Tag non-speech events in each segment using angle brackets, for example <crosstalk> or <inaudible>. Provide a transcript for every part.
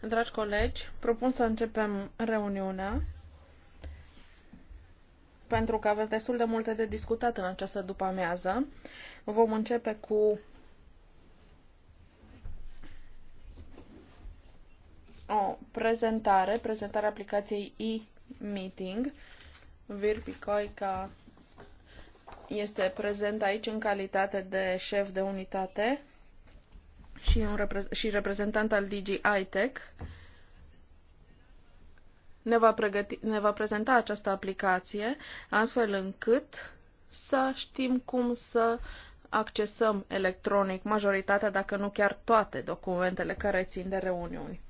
Dragi colegi, propun să începem reuniunea pentru că avem destul de multe de discutat în această după-amiază. Vom începe cu o prezentare, prezentarea aplicației e-meeting. Virpicoica este prezent aici în calitate de șef de unitate și, un repre- și reprezentant al DG ITEC ne va, pregăti, ne va prezenta această aplicație, astfel încât să știm cum să accesăm electronic majoritatea, dacă nu chiar toate documentele care țin de reuniuni.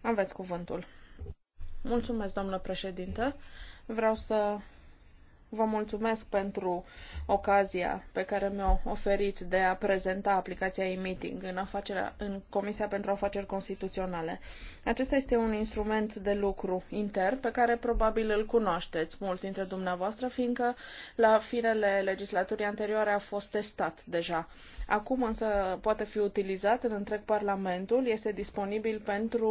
Aveți cuvântul. Mulțumesc, doamnă președinte Vreau să Vă mulțumesc pentru ocazia pe care mi-o oferiți de a prezenta aplicația e-meeting în, afacerea, în Comisia pentru Afaceri Constituționale. Acesta este un instrument de lucru intern pe care probabil îl cunoașteți mulți dintre dumneavoastră, fiindcă la finele legislaturii anterioare a fost testat deja. Acum însă poate fi utilizat în întreg Parlamentul, este disponibil pentru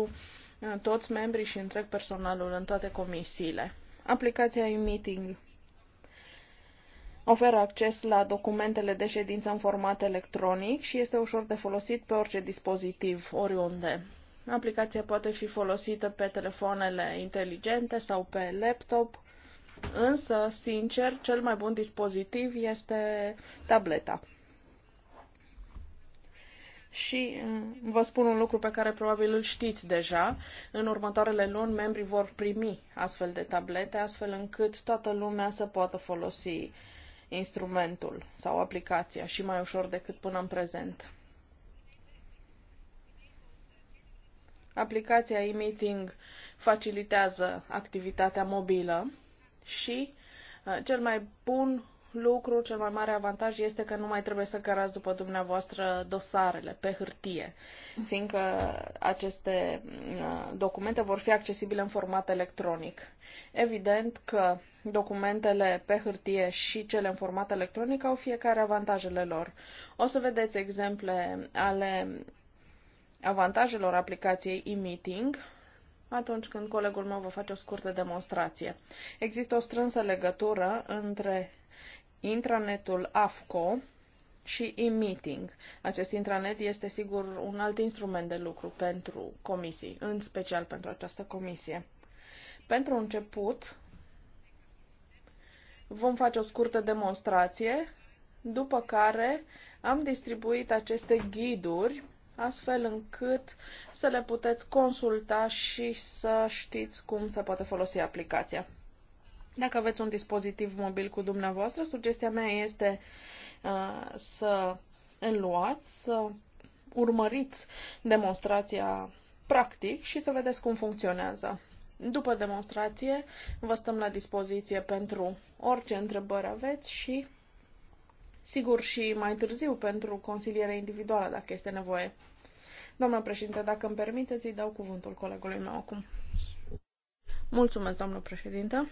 uh, toți membrii și întreg personalul în toate comisiile. Aplicația e-meeting Oferă acces la documentele de ședință în format electronic și este ușor de folosit pe orice dispozitiv, oriunde. Aplicația poate fi folosită pe telefoanele inteligente sau pe laptop, însă, sincer, cel mai bun dispozitiv este tableta. Și mm, vă spun un lucru pe care probabil îl știți deja. În următoarele luni, membrii vor primi astfel de tablete, astfel încât toată lumea să poată folosi instrumentul sau aplicația și mai ușor decât până în prezent. Aplicația e-meeting facilitează activitatea mobilă și uh, cel mai bun lucru, cel mai mare avantaj este că nu mai trebuie să cărați după dumneavoastră dosarele pe hârtie, fiindcă aceste uh, documente vor fi accesibile în format electronic. Evident că documentele pe hârtie și cele în format electronic au fiecare avantajele lor. O să vedeți exemple ale avantajelor aplicației e-meeting, atunci când colegul meu vă face o scurtă demonstrație. Există o strânsă legătură între intranetul AFCO și e-meeting. Acest intranet este sigur un alt instrument de lucru pentru comisii, în special pentru această comisie. Pentru început, vom face o scurtă demonstrație, după care am distribuit aceste ghiduri astfel încât să le puteți consulta și să știți cum se poate folosi aplicația. Dacă aveți un dispozitiv mobil cu dumneavoastră, sugestia mea este uh, să îl luați, să urmăriți demonstrația practic și să vedeți cum funcționează. După demonstrație, vă stăm la dispoziție pentru orice întrebări aveți și, sigur, și mai târziu pentru consiliere individuală, dacă este nevoie. Doamnă președinte, dacă îmi permiteți, îi dau cuvântul colegului meu acum. Mulțumesc, doamnă președinte.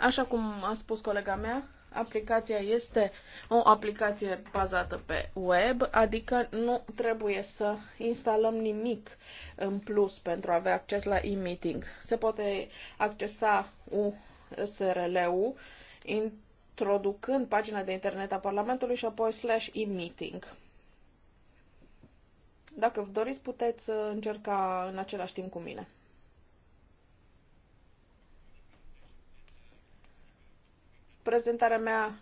Așa cum a spus colega mea, aplicația este o aplicație bazată pe web, adică nu trebuie să instalăm nimic în plus pentru a avea acces la e-meeting. Se poate accesa USRL-ul introducând pagina de internet a Parlamentului și apoi slash e-meeting. Dacă doriți, puteți uh, încerca în același timp cu mine. Prezentarea mea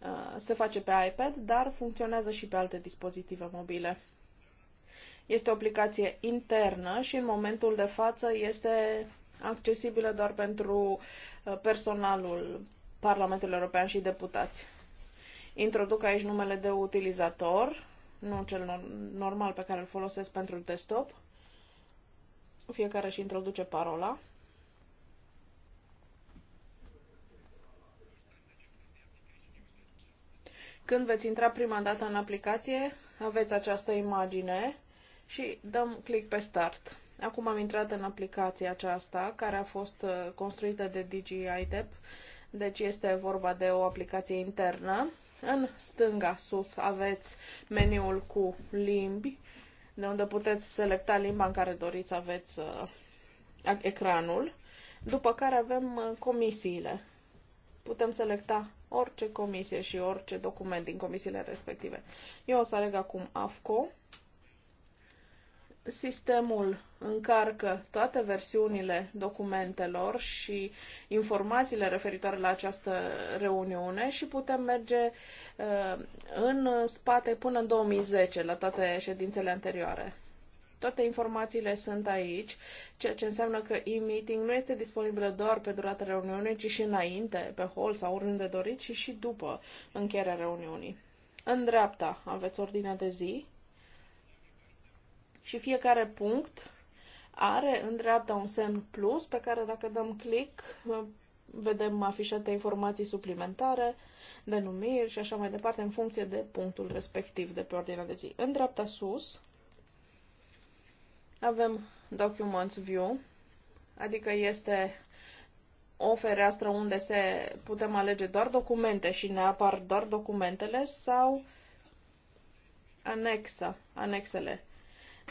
uh, se face pe iPad, dar funcționează și pe alte dispozitive mobile. Este o aplicație internă și în momentul de față este accesibilă doar pentru uh, personalul Parlamentului European și deputați. Introduc aici numele de utilizator, nu cel normal pe care îl folosesc pentru desktop. Fiecare își introduce parola. Când veți intra prima dată în aplicație, aveți această imagine și dăm click pe Start. Acum am intrat în aplicația aceasta, care a fost uh, construită de DJI deci este vorba de o aplicație internă. În stânga sus aveți meniul cu limbi, de unde puteți selecta limba în care doriți să aveți uh, ecranul, după care avem uh, comisiile. Putem selecta orice comisie și orice document din comisiile respective. Eu o să aleg acum AFCO. Sistemul încarcă toate versiunile documentelor și informațiile referitoare la această reuniune și putem merge uh, în spate până în 2010 la toate ședințele anterioare. Toate informațiile sunt aici, ceea ce înseamnă că e-meeting nu este disponibilă doar pe durata reuniunii, ci și înainte, pe hol sau oriunde doriți, și și după încheierea reuniunii. În dreapta aveți ordinea de zi și fiecare punct are în dreapta un semn plus pe care dacă dăm click vedem afișate informații suplimentare, denumiri și așa mai departe în funcție de punctul respectiv de pe ordinea de zi. În dreapta sus avem Documents View, adică este o fereastră unde se putem alege doar documente și ne apar doar documentele sau anexa, anexele.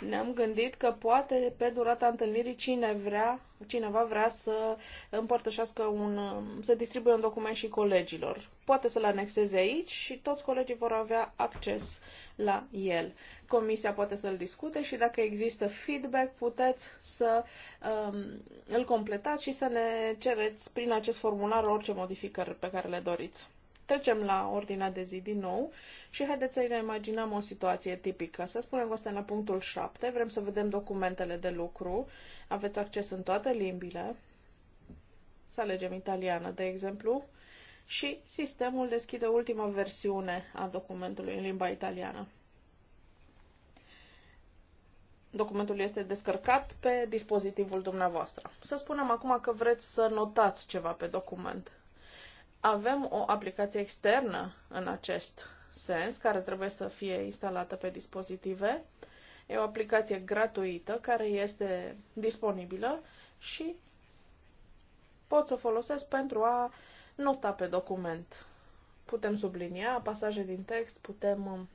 Ne-am gândit că poate pe durata întâlnirii cine vrea, cineva vrea să împărtășească un, să distribuie un document și colegilor. Poate să-l anexeze aici și toți colegii vor avea acces la el. Comisia poate să-l discute și dacă există feedback, puteți să um, îl completați și să ne cereți prin acest formular orice modificări pe care le doriți. Trecem la ordinea de zi din nou și haideți să ne imaginăm o situație tipică. Să spunem că suntem la punctul 7, vrem să vedem documentele de lucru, aveți acces în toate limbile, să alegem italiană, de exemplu, și sistemul deschide ultima versiune a documentului în limba italiană. Documentul este descărcat pe dispozitivul dumneavoastră. Să spunem acum că vreți să notați ceva pe document. Avem o aplicație externă în acest sens, care trebuie să fie instalată pe dispozitive. E o aplicație gratuită care este disponibilă și pot să o folosesc pentru a uh, nota pe document. Putem sublinia pasaje din text, putem um,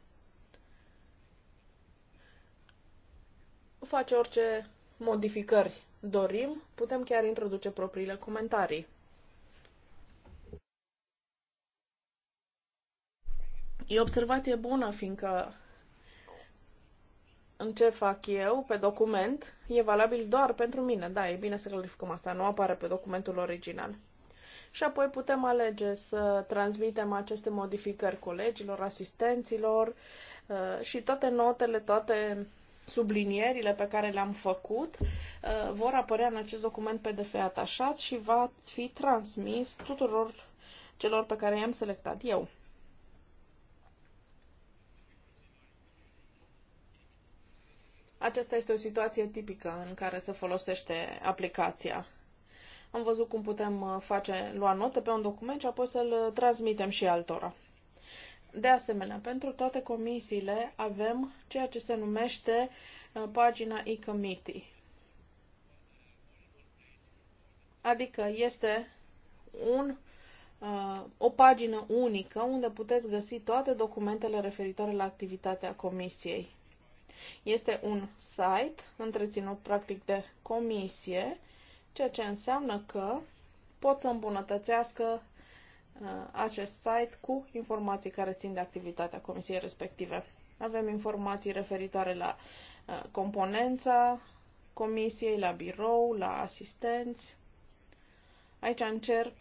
face orice modificări dorim, putem chiar introduce propriile comentarii. E observație bună, fiindcă în ce fac eu pe document e valabil doar pentru mine. Da, e bine să clarificăm asta, nu apare pe documentul original și apoi putem alege să transmitem aceste modificări colegilor, asistenților uh, și toate notele, toate sublinierile pe care le-am făcut uh, vor apărea în acest document PDF atașat și va fi transmis tuturor celor pe care i-am selectat eu. Aceasta este o situație tipică în care se folosește aplicația am văzut cum putem uh, face, lua note pe un document și apoi să-l uh, transmitem și altora. De asemenea, pentru toate comisiile avem ceea ce se numește uh, pagina e-committee. Adică este un, o pagină unică unde puteți găsi toate documentele referitoare la activitatea comisiei. Este un site întreținut practic de comisie ceea ce înseamnă că pot să îmbunătățească uh, acest site cu informații care țin de activitatea comisiei respective. Avem informații referitoare la uh, componența comisiei, la birou, la asistenți. Aici încerc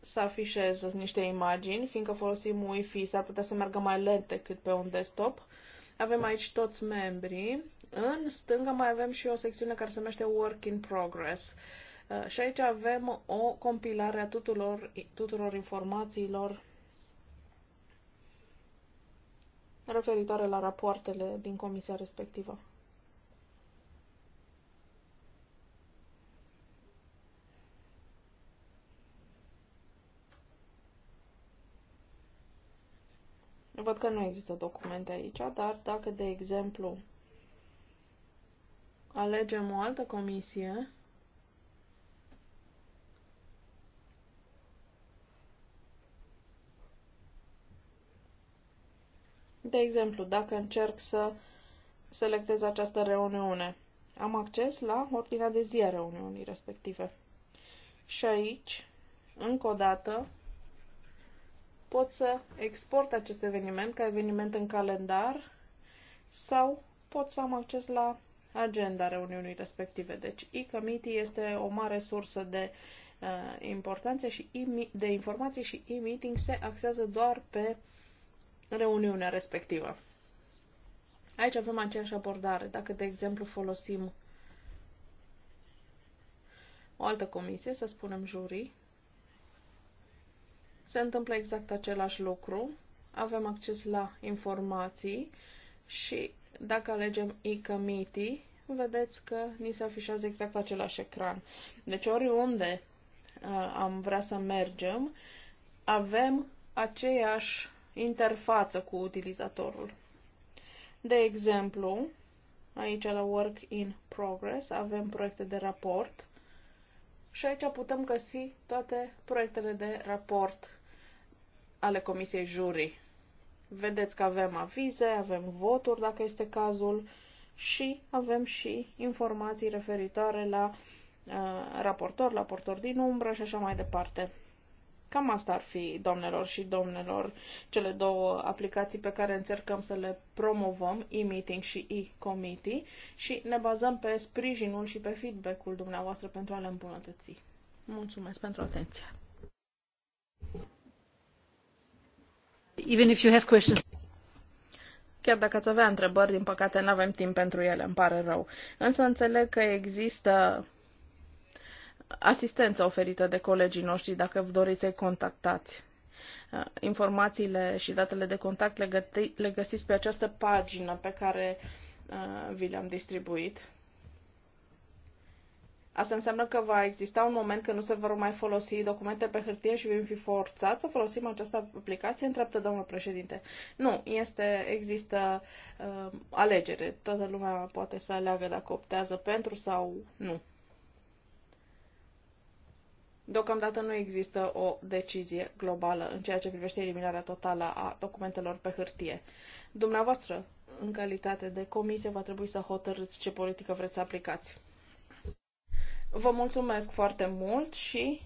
să afișez niște imagini, fiindcă folosim Wi-Fi, s-ar putea să meargă mai lent decât pe un desktop avem aici toți membrii. În stânga mai avem și o secțiune care se numește Work in Progress. Uh, și aici avem o compilare a tuturor, tuturor informațiilor referitoare la rapoartele din comisia respectivă. Văd că nu există documente aici, dar dacă, de exemplu, alegem o altă comisie, De exemplu, dacă încerc să selectez această reuniune, am acces la ordinea de zi a reuniunii respective. Și aici, încă o dată, pot să export acest eveniment ca eveniment în calendar sau pot să am acces la agenda reuniunii respective. Deci e-committee este o mare sursă de uh, importanță și e de informații și e-meeting se axează doar pe reuniunea respectivă. Aici avem aceeași abordare. Dacă, de exemplu, folosim o altă comisie, să spunem jurii, se întâmplă exact același lucru. Avem acces la informații și dacă alegem e-committee, vedeți că ni se afișează exact același ecran. Deci oriunde uh, am vrea să mergem, avem aceeași interfață cu utilizatorul. De exemplu, aici la Work in Progress avem proiecte de raport și aici putem găsi toate proiectele de raport ale Comisiei Jurii. Vedeți că avem avize, avem voturi dacă este cazul și avem și informații referitoare la uh, raportor, portor din umbră și așa mai departe. Cam asta ar fi, domnilor și domnilor, cele două aplicații pe care încercăm să le promovăm, e-meeting și e-committee, și ne bazăm pe sprijinul și pe feedback-ul dumneavoastră pentru a le îmbunătăți. Mulțumesc pentru atenție! Chiar dacă ați avea întrebări, din păcate nu avem timp pentru ele, îmi pare rău. Însă înțeleg că există asistență oferită de colegii noștri dacă doriți să-i contactați. Uh, informațiile și datele de contact le, găti, le găsiți pe această pagină pe care uh, vi le-am distribuit. Asta înseamnă că va exista un moment când nu se vor mai folosi documente pe hârtie și vom fi forțați să folosim această aplicație? Întreabă domnul președinte. Nu, este, există uh, alegere. Toată lumea poate să aleagă dacă optează pentru sau nu. Deocamdată nu există o decizie globală în ceea ce privește eliminarea totală a documentelor pe hârtie. Dumneavoastră, în calitate de comisie, va trebui să hotărâți ce politică vreți să aplicați. Vă mulțumesc foarte mult și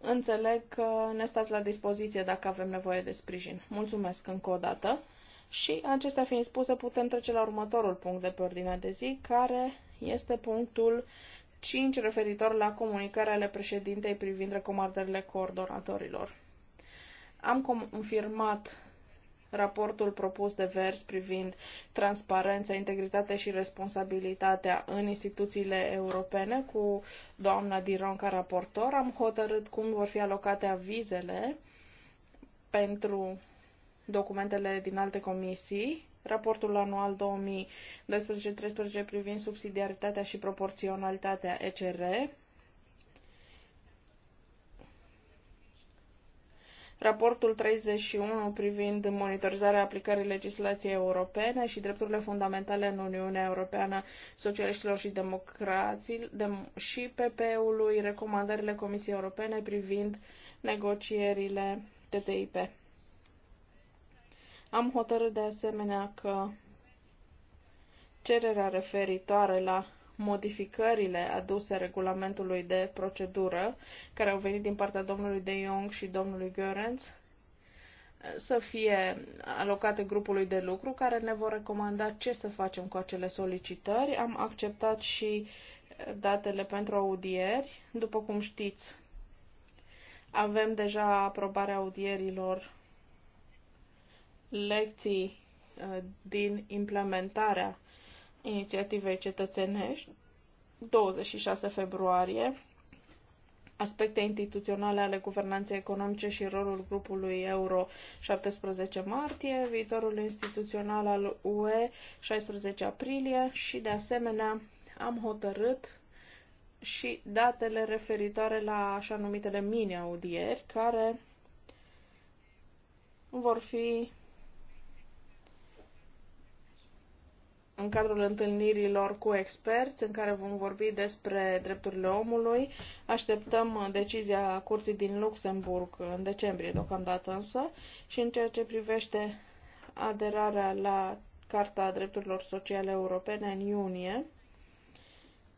înțeleg că ne stați la dispoziție dacă avem nevoie de sprijin. Mulțumesc încă o dată. Și acestea fiind spuse, putem trece la următorul punct de pe ordinea de zi, care este punctul 5 referitor la comunicarea ale președintei privind recomandările coordonatorilor. Am confirmat raportul propus de vers privind transparența, integritatea și responsabilitatea în instituțiile europene cu doamna Diron ca raportor. Am hotărât cum vor fi alocate avizele pentru documentele din alte comisii raportul anual 2012-13 privind subsidiaritatea și proporționalitatea ECR, Raportul 31 privind monitorizarea aplicării legislației europene și drepturile fundamentale în Uniunea Europeană Socialiștilor și Democrații dem- și PP-ului recomandările Comisiei Europene privind negocierile TTIP. Am hotărât de asemenea că cererea referitoare la modificările aduse regulamentului de procedură, care au venit din partea domnului De Jong și domnului Görens, să fie alocate grupului de lucru care ne vor recomanda ce să facem cu acele solicitări. Am acceptat și datele pentru audieri. După cum știți, avem deja aprobarea audierilor lecții uh, din implementarea inițiativei cetățenești, 26 februarie, aspecte instituționale ale guvernanței economice și rolul grupului euro 17 martie, viitorul instituțional al UE 16 aprilie și de asemenea am hotărât și datele referitoare la așa numitele mini-audieri care vor fi în cadrul întâlnirilor cu experți în care vom vorbi despre drepturile omului. Așteptăm uh, decizia curții din Luxemburg în decembrie deocamdată însă și în ceea ce privește aderarea la Carta Drepturilor Sociale Europene în iunie.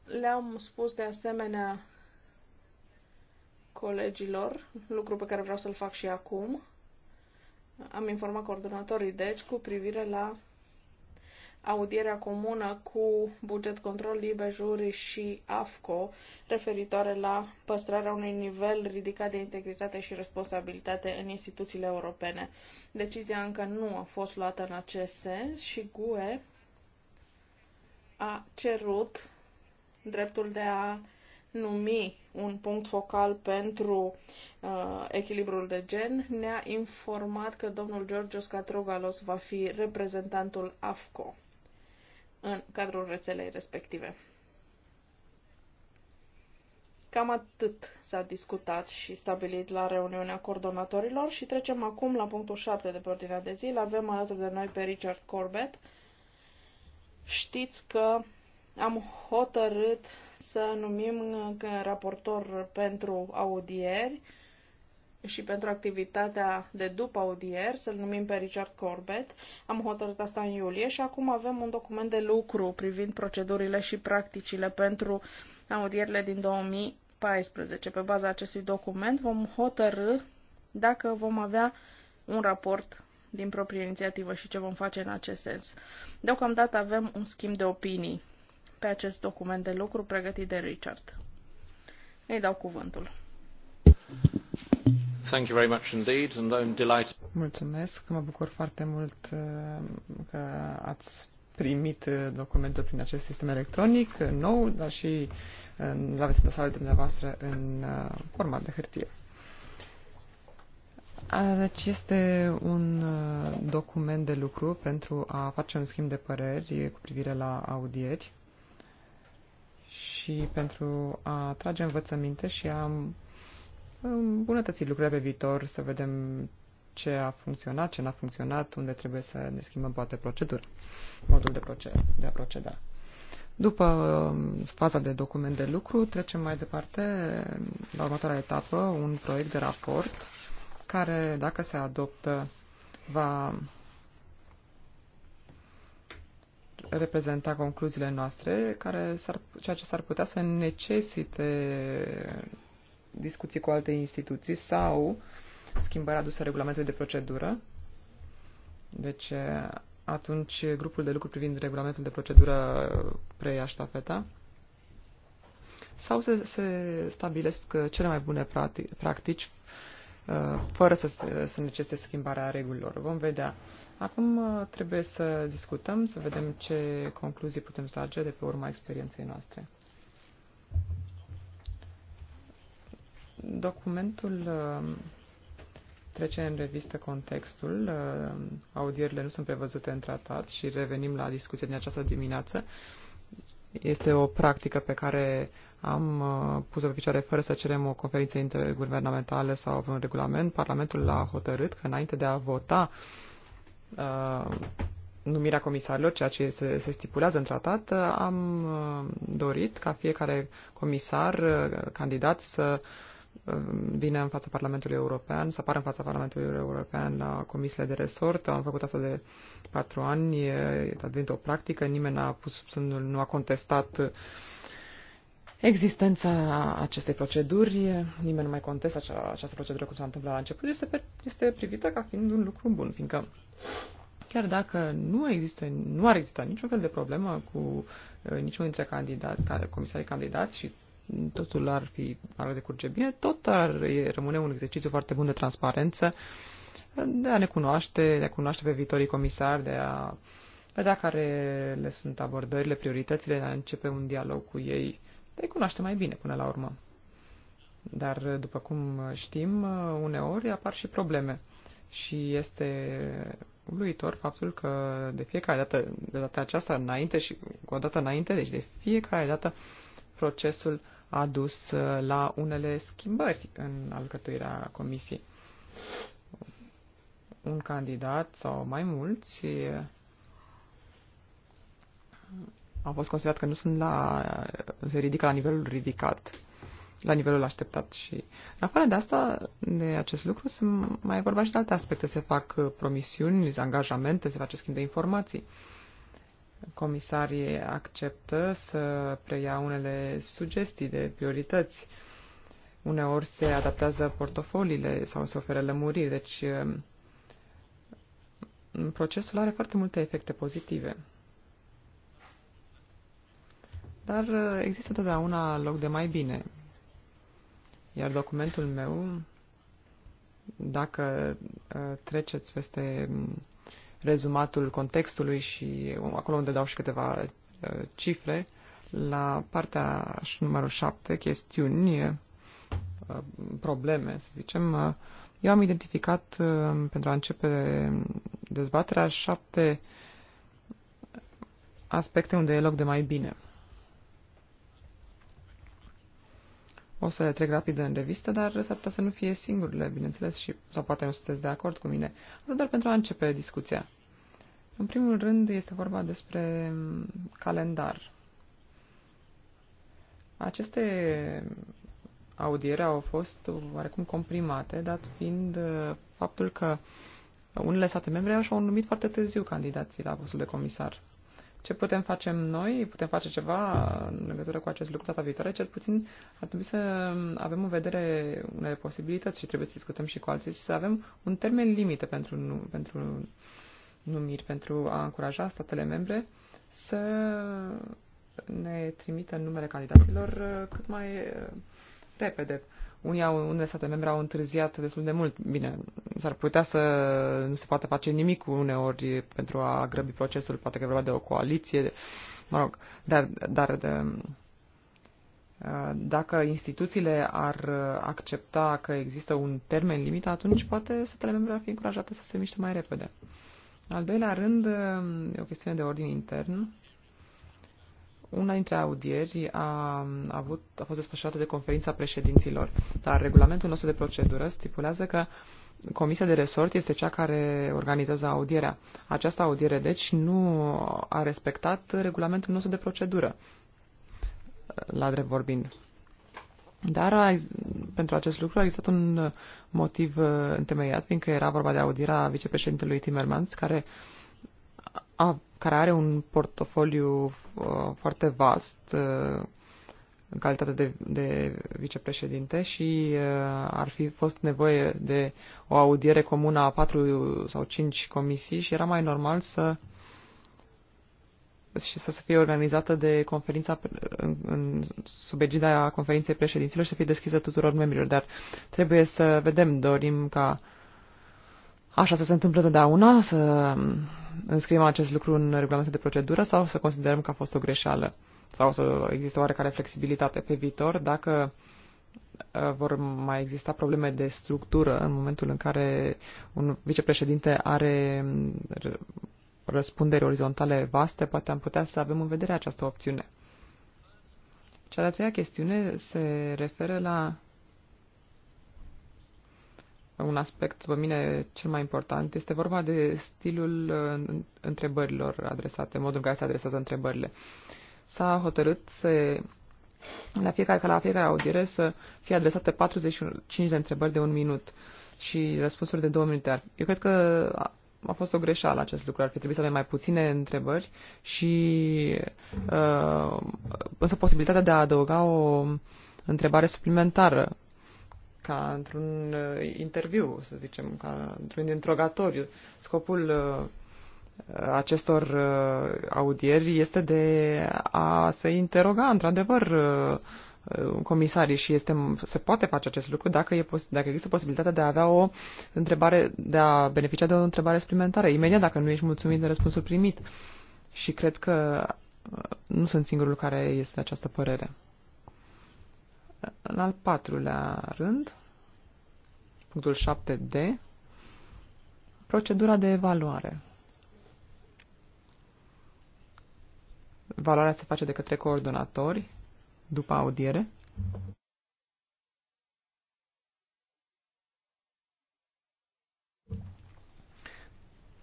Le-am spus de asemenea colegilor, lucru pe care vreau să-l fac și acum. Am informat coordonatorii, deci, cu privire la audierea comună cu buget control libe juri și AFCO referitoare la păstrarea unui nivel ridicat de integritate și responsabilitate în instituțiile europene. Decizia încă nu a fost luată în acest sens și GUE a cerut dreptul de a numi un punct focal pentru uh, echilibrul de gen, ne-a informat că domnul Georgios Catrogalos va fi reprezentantul AFCO în cadrul rețelei respective. Cam atât s-a discutat și stabilit la reuniunea coordonatorilor și trecem acum la punctul 7 de pe ordinea de zi. L avem alături de noi pe Richard Corbett. Știți că am hotărât să numim uh, raportor pentru audieri și pentru activitatea de după audier, să-l numim pe Richard Corbett. Am hotărât asta în iulie și acum avem un document de lucru privind procedurile și practicile pentru audierile din 2014. Pe baza acestui document vom hotărâ dacă vom avea un raport din proprie inițiativă și ce vom face în acest sens. Deocamdată avem un schimb de opinii pe acest document de lucru pregătit de Richard. Îi dau cuvântul. Thank you very much indeed and I'm delighted. Mulțumesc, mă bucur foarte mult uh, că ați primit uh, documentul prin acest sistem electronic uh, nou, dar și l aveți în dosarul dumneavoastră în format de hârtie. Deci este un document de lucru pentru a face un schimb de păreri cu privire la audieri și pentru a trage învățăminte și a îmbunătăți lucrurile pe viitor, să vedem ce a funcționat, ce n-a funcționat, unde trebuie să ne schimbăm poate procedura, modul de, proced- de a proceda. După um, faza de document de lucru, trecem mai departe la următoarea etapă, un proiect de raport care, dacă se adoptă, va reprezenta concluziile noastre, care s-ar, ceea ce s-ar putea să necesite discuții cu alte instituții sau schimbarea adusă regulamentului de procedură. Deci, eh, atunci, grupul de lucru privind regulamentul de procedură preia ștafeta sau se, se stabilesc eh, cele mai bune practici eh, fără să, să necesite schimbarea regulilor. Vom vedea. Acum trebuie să discutăm, să vedem ce concluzii putem trage de pe urma experienței noastre. Documentul uh, trece în revistă contextul. Uh, audierile nu sunt prevăzute în tratat și revenim la discuția din această dimineață. Este o practică pe care am uh, pus-o pe picioare fără să cerem o conferință interguvernamentală sau un regulament. Parlamentul a hotărât că înainte de a vota numirea comisarilor, ceea ce se, se stipulează în tratat, am dorit ca fiecare comisar candidat să uh, Uh, vine în fața Parlamentului European, să apară în fața Parlamentului European la comisiile de resort. Am făcut asta de patru ani, e devenit o practică, nimeni n-a pus sub semnul, nu a contestat existența acestei proceduri, nimeni nu mai contestă acea, această procedură cum s-a întâmplat la început, este, este privită ca fiind un lucru bun, fiindcă chiar dacă nu, există, nu ar exista niciun fel de problemă cu uh, niciunul dintre candidat, comisarii candidați și totul ar fi ar decurge bine, tot ar rămâne un exercițiu foarte bun de transparență, de a ne cunoaște, de a cunoaște pe viitorii comisari, de a vedea care le sunt abordările, prioritățile, de a începe un dialog cu ei, de a-i cunoaște mai bine până la urmă. Dar, după cum știm, uneori apar și probleme. Și este uluitor faptul că de fiecare dată, de data aceasta înainte și cu o dată înainte, deci de fiecare dată procesul a dus uh, la unele schimbări în alcătuirea comisiei. Un candidat sau mai mulți uh, au fost considerat că nu sunt la, uh, se ridică la nivelul ridicat, la nivelul așteptat și în afară de asta, de acest lucru, se mai vorba și de alte aspecte. Se fac promisiuni, angajamente, se face schimb de informații comisarii acceptă să preia unele sugestii de priorități. Uneori se adaptează portofoliile sau se oferă lămuriri, deci um, procesul are foarte multe efecte pozitive. Dar uh, există totdeauna loc de mai bine. Iar documentul meu, dacă uh, treceți peste um, rezumatul contextului și acolo unde dau și câteva uh, cifre, la partea numărul 7, chestiuni, uh, probleme, să zicem, uh, eu am identificat, pentru a începe dezbaterea, șapte aspecte unde e loc de mai bine. O să trec rapid în revistă, dar s-ar putea să nu fie singurile, bineînțeles, și, sau poate nu sunteți de acord cu mine. Asta doar pentru a începe discuția. În primul rând este vorba despre mm, calendar. Aceste audiere au fost oarecum comprimate, dat fiind uh, faptul că unele state membre așa au numit foarte târziu candidații la postul de comisar ce putem face noi, putem face ceva în legătură cu acest lucru data viitoare, cel puțin ar trebui să avem în vedere unele posibilități și trebuie să discutăm și cu alții și să avem un termen limită pentru, pentru numiri, pentru a încuraja statele membre să ne trimită numele candidaților uh, cât mai uh, repede unii au, unele state membre au întârziat destul de mult. Bine, s-ar putea să nu se poată face nimic uneori pentru a grăbi procesul, poate că e vorba de o coaliție, de, mă rog, dar, dar de, uh, dacă instituțiile ar accepta că există un termen limit, atunci poate statele membre ar fi încurajate să se miște mai repede. Al doilea rând, e o chestiune de ordin intern. Una dintre audieri a, a, avut, a fost desfășurată de conferința președinților, dar regulamentul nostru de procedură stipulează că comisia de resort este cea care organizează audierea. Această audiere, deci, nu a respectat regulamentul nostru de procedură, la drept vorbind. Dar a, pentru acest lucru a existat un motiv uh, întemeiat, fiindcă era vorba de audierea vicepreședintelui Timmermans, care uh, a, care are un portofoliu uh, foarte vast uh, în calitate de, de vicepreședinte și uh, ar fi fost nevoie de o audiere comună a patru sau cinci comisii și era mai normal să și să fie organizată de conferința în, în, sub egida conferinței președinților și să fie deschisă tuturor membrilor. Dar trebuie să vedem, dorim ca uh, Așa să se întâmplă întotdeauna, să înscriem acest lucru în regulamentul de procedură sau să considerăm că a fost o greșeală sau să există oarecare flexibilitate pe viitor dacă uh, vor mai exista probleme de structură în momentul în care un vicepreședinte are răspunderi orizontale vaste, poate am putea să avem în vedere această opțiune. Cea de-a treia chestiune se referă la un aspect, pe mine, cel mai important. Este vorba de stilul uh, întrebărilor adresate, modul în care se adresează întrebările. S-a hotărât să, la fiecare, ca la fiecare audiere să fie adresate 45 de întrebări de un minut și răspunsuri de două minute. Eu cred că a fost o greșeală acest lucru. Ar fi trebuit să avem mai puține întrebări și uh, însă posibilitatea de a adăuga o întrebare suplimentară ca într-un uh, interviu, să zicem, ca într-un interogatoriu. Scopul uh, acestor uh, audieri este de a se interoga, într-adevăr, comisarii și este, se poate face acest lucru dacă, e, dacă există posibilitatea de a avea o întrebare, de a beneficia de o întrebare suplimentară, imediat dacă nu ești mulțumit de răspunsul primit. Și cred că nu sunt singurul care este această părere. În al patrulea rând, punctul 7D, procedura de evaluare. Valoarea se face de către coordonatori după audiere.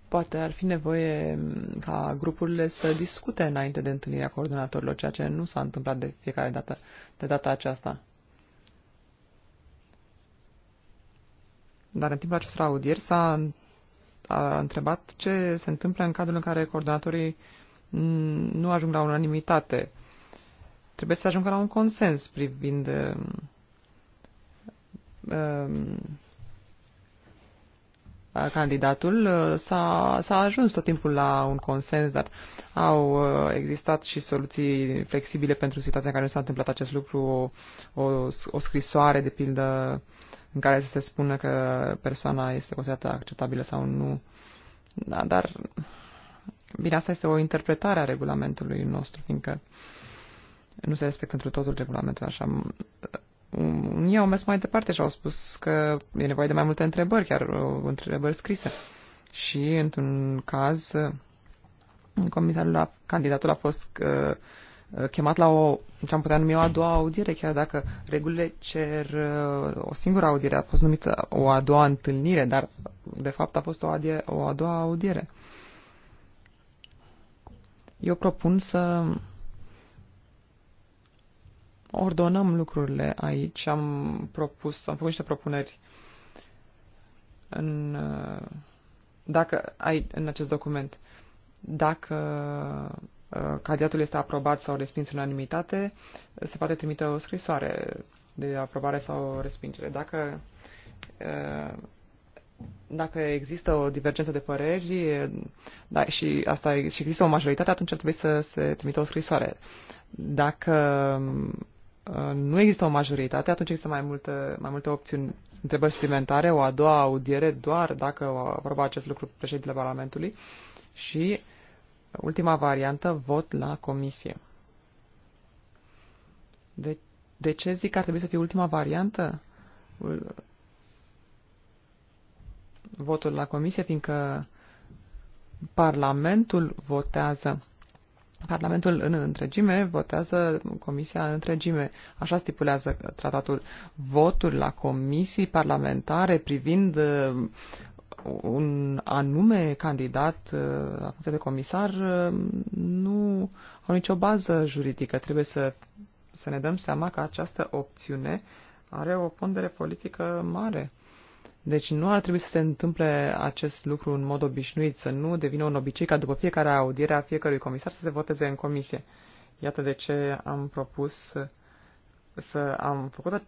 Poate ar fi nevoie ca grupurile să discute înainte de întâlnirea coordonatorilor, ceea ce nu s-a întâmplat de fiecare dată, de data aceasta. Dar în timpul acestor audieri s-a întrebat ce se întâmplă în cadrul în care coordonatorii nu ajung la unanimitate. Trebuie să ajungă la un consens privind um, um, candidatul, uh, s-a, s-a ajuns tot timpul la un consens, dar au uh, existat și soluții flexibile pentru situația în care nu s-a întâmplat acest lucru, o, o, o scrisoare, de pildă, în care să se spună că persoana este considerată acceptabilă sau nu. Da, dar, bine, asta este o interpretare a regulamentului nostru, fiindcă nu se respectă întru totul regulamentul, așa unii au mers mai departe și au spus că e nevoie de mai multe întrebări, chiar uh, întrebări scrise. Și, într-un caz, uh, comisarul a, candidatul a fost uh, uh, chemat la o, ce am putea numi o a doua audiere, chiar dacă regulile cer o singură audiere, a fost numită o a doua întâlnire, dar de fapt a fost o, adie, o a doua audiere. Eu propun să ordonăm lucrurile aici. Am propus, am făcut niște propuneri în, dacă, ai, în acest document. Dacă uh, candidatul este aprobat sau respins în unanimitate, se poate trimite o scrisoare de aprobare sau respingere. Dacă, uh, dacă există o divergență de păreri da, și, asta, și există o majoritate, atunci ar trebui să se trimită o scrisoare. Dacă Uh, nu există o majoritate, atunci există mai multe, mai multe opțiuni, întrebări suplimentare, o a doua audiere, doar dacă vorba acest lucru președintele Parlamentului și ultima variantă, vot la comisie. De, de ce zic că ar trebui să fie ultima variantă? Votul la comisie, fiindcă Parlamentul votează Parlamentul în întregime votează Comisia în întregime. Așa stipulează tratatul. Voturi la comisii parlamentare privind uh, un anume candidat la uh, funcție de comisar uh, nu au nicio bază juridică. Trebuie să, să ne dăm seama că această opțiune are o pondere politică mare. Deci nu ar trebui să se întâmple acest lucru în mod obișnuit, să nu devină un obicei ca după fiecare audiere a fiecărui comisar să se voteze în comisie. Iată de ce am propus să am făcut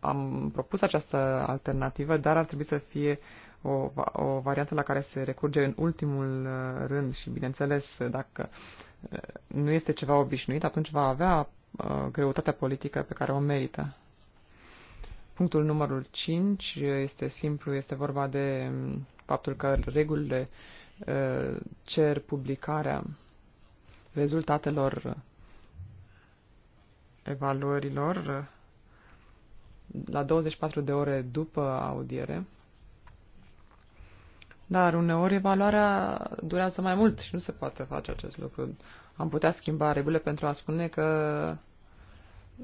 am propus această alternativă, dar ar trebui să fie o, o variantă la care se recurge în ultimul rând și, bineînțeles, dacă nu este ceva obișnuit, atunci va avea uh, greutatea politică pe care o merită. Punctul numărul 5 este simplu, este vorba de faptul că regulile uh, cer publicarea rezultatelor evaluărilor la 24 de ore după audiere. Dar uneori evaluarea durează mai mult și nu se poate face acest lucru. Am putea schimba regulile pentru a spune că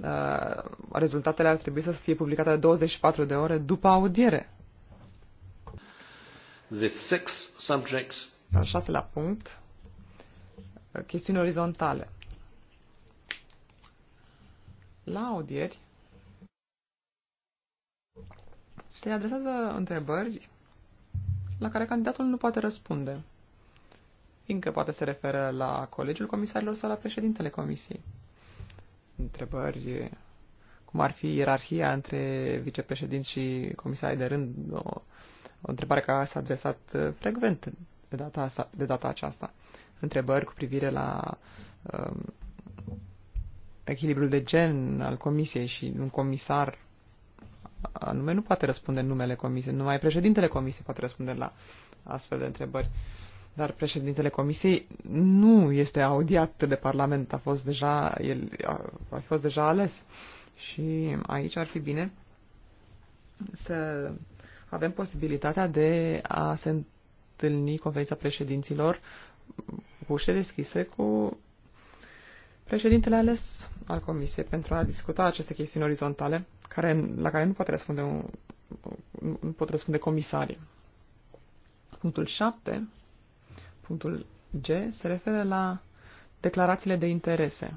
Uh, rezultatele ar trebui să fie publicate 24 de ore după audiere. The six subjects. Al șaselea punct, uh, chestiuni orizontale. La audieri se adresează întrebări la care candidatul nu poate răspunde, fiindcă poate se referă la Colegiul Comisarilor sau la președintele Comisiei întrebări cum ar fi ierarhia între vicepreședinți și comisarii de rând, o, o întrebare care s-a adresat frecvent de data, asta, de data aceasta. Întrebări cu privire la um, echilibrul de gen al comisiei și un comisar anume nu poate răspunde în numele comisiei, numai președintele comisiei poate răspunde la astfel de întrebări. Uh, dar președintele comisiei nu este audiat de Parlament, a fost deja, el, a, a fost deja ales. Și aici ar fi bine să avem posibilitatea de a se întâlni conferința președinților cu ușe deschise cu președintele ales al comisiei pentru a discuta aceste chestiuni orizontale care, la care nu, poate răspunde un, nu pot răspunde comisarii. Punctul 7 Punctul G se referă la declarațiile de interese.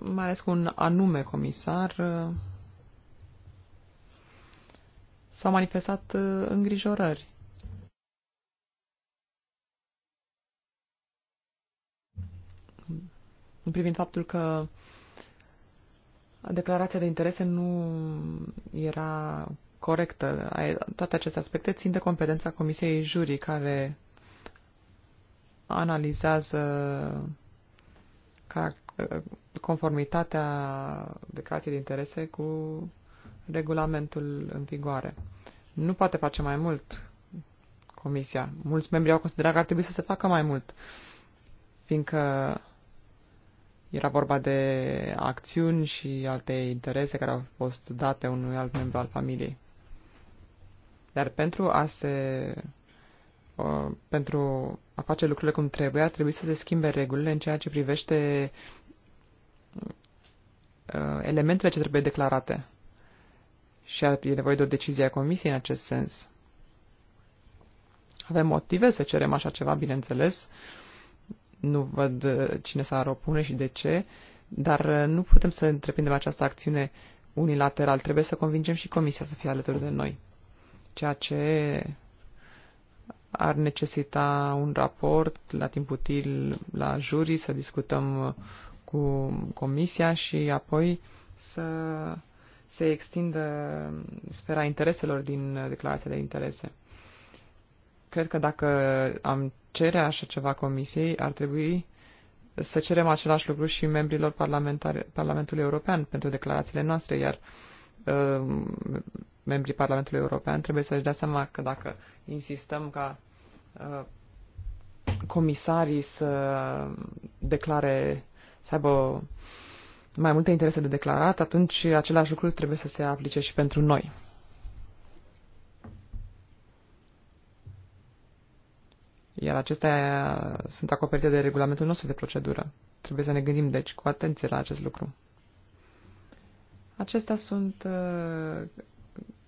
Mai ales cu un anume comisar uh, s-au manifestat uh, îngrijorări. în Privind faptul că declarația de interese nu era corectă. Toate aceste aspecte țin de competența Comisiei Jurii, care analizează conformitatea declarației de interese cu regulamentul în vigoare. Nu poate face mai mult Comisia. Mulți membri au considerat că ar trebui să se facă mai mult, fiindcă era vorba de acțiuni și alte interese care au fost date unui alt membru al familiei. Dar pentru a se uh, pentru a face lucrurile cum trebuie, ar trebui să se schimbe regulile în ceea ce privește uh, elementele ce trebuie declarate. Și ar fi nevoie de o decizie a Comisiei în acest sens. Avem motive să cerem așa ceva, bineînțeles. Nu văd uh, cine s-ar opune și de ce, dar nu putem să întreprindem această acțiune unilateral. Trebuie să convingem și Comisia să fie alături de noi ceea ce ar necesita un raport la timp util la jurii, să discutăm uh, cu comisia și apoi să se extindă sfera intereselor din uh, declarația de interese. Cred că dacă am cere așa ceva comisiei, ar trebui să cerem același lucru și membrilor Parlamentului European pentru declarațiile noastre, iar uh, Uh, membrii Parlamentului European trebuie să-și dea seama că dacă insistăm ca uh, comisarii să declare, să aibă mai multe interese de declarat, atunci același lucru trebuie să se aplice și pentru noi. Iar acestea sunt acoperite de regulamentul nostru de procedură. Trebuie să ne gândim, deci, cu atenție la acest lucru. Acestea sunt uh,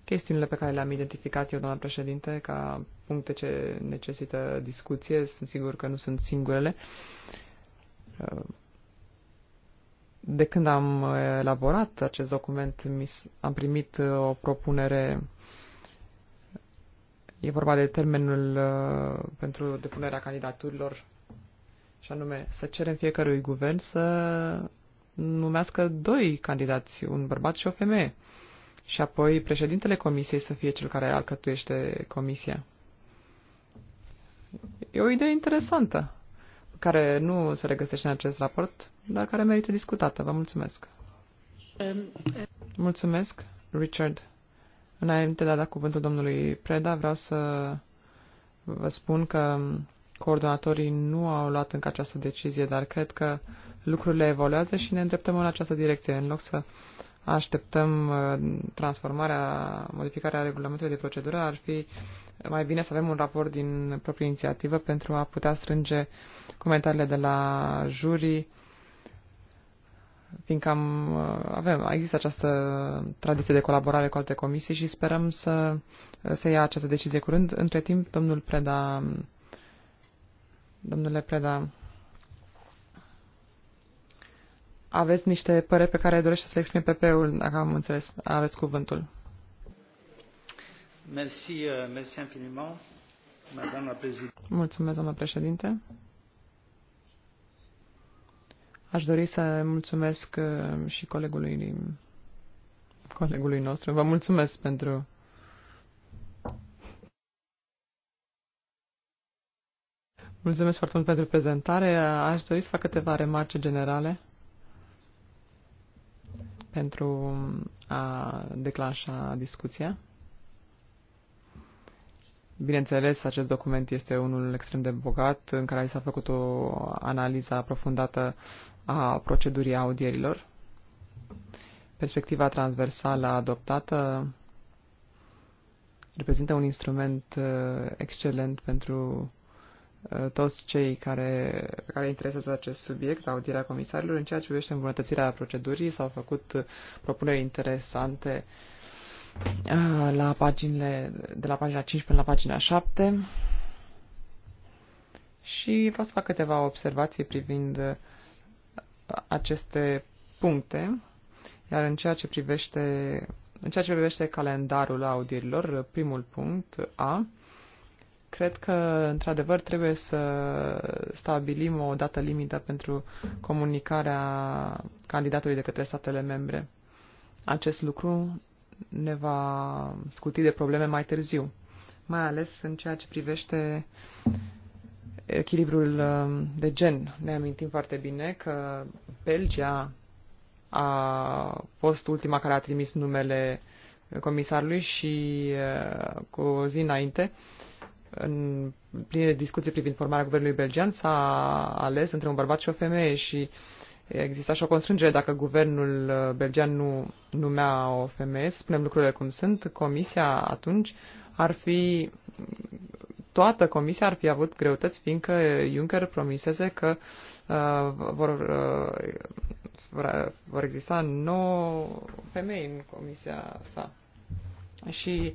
chestiunile pe care le-am identificat eu, doamna președinte, ca puncte ce necesită discuție. Sunt sigur că nu sunt singurele. Uh, de când am elaborat acest document, am primit uh, o propunere. E vorba de termenul pentru depunerea candidaturilor, și anume să cerem fiecărui guvern să numească doi candidați, un bărbat și o femeie. Și apoi președintele comisiei să fie cel care alcătuiește comisia. E o idee interesantă, care nu se regăsește în acest raport, dar care merită discutată. Vă mulțumesc. Mulțumesc, Richard. Înainte de a da cuvântul domnului Preda, vreau să vă spun că Coordonatorii nu au luat încă această decizie, dar cred că lucrurile evoluează și ne îndreptăm în această direcție. În loc să așteptăm uh, transformarea, modificarea regulamentului de procedură, ar fi mai bine să avem un raport din proprie inițiativă pentru a putea strânge comentariile de la juri, fiindcă am, uh, avem, există această tradiție de colaborare cu alte comisii și sperăm să se ia această decizie curând. Între timp, domnul Preda um, domnule Preda. Aveți niște păreri pe care dorește să le exprime PP-ul, dacă am înțeles. Aveți cuvântul. Merci, euh, merci infiniment, madame Mulțumesc, domnule președinte. Aș dori să mulțumesc uh, și colegului, colegului nostru. Vă mulțumesc pentru Mulțumesc foarte mult pentru prezentare. Aș dori să fac câteva remarce generale pentru a declanșa discuția. Bineînțeles, acest document este unul extrem de bogat în care s-a făcut o analiză aprofundată a procedurii audierilor. Perspectiva transversală adoptată reprezintă un instrument uh, excelent pentru Uh, toți cei care, care interesează acest subiect, audierea comisarilor, în ceea ce privește îmbunătățirea procedurii, s-au făcut uh, propuneri interesante uh, la paginile, de la pagina 5 până la pagina 7 și vreau să fac câteva observații privind aceste puncte, iar în ceea ce privește în ceea ce privește calendarul audierilor, primul punct A, Cred că, într-adevăr, trebuie să stabilim o dată limită pentru comunicarea candidatului de către statele membre. Acest lucru ne va scuti de probleme mai târziu, mai ales în ceea ce privește echilibrul um, de gen. Ne amintim foarte bine că Belgia a fost ultima care a trimis numele comisarului și uh, cu o zi înainte în pline discuții privind formarea guvernului belgian s-a ales între un bărbat și o femeie și exista și o constrângere dacă guvernul uh, belgian nu numea o femeie, să spunem lucrurile cum sunt, comisia atunci ar fi toată comisia ar fi avut greutăți, fiindcă Juncker promisese că uh, vor, uh, vor exista nouă femei în comisia sa. Și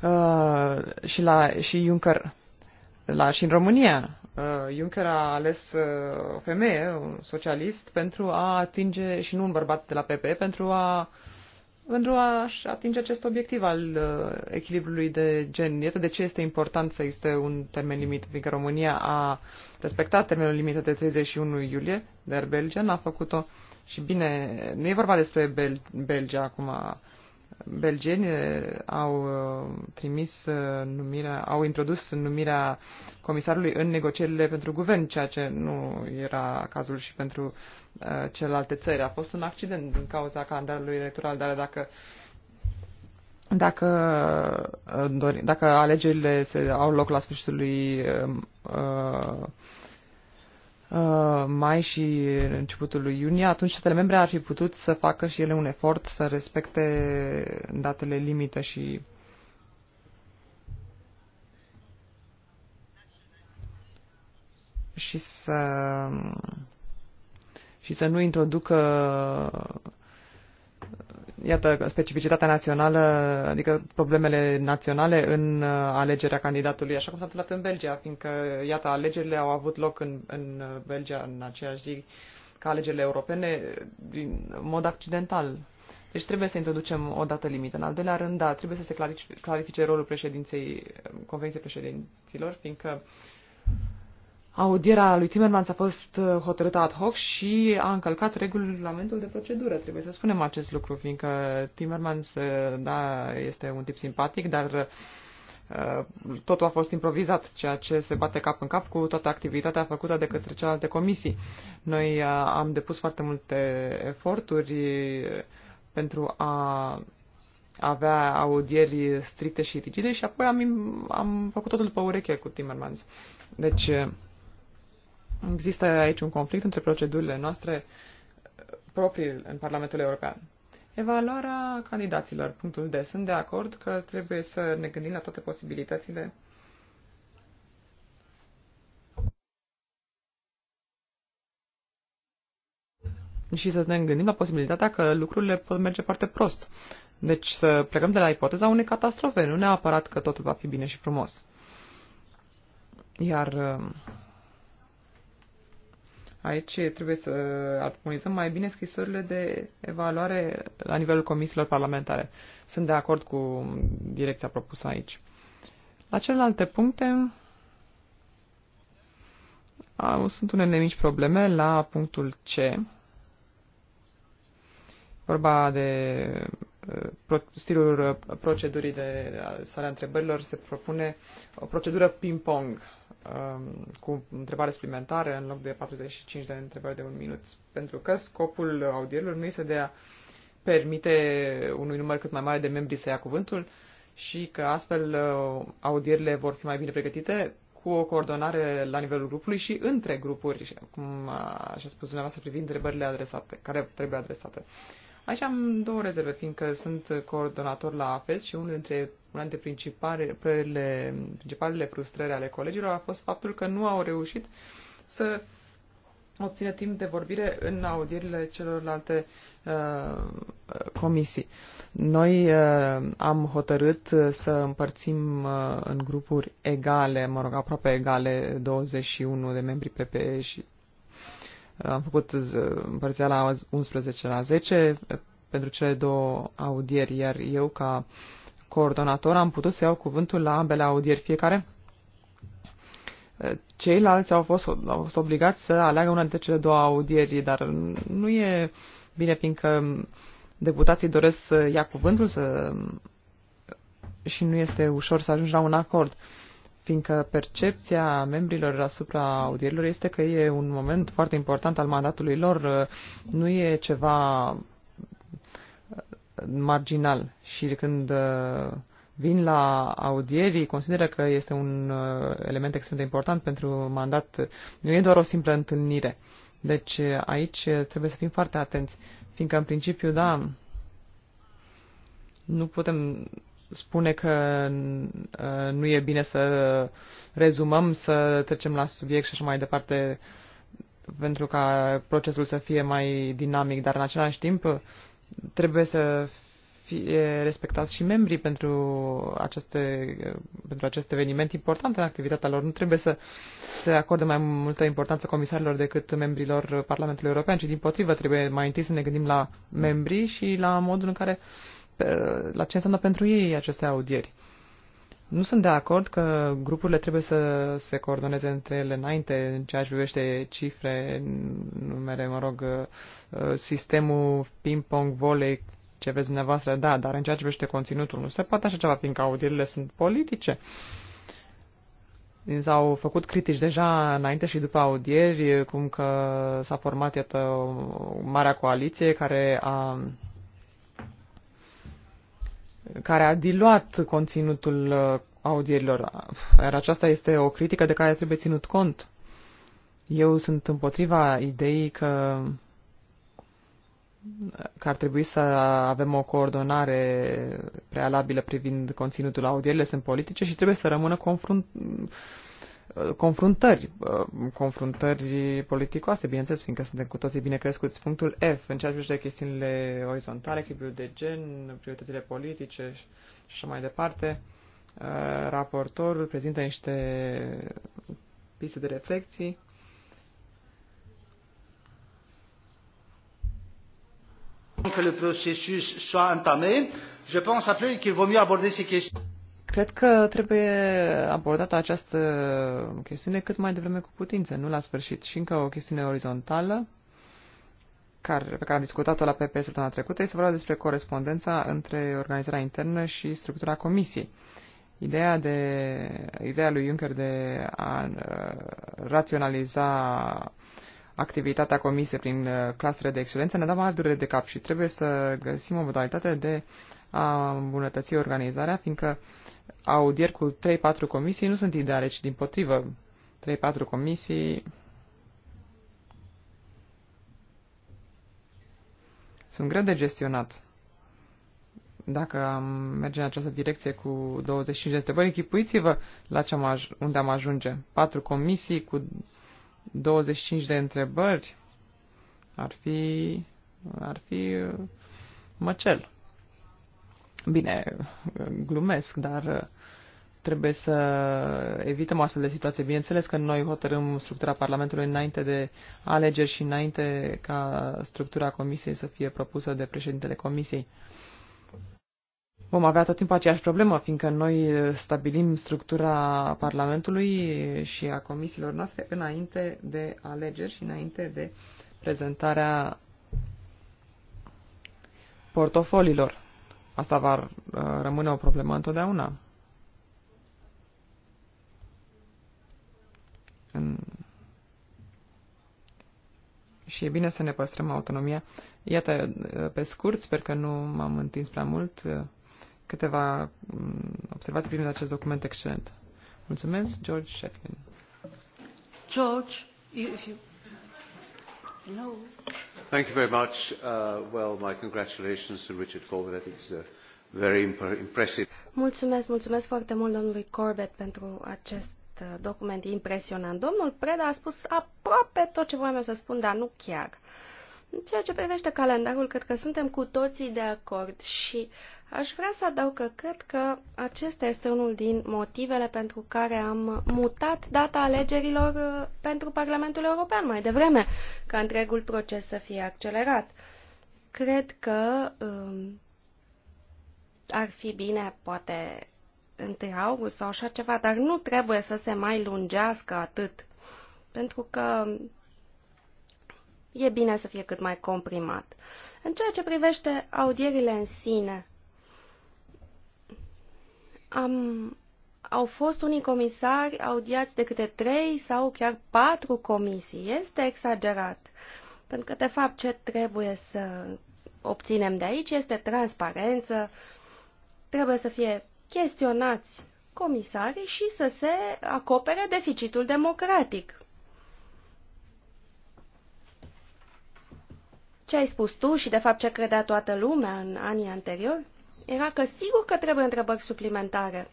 Uh, și, la, și Juncker, la, și în România, uh, Juncker a ales uh, o femeie, un socialist, pentru a atinge, și nu un bărbat de la PP, pentru a pentru a atinge acest obiectiv al uh, echilibrului de gen. Iată de ce este important să existe un termen limit, fiindcă România a respectat termenul limită de 31 iulie, dar Belgia n-a făcut-o. Și bine, nu e vorba despre Bel- Belgia acum, belgeni eh, au eh, trimis eh, numirea, au introdus numirea comisarului în negocierile pentru guvern, ceea ce nu era cazul și pentru celelalte țări. A fost un accident din cauza calendarului electoral, dar dacă dacă, dacă alegerile se au loc la sfârșitul lui uh, Uh, mai și începutul lui iunie, atunci statele membre ar fi putut să facă și ele un efort să respecte datele limită și și să și să nu introducă iată, specificitatea națională, adică problemele naționale în uh, alegerea candidatului, așa cum s-a întâmplat în Belgia, fiindcă, iată, alegerile au avut loc în, în uh, Belgia în aceeași zi ca alegerile europene, din mod accidental. Deci trebuie să introducem o dată limită. În al doilea rând, da, trebuie să se clarifice rolul președinței, uh, convenției președinților, fiindcă Audierea lui Timmermans a fost uh, hotărâtă ad hoc și a încălcat regulamentul de procedură. Trebuie să spunem acest lucru, fiindcă Timmermans, uh, da, este un tip simpatic, dar uh, totul a fost improvizat, ceea ce se bate cap în cap cu toată activitatea făcută de către celelalte comisii. Noi am depus foarte multe eforturi pentru a avea audieri stricte și rigide și apoi am, am făcut totul pe ureche cu Timmermans. Deci, Există aici un conflict între procedurile noastre eh, proprii în Parlamentul European. Evaluarea candidaților, punctul D. Sunt de acord că trebuie să ne gândim la toate posibilitățile și să ne gândim la posibilitatea că lucrurile pot merge foarte prost. Deci să plecăm de la ipoteza unei catastrofe, nu neapărat că totul va fi bine și frumos. Iar eh, Aici trebuie să armonizăm mai bine scrisorile de evaluare la nivelul comisiilor parlamentare. Sunt de acord cu direcția propusă aici. La celelalte puncte au, sunt unele mici probleme la punctul C. Vorba de stilul uh, procedurii de uh, sale întrebărilor se propune o procedură ping-pong um, cu întrebare suplimentare, în loc de 45 de întrebări de un minut, pentru că scopul audierilor nu este de a permite unui număr cât mai mare de membri să ia cuvântul și că astfel uh, audierile vor fi mai bine pregătite cu o coordonare la nivelul grupului și între grupuri, cum așa spus dumneavoastră, privind întrebările adresate, care trebuie adresate. Uh, Aici am două rezerve, fiindcă sunt coordonator la AFET și unul dintre una dintre principalele, principalele frustrări ale colegilor a fost faptul că nu au reușit să obțină timp de vorbire în audierile celorlalte uh, comisii. Noi uh, am hotărât să împărțim uh, în grupuri egale, mă rog, aproape egale, 21 de membri PPE și am făcut împărția la 11 la 10 pentru cele două audieri, iar eu ca coordonator am putut să iau cuvântul la ambele audieri fiecare. Ceilalți au fost, au fost obligați să aleagă una dintre cele două audieri, dar nu e bine fiindcă deputații doresc să ia cuvântul să... și nu este ușor să ajungi la un acord. Uh, fiindcă percepția membrilor asupra audierilor este că e un moment foarte important al mandatului lor, nu e ceva uh, marginal. Și când uh, vin la audierii, consideră că este un uh, element extrem de important pentru mandat. Nu e doar o simplă întâlnire. Deci aici trebuie să fim foarte atenți, fiindcă în principiu, da, nu putem spune că uh, nu e bine să rezumăm, să trecem la subiect și așa mai departe pentru ca procesul să fie mai dinamic, dar în același timp trebuie să fie respectați și membrii pentru, aceste, pentru acest eveniment important în activitatea lor. Nu trebuie să se acorde mai multă importanță comisarilor decât membrilor Parlamentului European, ci din potrivă trebuie mai întâi să ne gândim la membrii și la modul în care uh, la ce înseamnă pentru ei aceste audieri. Nu sunt de acord că grupurile trebuie să se coordoneze între ele înainte în ceea ce privește cifre, numere, mă rog, uh, sistemul ping-pong, volei, ce vezi dumneavoastră, da, dar în ceea ce privește conținutul nu se poate așa ceva, fiindcă audierile sunt politice. S-au făcut critici deja înainte și după audieri, cum că s-a format, iată, o Marea Coaliție care a care a diluat conținutul uh, audierilor. Iar aceasta este o critică de care trebuie ținut cont. Eu sunt împotriva ideii că, că ar trebui să avem o coordonare prealabilă privind conținutul audierilor. sunt politice și trebuie să rămână confrunt, confruntări, uh, confruntări politicoase, bineînțeles, fiindcă suntem cu toții bine crescuți. Punctul F, în ceea ce privește chestiunile orizontale, echilibrul de gen, prioritățile politice și așa mai departe, uh, raportorul prezintă niște piste de reflexii. que le processus soit entamé, je pense après qu'il vaut mieux aborder ces questions. Cred că trebuie abordată această chestiune cât mai devreme cu putință, nu la sfârșit. Și încă o chestiune orizontală care, pe care am discutat-o la PPS săptămâna trecută este vorba despre corespondența între organizarea internă și structura comisiei. Ideea, de, ideea lui Juncker de a uh, raționaliza activitatea comisiei prin uh, clasele de excelență ne dă mari durere de cap și trebuie să găsim o modalitate de a îmbunătăți organizarea, fiindcă uh, audieri cu 3-4 comisii nu sunt ideale, ci din potrivă. 3-4 comisii sunt greu de gestionat. Dacă am merge în această direcție cu 25 de întrebări, închipuiți-vă la ce am aj- unde am ajunge. 4 comisii cu 25 de întrebări ar fi, ar fi uh, măcel. Bine, glumesc, dar uh, trebuie să evităm o astfel de situație. Bineînțeles că noi hotărâm structura Parlamentului înainte de alegeri și înainte ca structura Comisiei să fie propusă de președintele Comisiei. Vom avea tot timpul aceeași problemă, fiindcă noi uh, stabilim structura Parlamentului și a comisiilor noastre înainte de alegeri și înainte de prezentarea portofoliilor. Asta va uh, rămâne o problemă întotdeauna. În... Și e bine să ne păstrăm autonomia. Iată, uh, pe scurt, sper că nu m-am întins prea mult, uh, câteva mm, observații privind acest document excelent. Mulțumesc, George Shetlin. George, if you... Thank you very much. Uh, well, my congratulations to Richard Corbett. I think it's a very impressive. Mulțumesc, mulțumesc foarte mult domnului Corbett pentru acest uh, document impresionant. Domnul Preda a spus aproape tot ce voiam eu să spun, dar nu chiar. Uh, în ceea ce privește calendarul, cred că suntem cu toții de acord și aș vrea să adaug că cred că acesta este unul din motivele pentru care am mutat data alegerilor uh, pentru Parlamentul European mai devreme, ca întregul proces să fie accelerat. Cred că um, ar fi bine, poate, între august sau așa ceva, dar nu trebuie să se mai lungească atât, pentru că e bine să fie cât mai comprimat. În ceea ce privește audierile în sine, am, au fost unii comisari audiați de câte trei sau chiar patru comisii. Este exagerat, pentru că, de fapt, ce trebuie să obținem de aici este transparență, trebuie să fie chestionați comisarii și să se acopere deficitul democratic. Ce ai spus tu și de fapt ce credea toată lumea în anii anteriori era că sigur că trebuie întrebări suplimentare.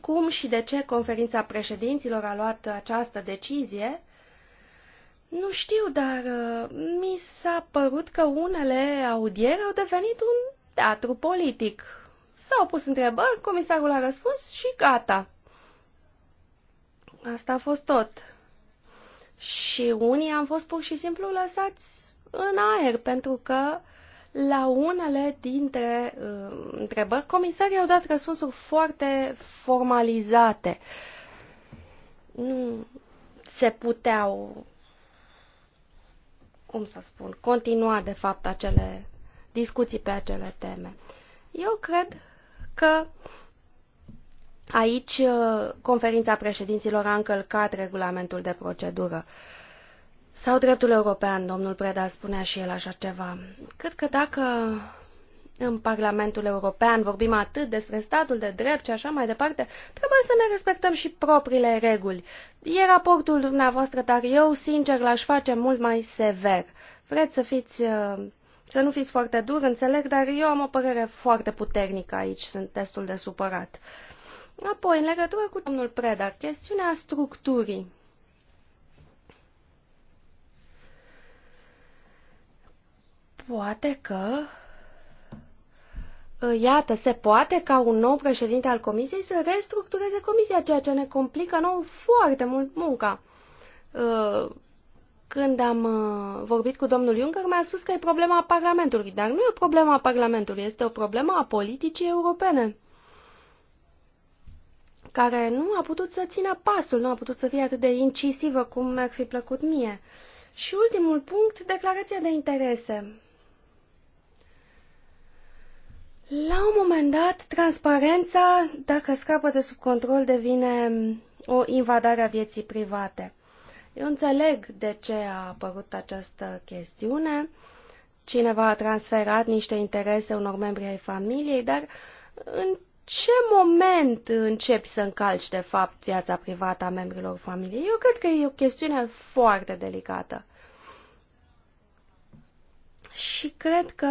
Cum și de ce conferința președinților a luat această decizie? Nu știu, dar uh, mi s-a părut că unele audieri au devenit un teatru politic. S-au pus întrebări, comisarul a răspuns și gata. Asta a fost tot. Și unii am fost pur și simplu lăsați în aer, pentru că la unele dintre uh, întrebări comisarii au dat răspunsuri foarte formalizate. Nu se puteau, cum să spun, continua de fapt acele discuții pe acele teme. Eu cred că aici uh, conferința președinților a încălcat regulamentul de procedură. Uh, sau dreptul european, domnul Preda spunea și el așa ceva. Cred că dacă în Parlamentul European vorbim atât despre statul de drept și așa mai departe, trebuie să ne respectăm și propriile reguli. E raportul dumneavoastră, dar eu, sincer, l-aș face mult mai sever. Vreți să fiți... Uh, să nu fiți foarte dur, înțeleg, dar eu am o părere foarte puternică aici, sunt destul de supărat. Apoi, în legătură cu domnul Preda, chestiunea structurii. Poate că... Ă, iată, se poate ca un nou președinte al comisiei să restructureze comisia, ceea ce ne complică nou foarte mult munca. Ă, când am ă, vorbit cu domnul Juncker, mi-a spus că e problema Parlamentului, dar nu e o problema Parlamentului, este o problemă a politicii europene, care nu a putut să țină pasul, nu a putut să fie atât de incisivă cum mi-ar fi plăcut mie. Și ultimul punct, declarația de interese. La un moment dat, transparența, dacă scapă de sub control, devine o invadare a vieții private. Eu înțeleg de ce a apărut această chestiune. Cineva a transferat niște interese unor membri ai familiei, dar în ce moment începi să încalci, de fapt, viața privată a membrilor familiei? Eu cred că e o chestiune foarte delicată. Și cred că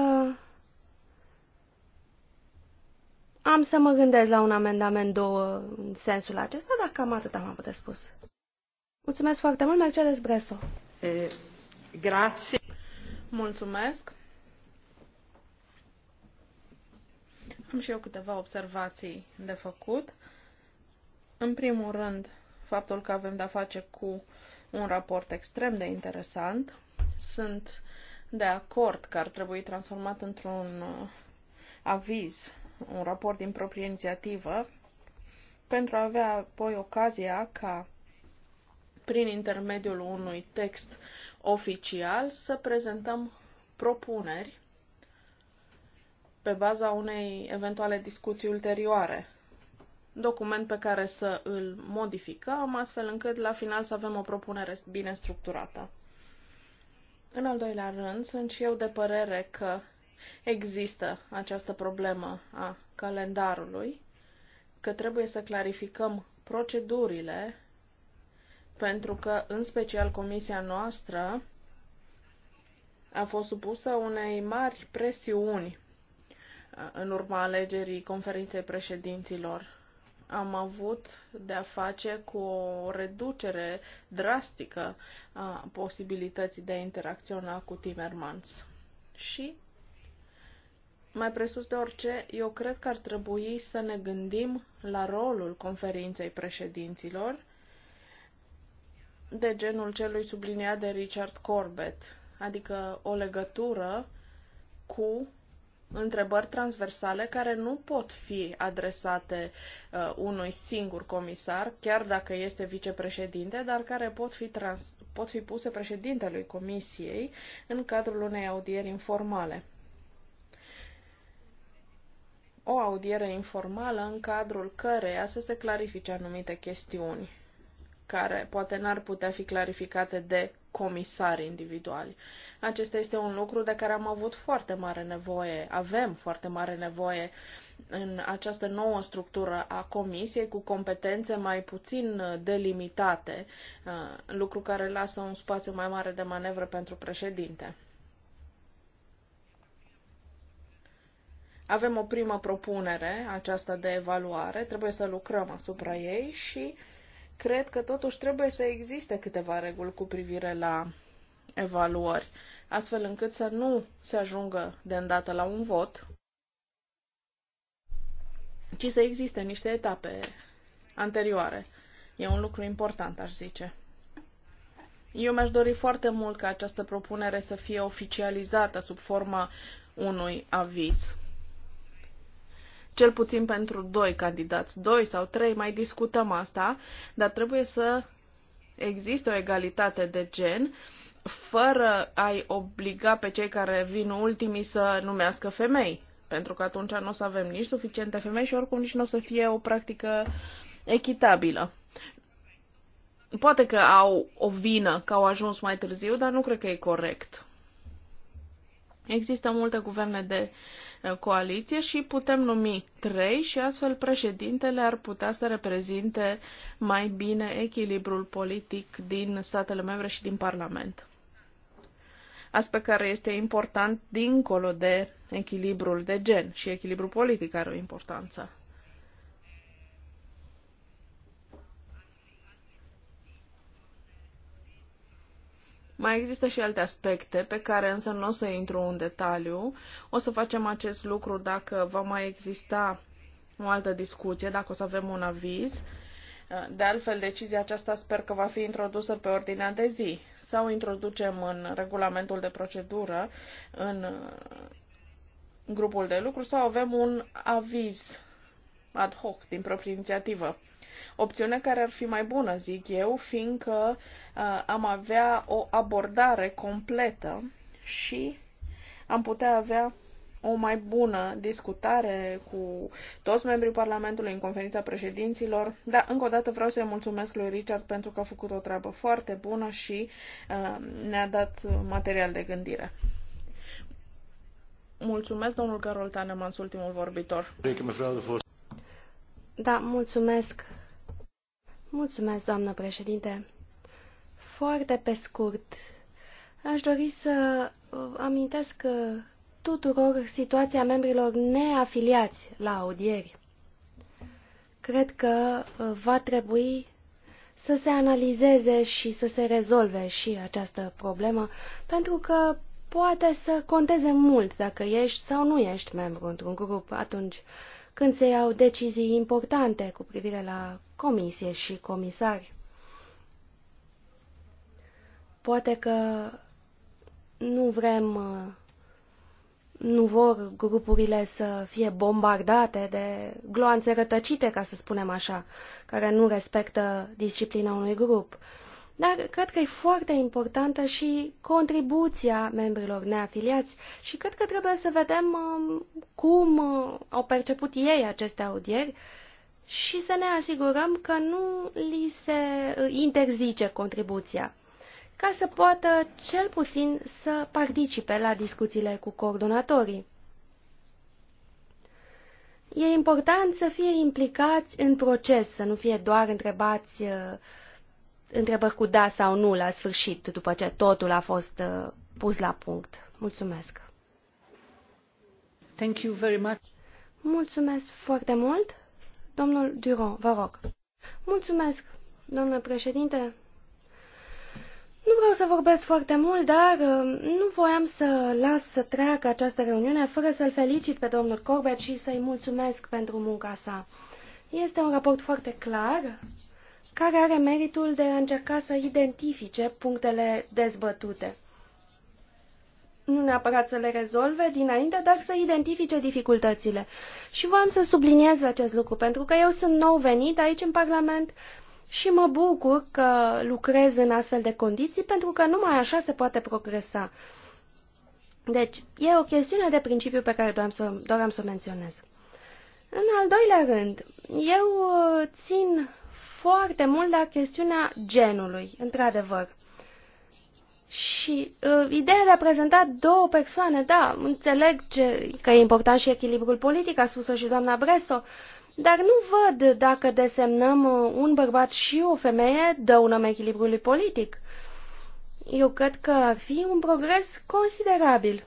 am să mă gândesc la un amendament două în sensul acesta, dar cam atât am avut de spus. Mulțumesc foarte mult, Mercedes Breso. E, grație. Mulțumesc. Am și eu câteva observații de făcut. În primul rând, faptul că avem de-a face cu un raport extrem de interesant. Sunt de acord că ar trebui transformat într-un uh, aviz un raport din proprie inițiativă pentru a avea apoi ocazia ca prin intermediul unui text oficial să prezentăm propuneri pe baza unei eventuale discuții ulterioare. Document pe care să îl modificăm astfel încât la final să avem o propunere bine structurată. În al doilea rând, sunt și eu de părere că există această problemă a calendarului, că trebuie să clarificăm procedurile, pentru că, în special, comisia noastră a fost supusă unei mari presiuni în urma alegerii conferinței președinților. Am avut de-a face cu o reducere drastică a posibilității de a interacționa cu Timmermans. Și mai presus de orice, eu cred că ar trebui să ne gândim la rolul conferinței președinților, de genul celui subliniat de Richard Corbett, adică o legătură cu întrebări transversale care nu pot fi adresate uh, unui singur comisar, chiar dacă este vicepreședinte, dar care pot fi, trans- pot fi puse președintelui comisiei în cadrul unei audieri informale o audiere informală în cadrul căreia să se clarifice anumite chestiuni care poate n-ar putea fi clarificate de comisari individuali. Acesta este un lucru de care am avut foarte mare nevoie, avem foarte mare nevoie în această nouă structură a comisiei cu competențe mai puțin delimitate, uh, lucru care lasă un spațiu mai mare de manevră pentru președinte. Avem o primă propunere, aceasta de evaluare, trebuie să lucrăm asupra ei și cred că totuși trebuie să existe câteva reguli cu privire la evaluări, astfel încât să nu se ajungă de îndată la un vot, ci să existe niște etape anterioare. E un lucru important, aș zice. Eu mi-aș dori foarte mult ca această propunere să fie oficializată sub forma unui aviz cel puțin pentru doi candidați, doi sau trei, mai discutăm asta, dar trebuie să existe o egalitate de gen fără a-i obliga pe cei care vin ultimii să numească femei. Pentru că atunci nu o să avem nici suficiente femei și oricum nici nu o să fie o practică echitabilă. Poate că au o vină că au ajuns mai târziu, dar nu cred că e corect. Există multe guverne de coaliție și putem numi trei și astfel președintele ar putea să reprezinte mai bine echilibrul politic din statele membre și din Parlament. Aspect care este important dincolo de echilibrul de gen și echilibrul politic are o importanță. Mai există și alte aspecte pe care însă nu o să intru în detaliu. O să facem acest lucru dacă va mai exista o altă discuție, dacă o să avem un aviz. De altfel, decizia aceasta sper că va fi introdusă pe ordinea de zi sau introducem în regulamentul de procedură, în grupul de lucru sau avem un aviz ad hoc din proprie inițiativă opțiune care ar fi mai bună, zic eu, fiindcă uh, am avea o abordare completă și am putea avea o mai bună discutare cu toți membrii Parlamentului în conferința președinților. Da, încă o dată vreau să-i mulțumesc lui Richard pentru că a făcut o treabă foarte bună și uh, ne-a dat material de gândire. Mulțumesc, domnul Carol Tanemans, ultimul vorbitor. Da, mulțumesc, Mulțumesc, doamnă președinte. Foarte pe scurt, aș dori să amintesc tuturor situația membrilor neafiliați la audieri. Cred că uh, va trebui să se analizeze și să se rezolve și această problemă, pentru că poate să conteze mult dacă ești sau nu ești membru într-un grup atunci când se iau decizii importante cu privire la comisie și comisari. Poate că nu vrem, nu vor grupurile să fie bombardate de gloanțe rătăcite, ca să spunem așa, care nu respectă disciplina unui grup. Dar cred că e foarte importantă și contribuția membrilor neafiliați și cred că trebuie să vedem um, cum uh, au perceput ei aceste audieri și să ne asigurăm că nu li se uh, interzice contribuția, ca să poată cel puțin să participe la discuțiile cu coordonatorii. E important să fie implicați în proces, să nu fie doar întrebați uh, întrebări cu da sau nu la sfârșit, după ce totul a fost uh, pus la punct. Mulțumesc! Thank you very much. Mulțumesc foarte mult! Domnul Duron, vă rog. Mulțumesc, domnule președinte. Nu vreau să vorbesc foarte mult, dar uh, nu voiam să las să treacă această reuniune fără să-l felicit pe domnul Corbett și să-i mulțumesc pentru munca sa. Este un raport foarte clar care are meritul de a încerca să identifice punctele dezbătute nu neapărat să le rezolve dinainte, dar să identifice dificultățile. Și voiam să subliniez acest lucru, pentru că eu sunt nou venit aici în Parlament și mă bucur că lucrez în astfel de condiții, pentru că numai așa se poate progresa. Deci, e o chestiune de principiu pe care doam să, doream să o menționez. În al doilea rând, eu uh, țin foarte mult la chestiunea genului, într-adevăr. Și uh, ideea de a prezenta două persoane, da, înțeleg ce, că e important și echilibrul politic, a spus-o și doamna Breso, dar nu văd dacă desemnăm uh, un bărbat și o femeie, dăunăm echilibrului politic. Eu cred că ar fi un progres considerabil.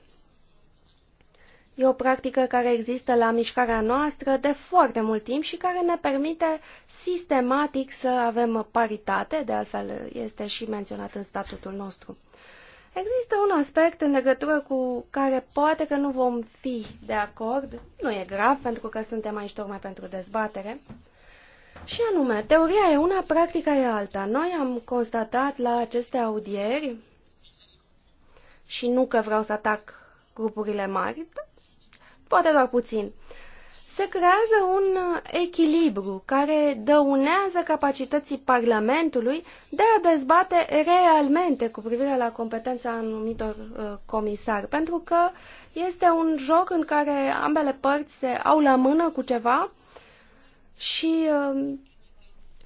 E o practică care există la mișcarea noastră de foarte mult timp și care ne permite sistematic să avem paritate, de altfel este și menționat în statutul nostru. Există un aspect în legătură cu care poate că nu vom fi de acord, nu e grav pentru că suntem aici tocmai pentru dezbatere, și anume, teoria e una, practica e alta. Noi am constatat la aceste audieri, și nu că vreau să atac grupurile mari, poate doar puțin, se creează un uh, echilibru care dăunează capacității Parlamentului de a dezbate realmente cu privire la competența anumitor uh, comisari, pentru că este un joc în care ambele părți se au la mână cu ceva și uh,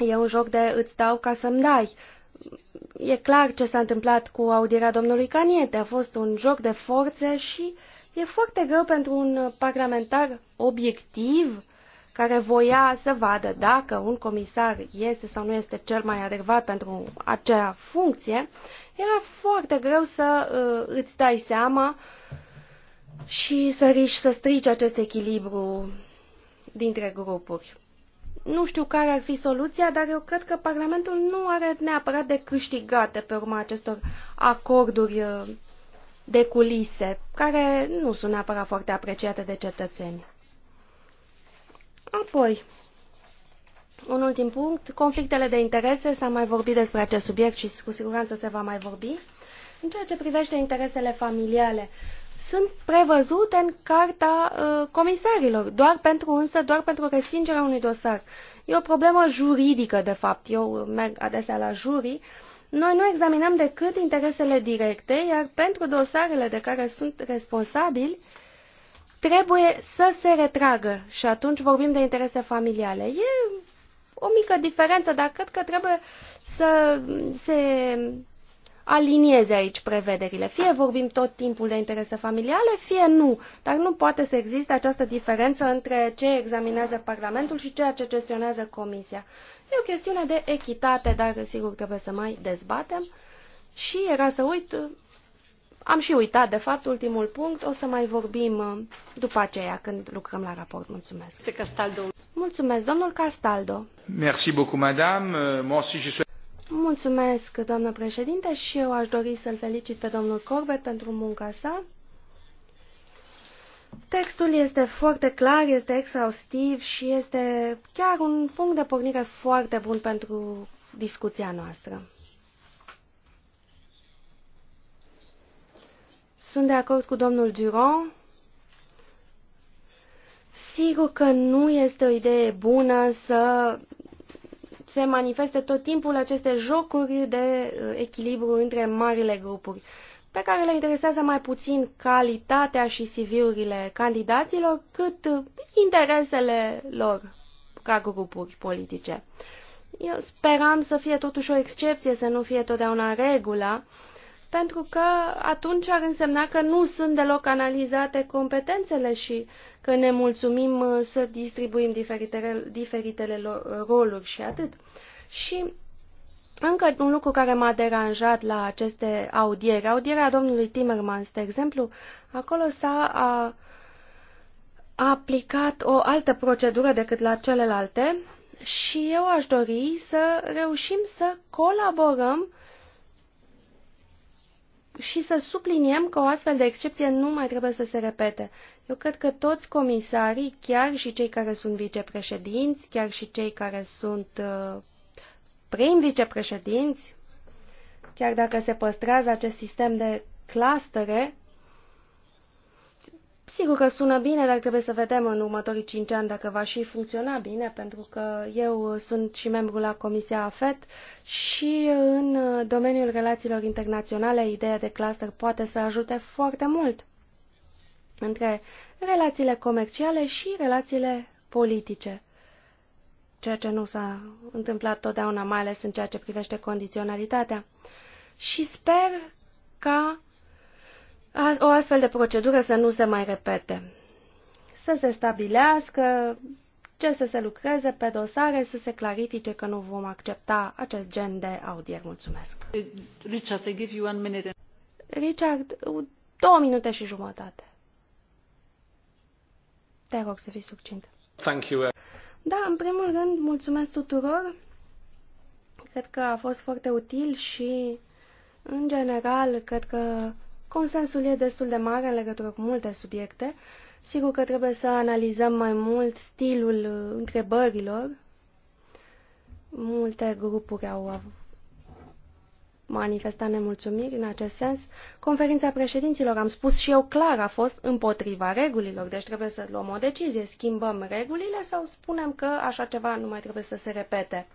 e un joc de îți dau ca să-mi dai. E clar ce s-a întâmplat cu audierea domnului Caniete, a fost un joc de forțe și uh, E foarte greu pentru un parlamentar obiectiv care voia să vadă dacă un comisar este sau nu este cel mai adecvat pentru acea funcție, era foarte greu să uh, îți dai seama și să riși, să strici acest echilibru dintre grupuri. Nu știu care ar fi soluția, dar eu cred că Parlamentul nu are neapărat de câștigate pe urma acestor acorduri uh, de culise, care nu sunt neapărat foarte apreciate de cetățeni. Apoi, un ultim punct, conflictele de interese, s-a mai vorbit despre acest subiect și cu siguranță se va mai vorbi. În ceea ce privește interesele familiale, sunt prevăzute în carta uh, comisarilor, doar pentru însă, doar pentru respingerea unui dosar. E o problemă juridică, de fapt. Eu merg adesea la jurii noi nu examinăm decât interesele directe, iar pentru dosarele de care sunt responsabili, trebuie să se retragă și atunci vorbim de interese familiale. E o mică diferență, dar cred că trebuie să se alinieze aici prevederile. Fie vorbim tot timpul de interese familiale, fie nu. Dar nu poate să existe această diferență între ce examinează Parlamentul și ceea ce gestionează Comisia. E o chestiune de echitate, dacă sigur trebuie să mai dezbatem. Și era să uit, am și uitat, de fapt, ultimul punct, o să mai vorbim uh, după aceea când lucrăm la raport. Mulțumesc. Castaldo. Mulțumesc, domnul Castaldo. Merci beaucoup, madame. Euh, moi aussi, je suis... Mulțumesc, doamnă președinte, și eu aș dori să-l felicit pe domnul Corbet pentru munca sa. Textul este foarte clar, este exhaustiv și este chiar un punct de pornire foarte bun pentru discuția noastră. Sunt de acord cu domnul Durand. Sigur că nu este o idee bună să se manifeste tot timpul aceste jocuri de uh, echilibru între marile grupuri pe care le interesează mai puțin calitatea și CV-urile candidaților, cât uh, interesele lor ca grupuri politice. Eu speram să fie totuși o excepție, să nu fie totdeauna regula, pentru că atunci ar însemna că nu sunt deloc analizate competențele și că ne mulțumim uh, să distribuim diferitele, diferitele roluri și atât. Și încă un lucru care m-a deranjat la aceste audiere, audierea domnului Timmermans, de exemplu, acolo s-a aplicat o altă procedură decât la celelalte și eu aș dori să reușim să colaborăm și să subliniem că o astfel de excepție nu mai trebuie să se repete. Eu cred că toți comisarii, chiar și cei care sunt vicepreședinți, chiar și cei care sunt uh, prim vicepreședinți, chiar dacă se păstrează acest sistem de clastere, sigur că sună bine, dar trebuie să vedem în următorii cinci ani dacă va și funcționa bine, pentru că eu sunt și membru la Comisia AFET și în domeniul relațiilor internaționale ideea de cluster poate să ajute foarte mult între relațiile comerciale și relațiile politice ceea ce nu s-a întâmplat totdeauna, mai ales în ceea ce privește condiționalitatea. Și sper ca o astfel de procedură să nu se mai repete. Să se stabilească ce să se lucreze pe dosare, să se clarifice că nu vom accepta acest gen de audier. Mulțumesc. Richard, I give you one minute. Richard, două minute și jumătate. Te rog să fii succint. Thank you. Da, în primul rând, mulțumesc tuturor. Cred că a fost foarte util și, în general, cred că consensul e destul de mare în legătură cu multe subiecte. Sigur că trebuie să analizăm mai mult stilul uh, întrebărilor. Multe grupuri au avut manifesta nemulțumiri în acest sens. Conferința președinților, am spus și eu clar, a fost împotriva regulilor, deci trebuie să luăm o decizie, schimbăm regulile sau spunem că așa ceva nu mai trebuie să se repete.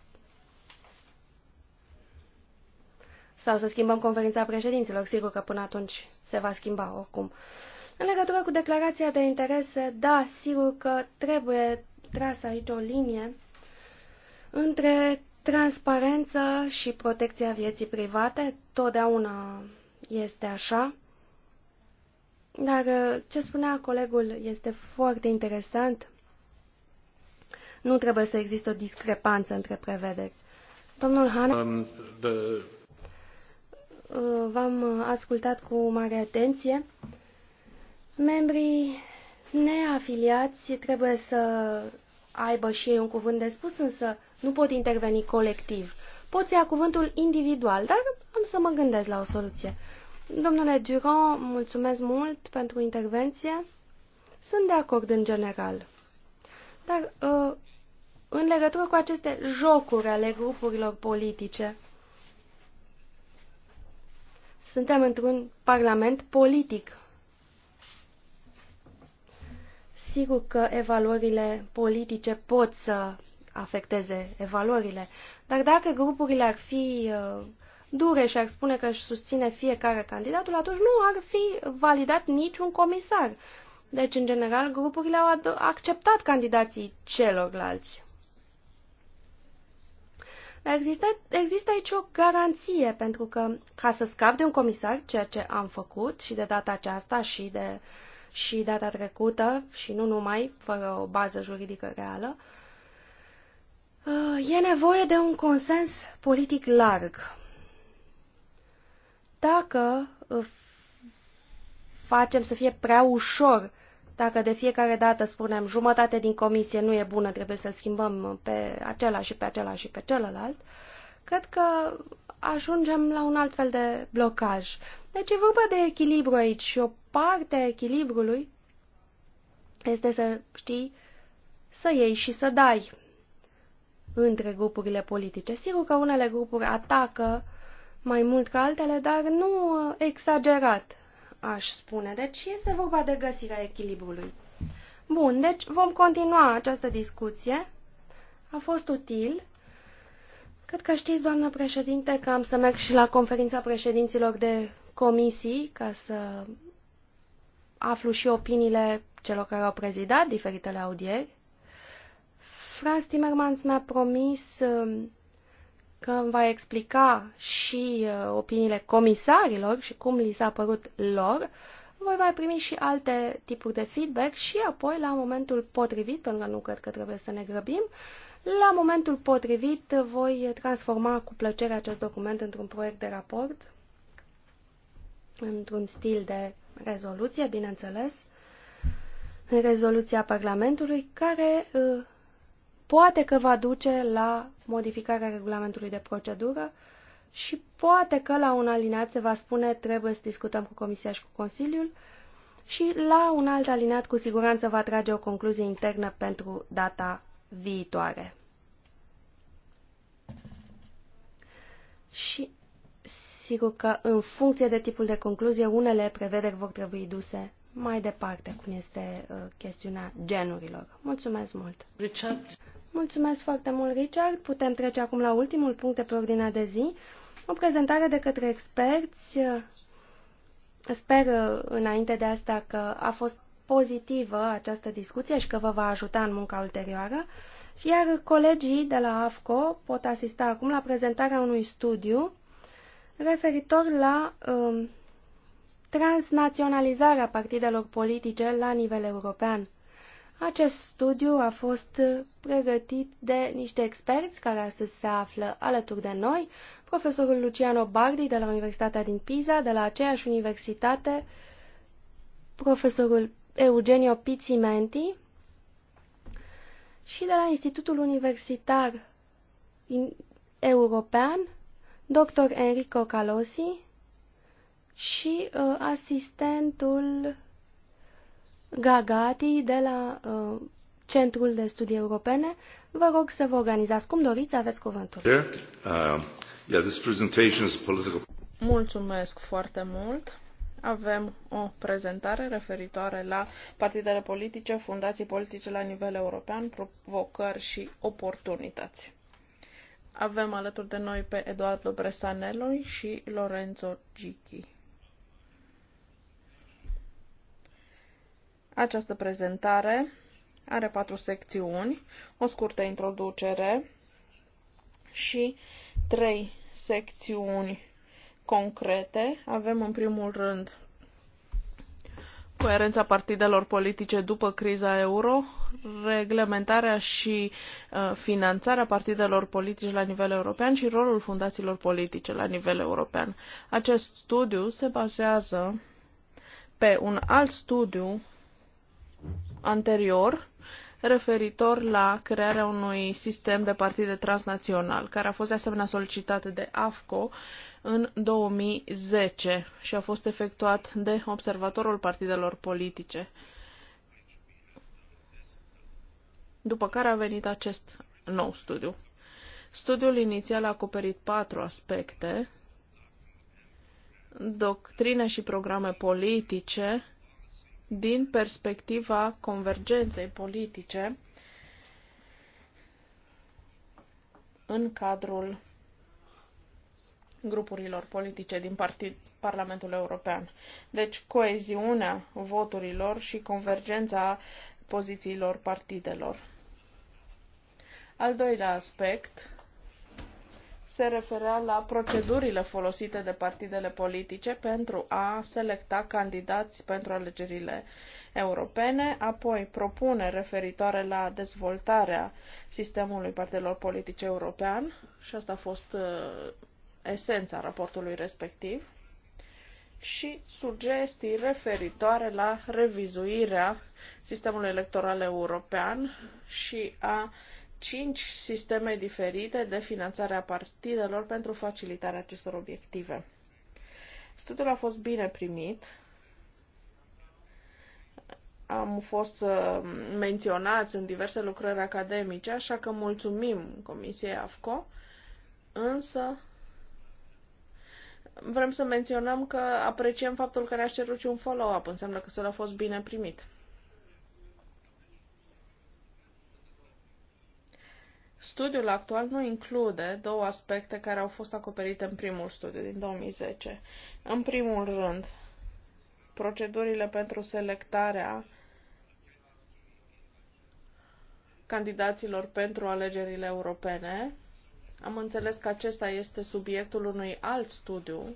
Sau să schimbăm conferința președinților, sigur că până atunci se va schimba oricum. În legătură cu declarația de interese, da, sigur că trebuie trasă aici o linie între Transparență și protecția vieții private, totdeauna este așa. Dar uh, ce spunea colegul este foarte interesant. Nu trebuie să existe o discrepanță între prevederi. Domnul Han, um, the... Uh, v-am ascultat cu mare atenție. Membrii neafiliați trebuie să aibă și ei un cuvânt de spus, însă nu pot interveni colectiv. Pot să ia cuvântul individual, dar am să mă gândesc la o soluție. Domnule Giron, mulțumesc mult pentru intervenție. Sunt de acord în general. Dar uh, în legătură cu aceste jocuri ale grupurilor politice, suntem într-un parlament politic. Sigur că evaluările politice pot să afecteze evaluările. Dar dacă grupurile ar fi uh, dure și ar spune că își susține fiecare candidatul, atunci nu ar fi validat niciun comisar. Deci, în general, grupurile au acceptat candidații celorlalți. Dar există, există aici o garanție, pentru că ca să scap de un comisar, ceea ce am făcut și de data aceasta și de și data trecută și nu numai, fără o bază juridică reală, uh, Uh, e nevoie de un consens politic larg. Dacă uh, facem să fie prea ușor, dacă de fiecare dată spunem jumătate din comisie nu e bună, trebuie să-l schimbăm pe acela și pe acela și pe celălalt, cred că ajungem la un alt fel de blocaj. Deci e vorba de echilibru aici și o parte a echilibrului este să știi să iei și să dai între grupurile politice. Sigur că unele grupuri atacă mai mult ca altele, dar nu uh, exagerat, aș spune. Deci este vorba de găsirea echilibrului. Bun, deci vom continua această discuție. A fost util. Cred că știți, doamnă președinte, că am să merg și la conferința președinților de comisii ca să aflu și opiniile celor care au prezidat diferitele audieri. Franz Timmermans mi-a promis um, că îmi va explica și uh, opiniile comisarilor și cum li s-a părut lor. Voi mai primi și alte tipuri de feedback și apoi, la momentul potrivit, pentru că nu cred că trebuie să ne grăbim, la momentul potrivit voi transforma cu plăcere acest document într-un proiect de raport, într-un stil de rezoluție, bineînțeles, în rezoluția Parlamentului, care uh, poate că va duce la modificarea regulamentului de procedură și poate că la un alineat se va spune trebuie să discutăm cu Comisia și cu Consiliul și la un alt alineat cu siguranță va trage o concluzie internă pentru data viitoare. Și sigur că în funcție de tipul de concluzie, unele prevederi vor trebui duse mai departe, cum este uh, chestiunea genurilor. Mulțumesc mult! Richard. Mulțumesc foarte mult, Richard. Putem trece acum la ultimul punct de pe ordinea de zi. O prezentare de către experți. Sper înainte de asta că a fost pozitivă această discuție și că vă va ajuta în munca ulterioară. Iar colegii de la AFCO pot asista acum la prezentarea unui studiu referitor la um, transnaționalizarea partidelor politice la nivel european. Acest studiu a fost pregătit de niște experți care astăzi se află alături de noi, profesorul Luciano Bardi de la Universitatea din Pisa, de la aceeași universitate, profesorul Eugenio Pizzimenti și de la Institutul Universitar European, dr. Enrico Calosi și uh, asistentul Gagati de la uh, Centrul de Studii Europene. Vă rog să vă organizați cum doriți, aveți cuvântul. Um, Mulțumesc foarte mult. Avem o prezentare referitoare la partidele politice, fundații politice la nivel european, provocări și oportunități. Avem alături de noi pe Eduardo Bresanello și Lorenzo Gicchi. Această prezentare are patru secțiuni, o scurtă introducere și trei secțiuni concrete. Avem în primul rând coerența partidelor politice după criza euro, reglementarea și uh, finanțarea partidelor politice la nivel european și rolul fundațiilor politice la nivel european. Acest studiu se bazează pe un alt studiu anterior referitor la crearea unui sistem de partide transnațional, care a fost de asemenea solicitat de AFCO în 2010 și a fost efectuat de Observatorul Partidelor Politice. După care a venit acest nou studiu. Studiul inițial a acoperit patru aspecte, doctrine și programe politice, din perspectiva convergenței politice în cadrul grupurilor politice din partid, Parlamentul European. Deci coeziunea voturilor și convergența pozițiilor partidelor. Al doilea aspect se referea la procedurile folosite de partidele politice pentru a selecta candidați pentru alegerile europene, apoi propune referitoare la dezvoltarea sistemului partidelor politice european, și asta a fost uh, esența raportului respectiv, și sugestii referitoare la revizuirea sistemului electoral european și a cinci sisteme diferite de finanțare a partidelor pentru facilitarea acestor obiective. Studiul a fost bine primit. Am fost uh, menționați în diverse lucrări academice, așa că mulțumim Comisiei AFCO, însă vrem să menționăm că apreciem faptul că ne-a cerut și un follow-up, înseamnă că s a fost bine primit. Studiul actual nu include două aspecte care au fost acoperite în primul studiu din 2010. În primul rând, procedurile pentru selectarea candidaților pentru alegerile europene. Am înțeles că acesta este subiectul unui alt studiu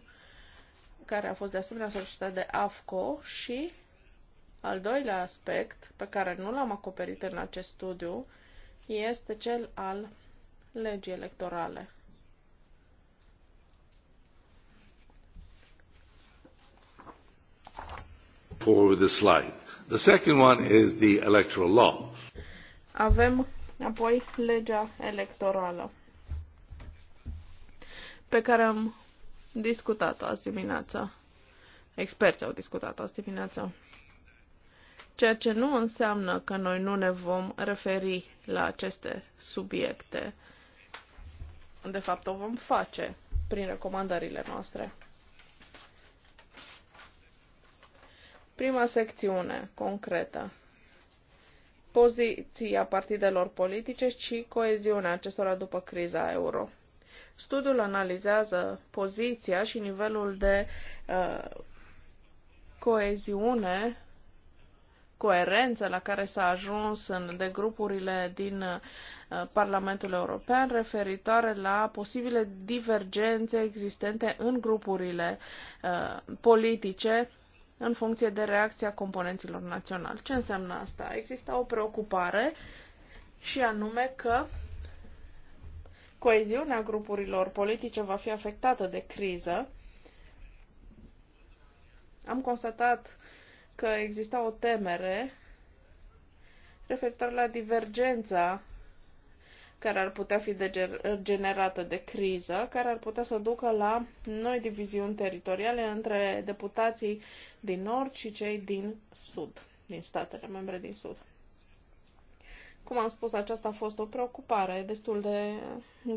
care a fost de asemenea solicitat de AFCO și al doilea aspect pe care nu l-am acoperit în acest studiu este cel al legii electorale. the slide. The second one is the electoral law. Avem apoi legea electorală pe care am discutat-o azi dimineața. Experții au discutat-o azi dimineața ceea ce nu înseamnă că noi nu ne vom referi la aceste subiecte. De fapt, o vom face prin recomandările noastre. Prima secțiune concretă. Poziția partidelor politice și coeziunea acestora după criza euro. Studiul analizează poziția și nivelul de uh, coeziune coerență la care s-a ajuns în, de grupurile din uh, Parlamentul European referitoare la posibile divergențe existente în grupurile uh, politice în funcție de reacția componenților naționali. Ce înseamnă asta? Există o preocupare și anume că coeziunea grupurilor politice va fi afectată de criză. Am constatat uh, că exista o temere referitor la divergența care ar putea fi generată de criză, care ar putea să ducă la noi diviziuni teritoriale între deputații din nord și cei din sud, din statele membre din sud. Cum am spus, aceasta a fost o preocupare destul de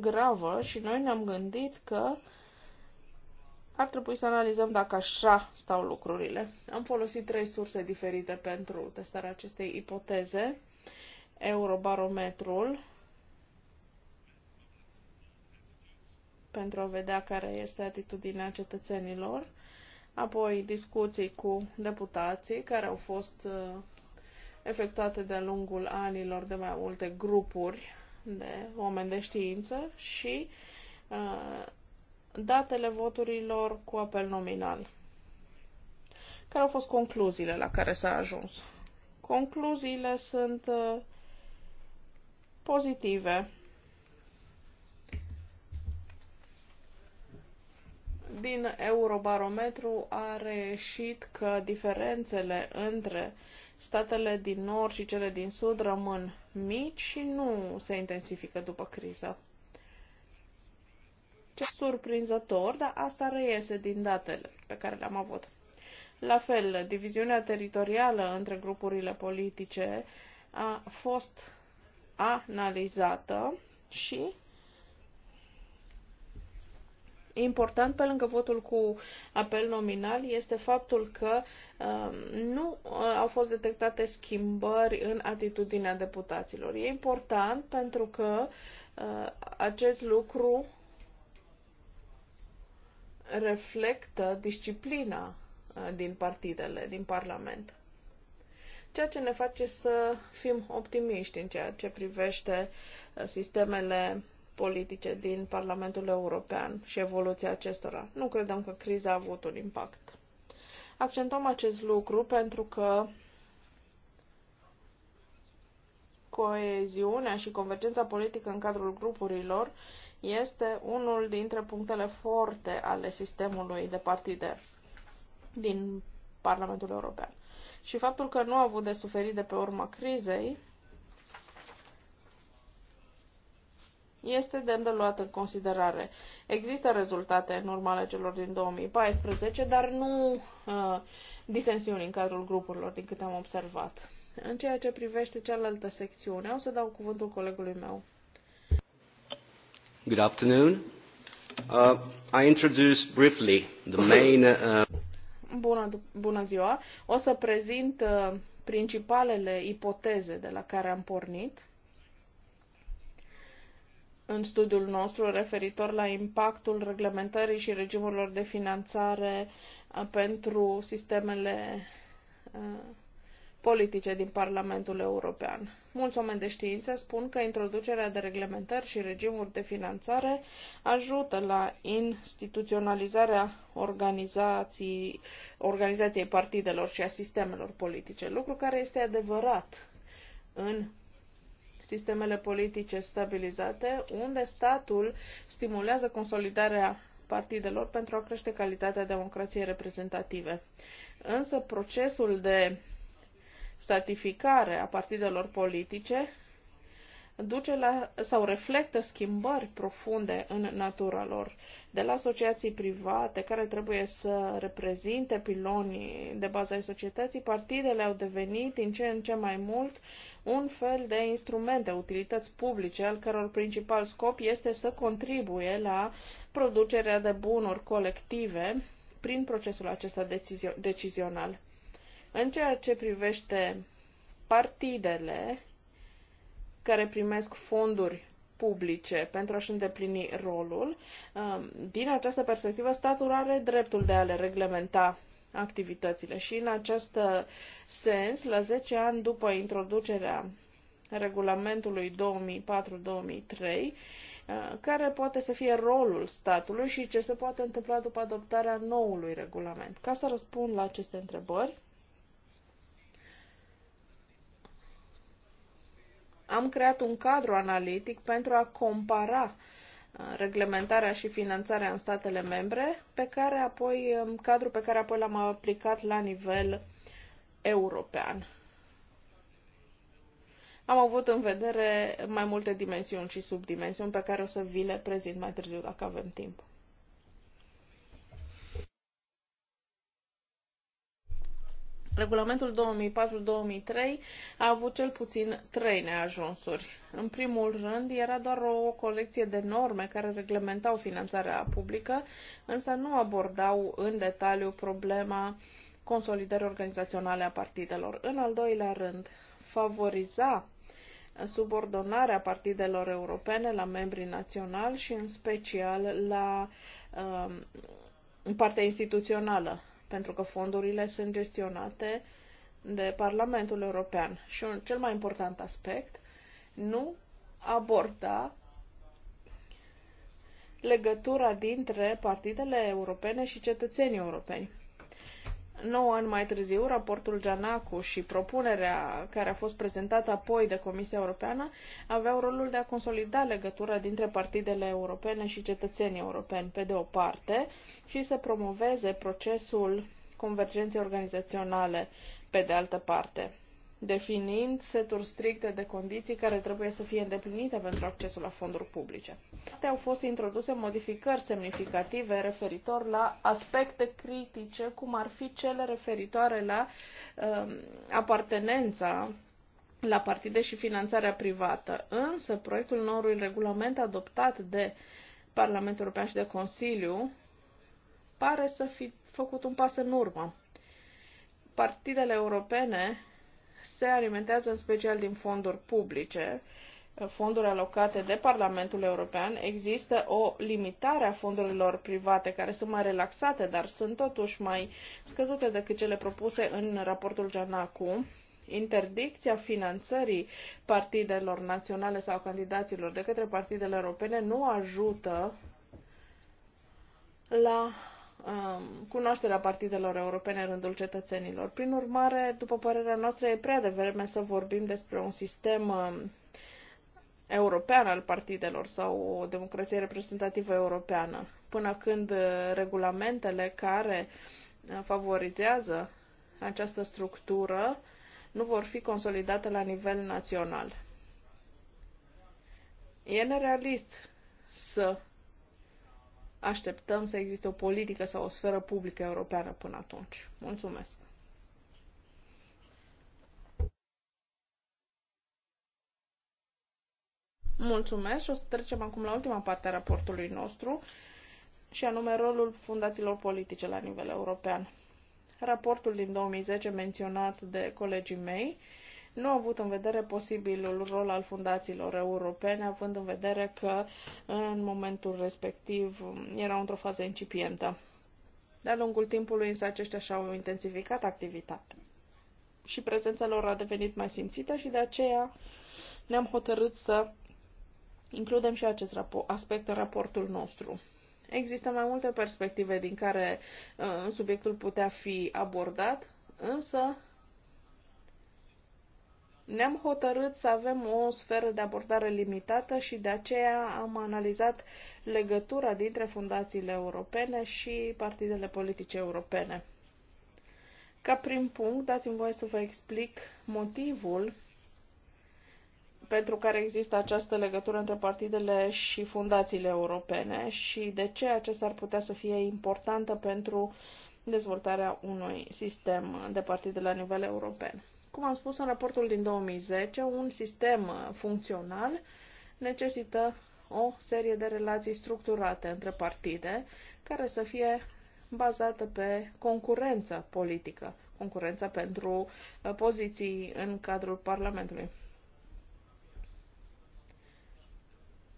gravă și noi ne-am gândit că uh, ar trebui să analizăm dacă așa stau lucrurile. Am folosit trei surse diferite pentru testarea acestei ipoteze. Eurobarometrul, pentru a vedea care este atitudinea cetățenilor, apoi discuții cu deputații care au fost uh, efectuate de-a lungul anilor de mai multe grupuri de oameni de știință și uh, datele voturilor cu apel nominal. Care au fost concluziile la care s-a ajuns? Concluziile sunt uh, pozitive. Din Eurobarometru a reieșit că diferențele între statele din nord și cele din sud rămân mici și nu se intensifică după criză surprinzător, dar asta reiese din datele pe care le-am avut. La fel, diviziunea teritorială între grupurile politice a fost analizată și Important pe lângă votul cu apel nominal este faptul că uh, nu uh, au fost detectate schimbări în atitudinea deputaților. E important pentru că uh, acest lucru reflectă disciplina uh, din partidele, din Parlament. Ceea ce ne face să fim optimiști în ceea ce privește uh, sistemele politice din Parlamentul European și evoluția acestora. Nu credem că criza a avut un impact. Accentăm acest lucru pentru că coeziunea și convergența politică în cadrul grupurilor este unul dintre punctele forte ale sistemului de partide din Parlamentul European. Și faptul că nu a avut de suferit de pe urma crizei este de luat în considerare. Există rezultate în urma celor din 2014, dar nu uh, disensiuni în cadrul grupurilor, din câte am observat. În ceea ce privește cealaltă secțiune, o să dau cuvântul colegului meu. Good afternoon. Uh, I introduce briefly the main. Uh... Bună, bună ziua. O să prezint uh, principalele ipoteze de la care am pornit în studiul nostru referitor la impactul reglementării și regimurilor de finanțare uh, pentru sistemele uh, politice din Parlamentul European. Mulți oameni de știință spun că introducerea de reglementări și regimuri de finanțare ajută la instituționalizarea organizației, organizației partidelor și a sistemelor politice, lucru care este adevărat în sistemele politice stabilizate, unde statul stimulează consolidarea partidelor pentru a crește calitatea democrației reprezentative. Însă procesul de statificare a partidelor politice duce la, sau reflectă schimbări profunde în natura lor, de la asociații private care trebuie să reprezinte pilonii de bază ai societății, partidele au devenit din ce în ce mai mult un fel de instrumente, utilități publice, al căror principal scop este să contribuie la producerea de bunuri colective prin procesul acesta decizio- decizional. În ceea ce privește partidele care primesc fonduri publice pentru a-și îndeplini rolul, um, din această perspectivă, statul are dreptul de a le reglementa activitățile și în acest sens, la 10 ani după introducerea regulamentului 2004-2003, uh, care poate să fie rolul statului și ce se poate întâmpla după adoptarea noului regulament. Ca să răspund la aceste întrebări, am creat un cadru analitic pentru a compara uh, reglementarea și finanțarea în statele membre, pe care apoi, um, cadru pe care apoi l-am aplicat la nivel european. Am avut în vedere mai multe dimensiuni și subdimensiuni pe care o să vi le prezint mai târziu dacă avem timp. Regulamentul 2004-2003 a avut cel puțin trei neajunsuri. În primul rând, era doar o colecție de norme care reglementau finanțarea publică, însă nu abordau în detaliu problema consolidării organizaționale a partidelor. În al doilea rând, favoriza subordonarea partidelor europene la membrii naționali și în special la um, partea instituțională pentru că fondurile sunt gestionate de Parlamentul European. Și un cel mai important aspect, nu aborda legătura dintre partidele europene și cetățenii europeni. 9 ani mai târziu, raportul Gianacu și propunerea care a fost prezentată apoi de Comisia Europeană aveau rolul de a consolida legătura dintre partidele europene și cetățenii europeni, pe de o parte, și să promoveze procesul convergenței organizaționale, pe de altă parte definind seturi stricte de condiții care trebuie să fie îndeplinite pentru accesul la fonduri publice. au fost introduse modificări semnificative referitor la aspecte critice, cum ar fi cele referitoare la uh, apartenența la partide și finanțarea privată. Însă, proiectul noului regulament adoptat de Parlamentul European și de Consiliu pare să fi făcut un pas în urmă. Partidele europene se alimentează în special din fonduri publice, fonduri alocate de Parlamentul European, există o limitare a fondurilor private care sunt mai relaxate, dar sunt totuși mai scăzute decât cele propuse în raportul Janacu. Interdicția finanțării partidelor naționale sau candidaților de către partidele europene nu ajută la Um, cunoașterea partidelor europene în rândul cetățenilor. Prin urmare, după părerea noastră, e prea devreme să vorbim despre un sistem um, european al partidelor sau o democrație reprezentativă europeană, până când uh, regulamentele care uh, favorizează această structură nu vor fi consolidate la nivel național. E nerealist să așteptăm să existe o politică sau o sferă publică europeană până atunci. Mulțumesc! Mulțumesc și o să trecem acum la ultima parte a raportului nostru și anume rolul fundațiilor politice la nivel european. Raportul din 2010 menționat de colegii mei nu au avut în vedere posibilul rol al fundațiilor europene, având în vedere că în momentul respectiv erau într-o fază incipientă. De-a lungul timpului însă aceștia și-au intensificat activitatea și prezența lor a devenit mai simțită și de aceea ne-am hotărât să includem și acest aspect în raportul nostru. Există mai multe perspective din care uh, subiectul putea fi abordat, însă ne-am hotărât să avem o sferă de abordare limitată și de aceea am analizat legătura dintre fundațiile europene și partidele politice europene. Ca prim punct, dați-mi voie să vă explic motivul pentru care există această legătură între partidele și fundațiile europene și de ce acesta ar putea să fie importantă pentru dezvoltarea unui sistem de partide la nivel european. Cum am spus în raportul din 2010, un sistem funcțional necesită o serie de relații structurate între partide care să fie bazată pe concurență politică, concurența pentru uh, poziții în cadrul Parlamentului.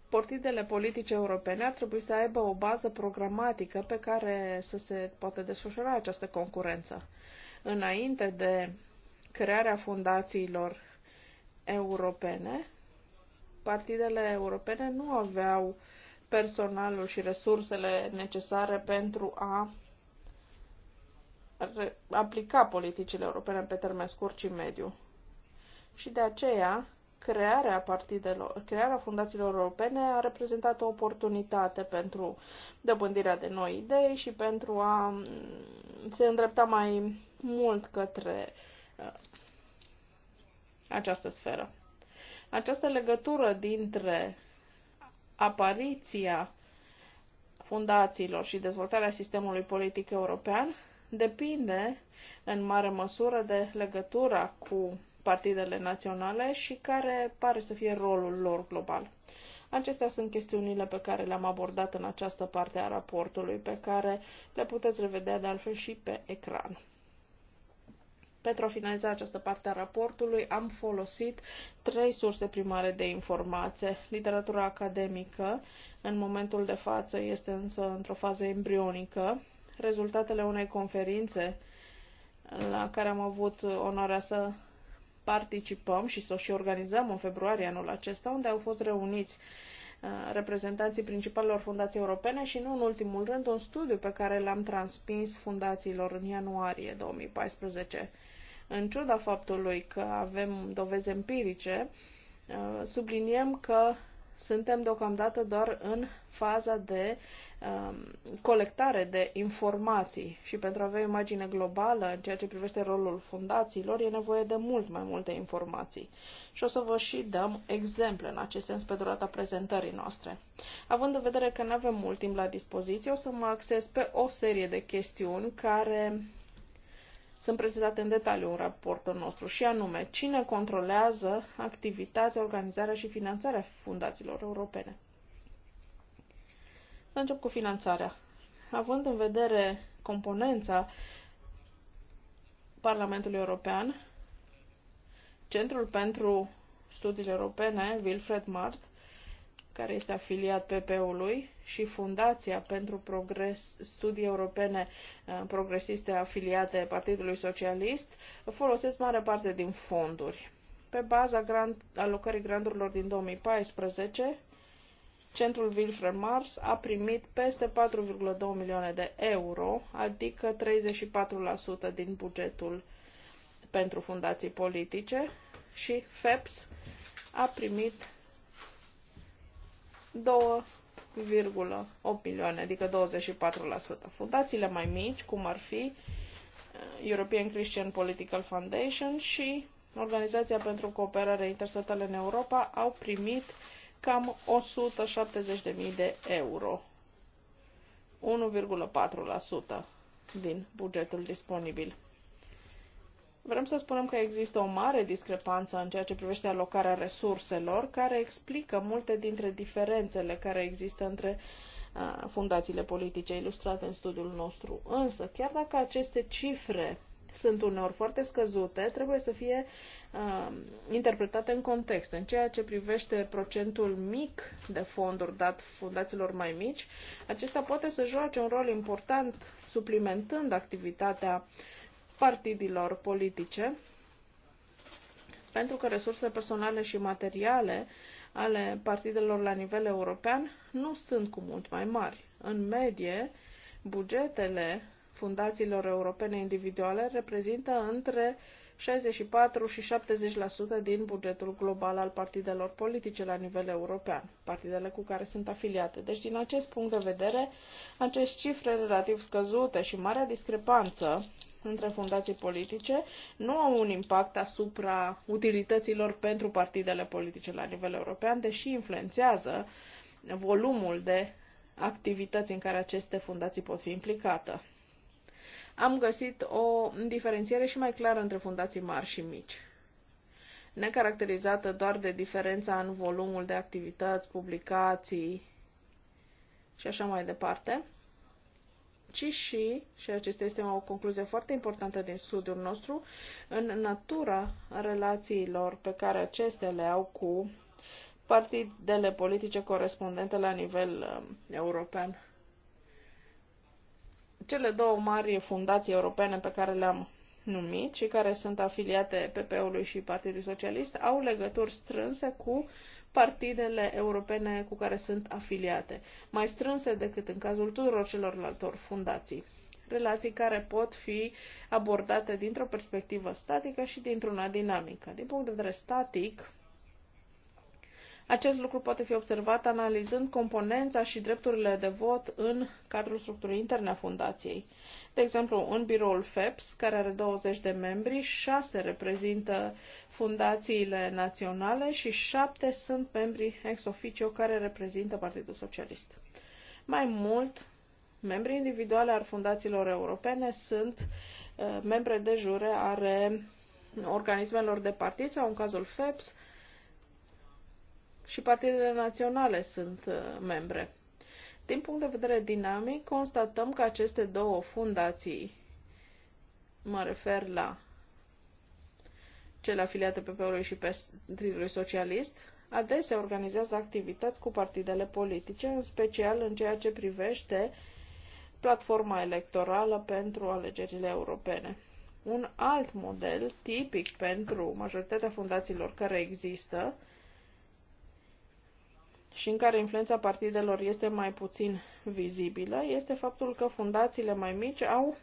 Partidele politice europene ar trebui să aibă o bază programatică pe care să se poată desfășura această concurență. Înainte de crearea fundațiilor europene, partidele europene nu aveau personalul și resursele necesare pentru a aplica politicile europene pe termen scurt și mediu. Și de aceea, crearea partidelor, crearea fundațiilor europene a reprezentat o oportunitate pentru dobândirea de noi idei și pentru a se îndrepta mai mult către uh, Uh, această sferă. Această legătură dintre apariția fundațiilor și dezvoltarea sistemului politic european depinde în mare măsură de legătura cu partidele naționale și care pare să fie rolul lor global. Acestea sunt chestiunile pe care le-am abordat în această parte a raportului, pe care le puteți revedea de altfel și pe ecran. Pentru a finaliza această parte a raportului, am folosit trei surse primare de informație. Literatura academică, în momentul de față, este însă într-o fază embrionică. Rezultatele unei conferințe la care am avut onoarea să participăm și să o și organizăm în februarie anul acesta, unde au fost reuniți uh, reprezentanții principalelor fundații europene și, nu în ultimul rând, un studiu pe care l-am transmis fundațiilor în ianuarie 2014. În ciuda faptului că avem dovezi empirice, uh, subliniem că suntem deocamdată doar în faza de um, colectare de informații și pentru a avea o imagine globală în ceea ce privește rolul fundațiilor e nevoie de mult mai multe informații. Și o să vă și dăm exemple în acest sens pe durata prezentării noastre. Având în vedere că nu avem mult timp la dispoziție, o să mă acces pe o serie de chestiuni care sunt prezentate în detaliu în raportul nostru și anume cine controlează activitatea, organizarea și finanțarea fundațiilor europene. Să încep cu finanțarea. Având în vedere componența Parlamentului European, Centrul pentru Studiile Europene, Wilfred Mart, care este afiliat PP-ului, și Fundația pentru Progres, Studii Europene eh, Progresiste afiliate Partidului Socialist folosesc mare parte din fonduri. Pe baza grant, alocării grandurilor din 2014, Centrul Wilfred Mars a primit peste 4,2 milioane de euro, adică 34% din bugetul pentru fundații politice și FEPS a primit 2,8 milioane, adică 24%. Fundațiile mai mici, cum ar fi uh, European Christian Political Foundation și Organizația pentru Cooperare Interstatală în Europa, au primit cam 170.000 de euro, 1,4% din bugetul disponibil. Vrem să spunem că există o mare discrepanță în ceea ce privește alocarea resurselor, care explică multe dintre diferențele care există între uh, fundațiile politice ilustrate în studiul nostru. Însă, chiar dacă aceste cifre sunt uneori foarte scăzute, trebuie să fie uh, interpretate în context. În ceea ce privește procentul mic de fonduri dat fundațiilor mai mici, acesta poate să joace un rol important suplimentând activitatea uh, partidilor politice, pentru că resursele personale și materiale ale partidelor la nivel european nu sunt cu mult mai mari. În medie, bugetele fundațiilor europene individuale reprezintă între 64 și 70% din bugetul global al partidelor politice la nivel european, partidele cu care sunt afiliate. Deci, din acest punct de vedere, aceste cifre relativ scăzute și marea discrepanță între fundații politice nu au un impact asupra utilităților pentru partidele politice la nivel european, deși influențează volumul de activități în care aceste fundații pot fi implicate am găsit o diferențiere și mai clară între fundații mari și mici, necaracterizată doar de diferența în volumul de activități, publicații și așa mai departe, ci și, și acesta este o concluzie foarte importantă din studiul nostru, în natura relațiilor pe care acestea le au cu partidele politice corespondente la nivel um, european cele două mari fundații europene pe care le-am numit și care sunt afiliate PP-ului și Partidului Socialist au legături strânse cu partidele europene cu care sunt afiliate, mai strânse decât în cazul tuturor celorlaltor fundații. Relații care pot fi abordate dintr-o perspectivă statică și dintr-una dinamică. Din punct de vedere static, acest lucru poate fi observat analizând componența și drepturile de vot în cadrul structurii interne a fundației. De exemplu, în biroul FEPS, care are 20 de membri, 6 reprezintă fundațiile naționale și 7 sunt membri ex officio care reprezintă Partidul Socialist. Mai mult, membrii individuale ar fundațiilor europene sunt uh, membre de jure are organismelor de partid sau, în cazul FEPS, și partidele naționale sunt uh, membre. Din punct de vedere dinamic, constatăm că aceste două fundații, mă refer la cele afiliate PP-ului și Partidului Socialist, adesea organizează activități cu partidele politice, în special în ceea ce privește platforma electorală pentru alegerile europene. Un alt model tipic pentru majoritatea fundațiilor care există și în care influența partidelor este mai puțin vizibilă, este faptul că fundațiile mai mici au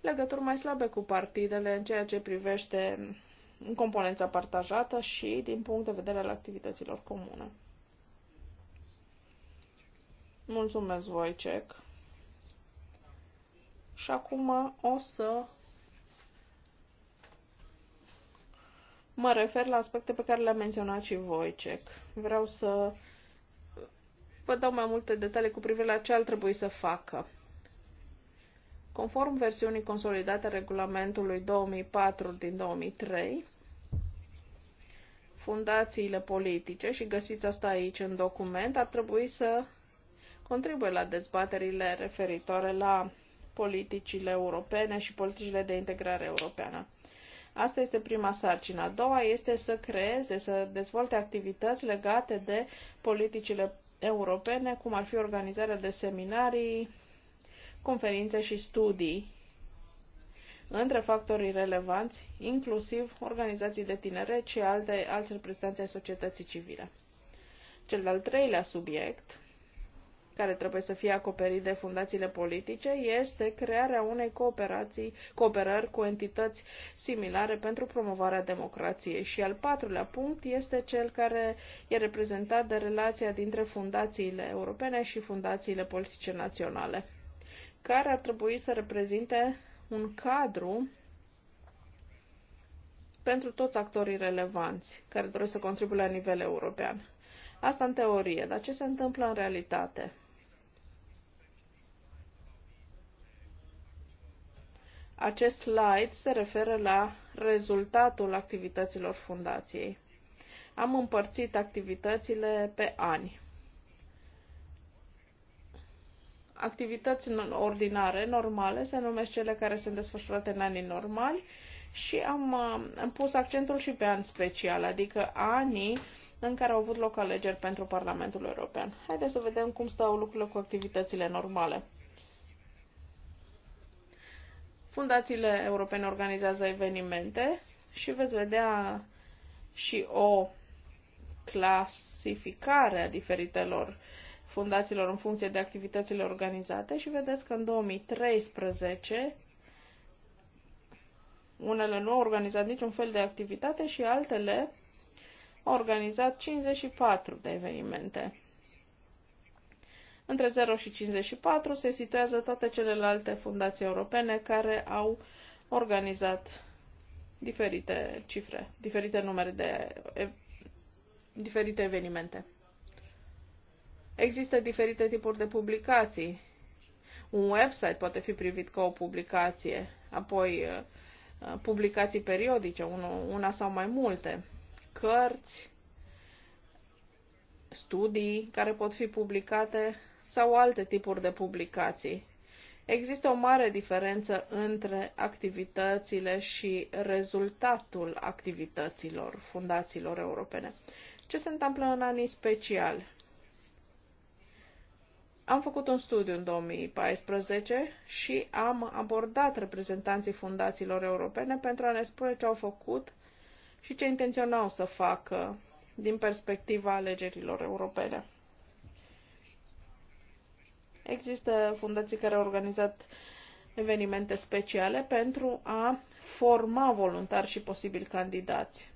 legături mai slabe cu partidele în ceea ce privește componența partajată și din punct de vedere al activităților comune. Mulțumesc, Voicec. Și acum o să mă refer la aspecte pe care le-a menționat și Cec. Vreau să vă dau mai multe detalii cu privire la ce ar trebui să facă. Conform versiunii consolidate a regulamentului 2004 din 2003, fundațiile politice, și găsiți asta aici în document, ar trebui să contribuie la dezbaterile referitoare la politicile europene și politicile de integrare europeană. Asta este prima sarcină. A doua este să creeze, să dezvolte activități legate de politicile europene, cum ar fi organizarea de seminarii, conferințe și studii între factorii relevanți, inclusiv organizații de tineret și alte, alți reprezentanți ai societății civile. Cel de-al treilea subiect care trebuie să fie acoperit de fundațiile politice, este crearea unei cooperații, cooperări cu entități similare pentru promovarea democrației. Și al patrulea punct este cel care e reprezentat de relația dintre fundațiile europene și fundațiile politice naționale, care ar trebui să reprezinte un cadru pentru toți actorii relevanți care doresc să contribuie la nivel european. Asta în teorie, dar ce se întâmplă în realitate? Acest slide se referă la rezultatul activităților fundației. Am împărțit activitățile pe ani. Activități ordinare, normale, se numesc cele care sunt desfășurate în anii normali și am, uh, am pus accentul și pe an special, adică anii în care au avut loc alegeri pentru Parlamentul European. Haideți să vedem cum stau lucrurile cu activitățile normale. Fundațiile europene organizează evenimente și veți vedea și o clasificare a diferitelor fundațiilor în funcție de activitățile organizate și vedeți că în 2013 unele nu au organizat niciun fel de activitate și altele au organizat 54 de evenimente. Între 0 și 54 se situează toate celelalte fundații europene care au organizat diferite cifre, diferite numere de e, diferite evenimente. Există diferite tipuri de publicații. Un website poate fi privit ca o publicație, apoi publicații periodice, una sau mai multe, cărți, studii care pot fi publicate sau alte tipuri de publicații. Există o mare diferență între activitățile și rezultatul activităților fundațiilor europene. Ce se întâmplă în anii speciali? Am făcut un studiu în 2014 și am abordat reprezentanții fundațiilor europene pentru a ne spune ce au făcut și ce intenționau să facă din perspectiva alegerilor europene. Există fundații care au organizat evenimente speciale pentru a forma voluntari și posibil candidați.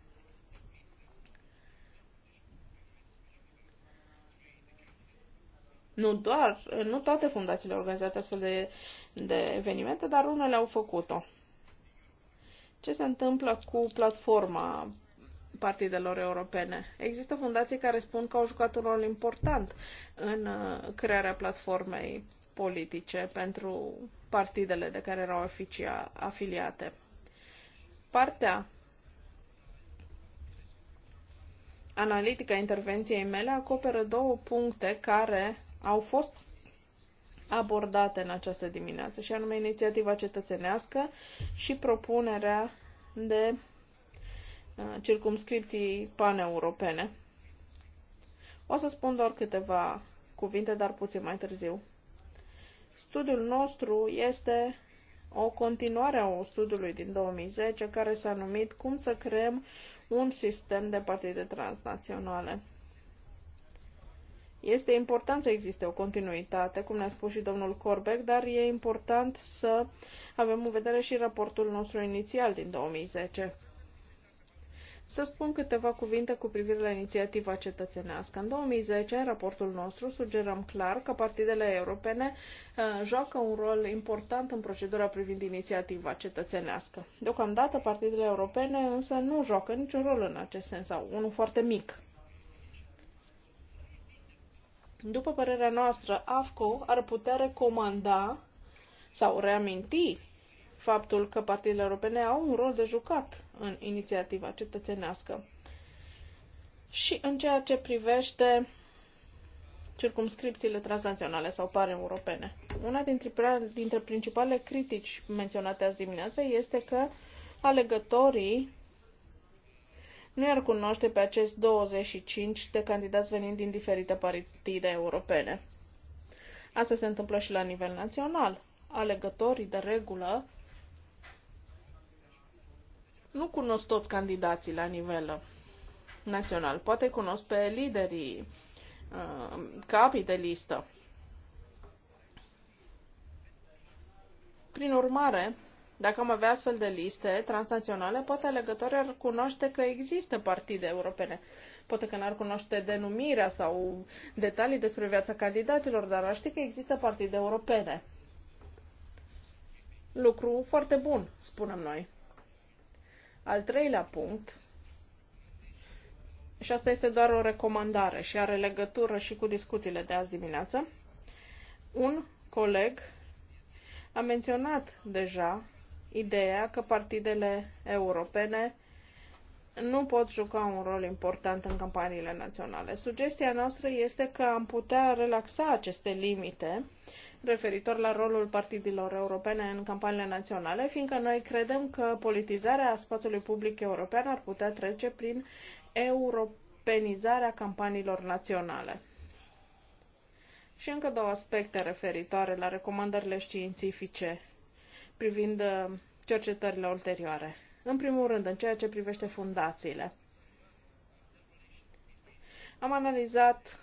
Nu doar, nu toate fundațiile au organizat astfel de, de evenimente, dar unele au făcut-o. Ce se întâmplă cu platforma partidelor europene. Există fundații care spun că au jucat un rol important în uh, crearea platformei politice pentru partidele de care erau oficia afiliate. Partea analitică a intervenției mele acoperă două puncte care au fost abordate în această dimineață, și anume inițiativa cetățenească și propunerea de circumscripții paneuropene. O să spun doar câteva cuvinte, dar puțin mai târziu. Studiul nostru este o continuare a studiului din 2010 care s-a numit Cum să creăm un sistem de partide transnaționale. Este important să existe o continuitate, cum ne-a spus și domnul Corbeck, dar e important să avem în vedere și raportul nostru inițial din 2010 să spun câteva cuvinte cu privire la inițiativa cetățenească. În 2010, în raportul nostru, sugerăm clar că partidele europene uh, joacă un rol important în procedura privind inițiativa cetățenească. Deocamdată, partidele europene însă nu joacă niciun rol în acest sens, sau unul foarte mic. După părerea noastră, AFCO ar putea recomanda sau reaminti faptul că partidele europene au un rol de jucat în inițiativa cetățenească. Și în ceea ce privește circumscripțiile transnaționale sau europene, Una dintre, dintre principalele critici menționate azi dimineață este că alegătorii nu i-ar cunoaște pe acești 25 de candidați venind din diferite partide europene. Asta se întâmplă și la nivel național. Alegătorii, de regulă, nu cunosc toți candidații la nivel național. Poate cunosc pe liderii uh, capii de listă. Prin urmare, dacă am avea astfel de liste transnaționale, poate alegătorii ar cunoaște că există partide europene. Poate că n-ar cunoaște denumirea sau detalii despre viața candidaților, dar ar ști că există partide europene. Lucru foarte bun, spunem noi. Al treilea punct, și asta este doar o recomandare și are legătură și cu discuțiile de azi dimineață, un coleg a menționat deja ideea că partidele europene nu pot juca un rol important în campaniile naționale. Sugestia noastră este că am putea relaxa aceste limite referitor la rolul partidilor europene în campaniile naționale, fiindcă noi credem că politizarea spațiului public european ar putea trece prin europenizarea campaniilor naționale. Și încă două aspecte referitoare la recomandările științifice privind uh, cercetările ulterioare. În primul rând, în ceea ce privește fundațiile. Am analizat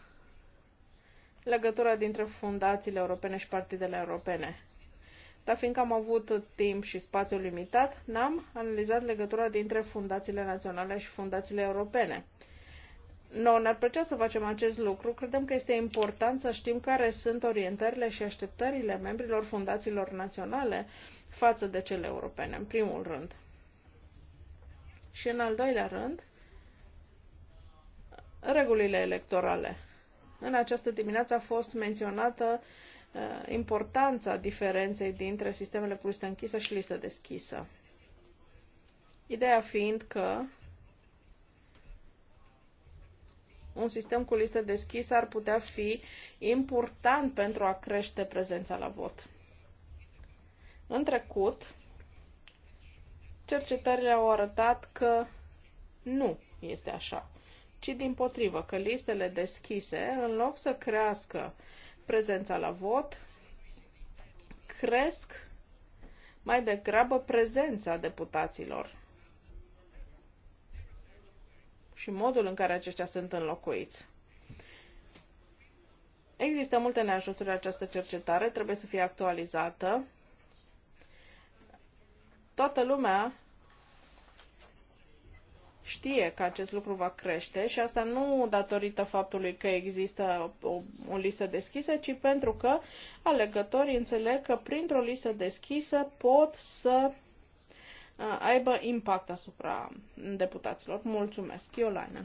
legătura dintre fundațiile europene și partidele europene. Dar fiindcă am avut timp și spațiu limitat, n-am analizat legătura dintre fundațiile naționale și fundațiile europene. Noi ne-ar plăcea să facem acest lucru. Credem că este important să știm care sunt orientările și așteptările membrilor fundațiilor naționale față de cele europene, în primul rând. Și în al doilea rând, regulile electorale. În această dimineață a fost menționată uh, importanța diferenței dintre sistemele cu listă închisă și listă deschisă. Ideea fiind că un sistem cu listă deschisă ar putea fi important pentru a crește prezența la vot. În trecut, cercetările au arătat că nu este așa ci din potrivă că listele deschise, în loc să crească prezența la vot, cresc mai degrabă prezența deputaților și modul în care aceștia sunt înlocuiți. Există multe neajusturi această cercetare, trebuie să fie actualizată. Toată lumea știe că acest lucru va crește și asta nu datorită faptului că există o, o listă deschisă, ci pentru că alegătorii înțeleg că printr-o listă deschisă pot să uh, aibă impact asupra deputaților. Mulțumesc, Iolaina.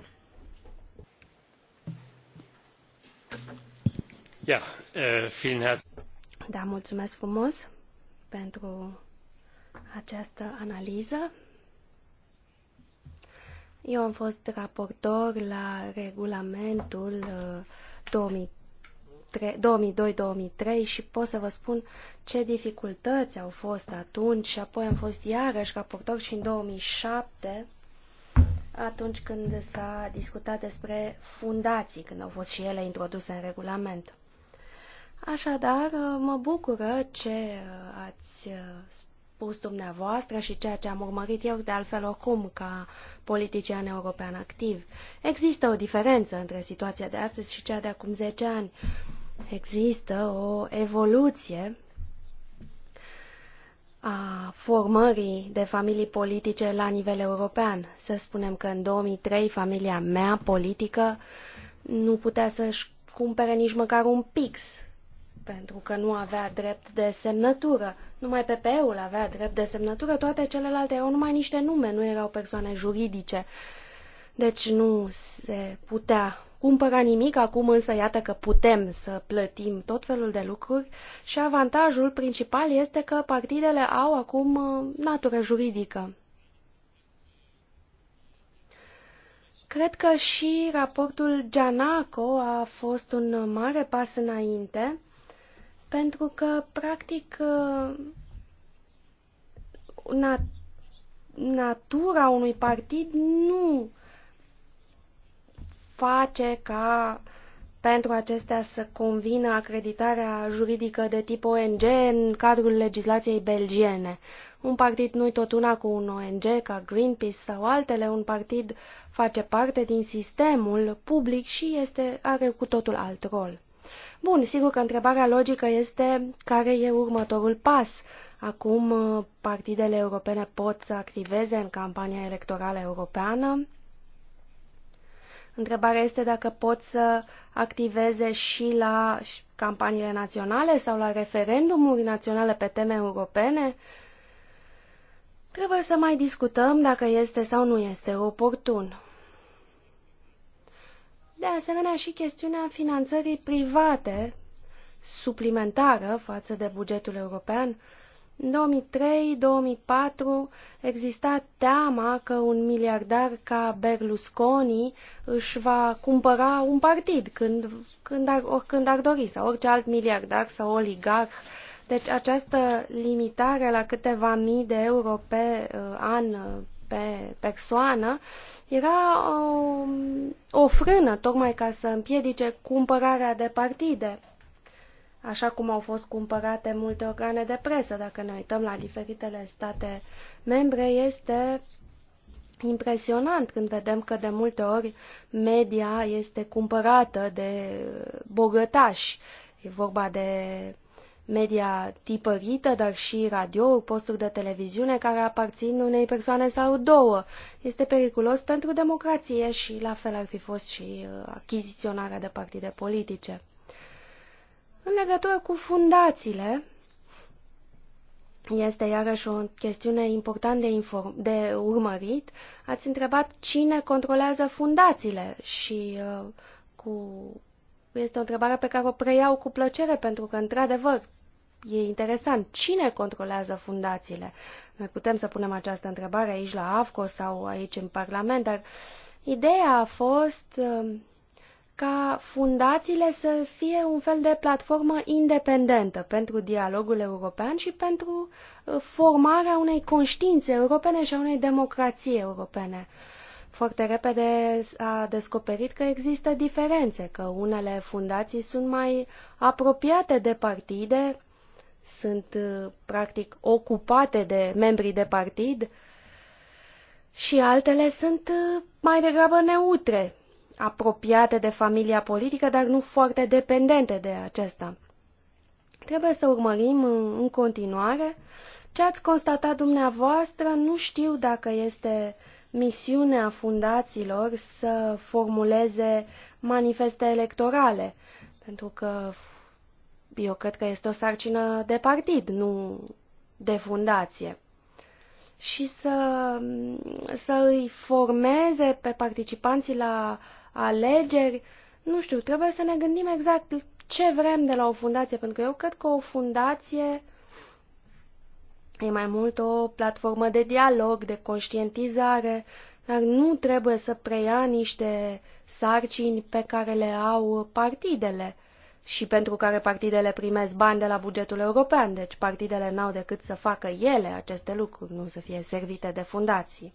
Ja, uh, vielen Da, mulțumesc frumos pentru această analiză eu am fost raportor la regulamentul 2002-2003 uh, și pot să vă spun ce dificultăți au fost atunci și apoi am fost iarăși raportor și în 2007 atunci când s-a discutat despre fundații, când au fost și ele introduse în regulament. Așadar, uh, mă bucură ce uh, ați spus spus dumneavoastră și ceea ce am urmărit eu de altfel oricum ca politician european activ. Există o diferență între situația de astăzi și cea de acum 10 ani. Există o evoluție a formării de familii politice la nivel european. Să spunem că în 2003 familia mea politică nu putea să-și cumpere nici măcar un pix pentru că nu avea drept de semnătură. Numai PPE-ul avea drept de semnătură, toate celelalte erau numai niște nume, nu erau persoane juridice. Deci nu se putea cumpăra nimic, acum însă iată că putem să plătim tot felul de lucruri și avantajul principal este că partidele au acum uh, natură juridică. Cred că și raportul Gianaco a fost un mare pas înainte pentru că, practic, uh, nat- natura unui partid nu face ca pentru acestea să convină acreditarea juridică de tip ONG în cadrul legislației belgiene. Un partid nu-i tot una cu un ONG ca Greenpeace sau altele, un partid face parte din sistemul public și este, are cu totul alt rol. Bun, sigur că întrebarea logică este care e următorul pas. Acum uh, partidele europene pot să activeze în campania electorală europeană. Întrebarea este dacă pot să activeze și la campaniile naționale sau la referendumuri naționale pe teme europene. Trebuie să mai discutăm dacă este sau nu este oportun de asemenea și chestiunea finanțării private suplimentară față de bugetul european. În 2003-2004 exista teama că un miliardar ca Berlusconi își va cumpăra un partid când, când ar, oricând ar dori, sau orice alt miliardar sau oligarh. Deci această limitare la câteva mii de euro pe uh, an uh, pe persoană era o, o frână tocmai ca să împiedice cumpărarea de partide, așa cum au fost cumpărate multe organe de presă. Dacă ne uităm la diferitele state membre, este impresionant când vedem că de multe ori media este cumpărată de bogătași. E vorba de media tipărită, dar și radio, posturi de televiziune care aparțin unei persoane sau două. Este periculos pentru democrație și la fel ar fi fost și uh, achiziționarea de partide politice. În legătură cu fundațiile, este iarăși o chestiune importantă de, inform- de urmărit. Ați întrebat cine controlează fundațiile și uh, cu... este o întrebare pe care o preiau cu plăcere pentru că, într-adevăr, e interesant. Cine controlează fundațiile? Noi putem să punem această întrebare aici la AFCO sau aici în Parlament, dar ideea a fost um, ca fundațiile să fie un fel de platformă independentă pentru dialogul european și pentru uh, formarea unei conștiințe europene și a unei democrații europene. Foarte repede a descoperit că există diferențe, că unele fundații sunt mai apropiate de partide, sunt uh, practic ocupate de membrii de partid și altele sunt uh, mai degrabă neutre, apropiate de familia politică, dar nu foarte dependente de acesta. Trebuie să urmărim uh, în continuare ce ați constatat dumneavoastră, nu știu dacă este misiunea fundațiilor să formuleze manifeste electorale, pentru că eu cred că este o sarcină de partid, nu de fundație. Și să, să îi formeze pe participanții la alegeri, nu știu, trebuie să ne gândim exact ce vrem de la o fundație, pentru că eu cred că o fundație e mai mult o platformă de dialog, de conștientizare, dar nu trebuie să preia niște sarcini pe care le au partidele și pentru care partidele primesc bani de la bugetul european, deci partidele n-au decât să facă ele aceste lucruri, nu să fie servite de fundații.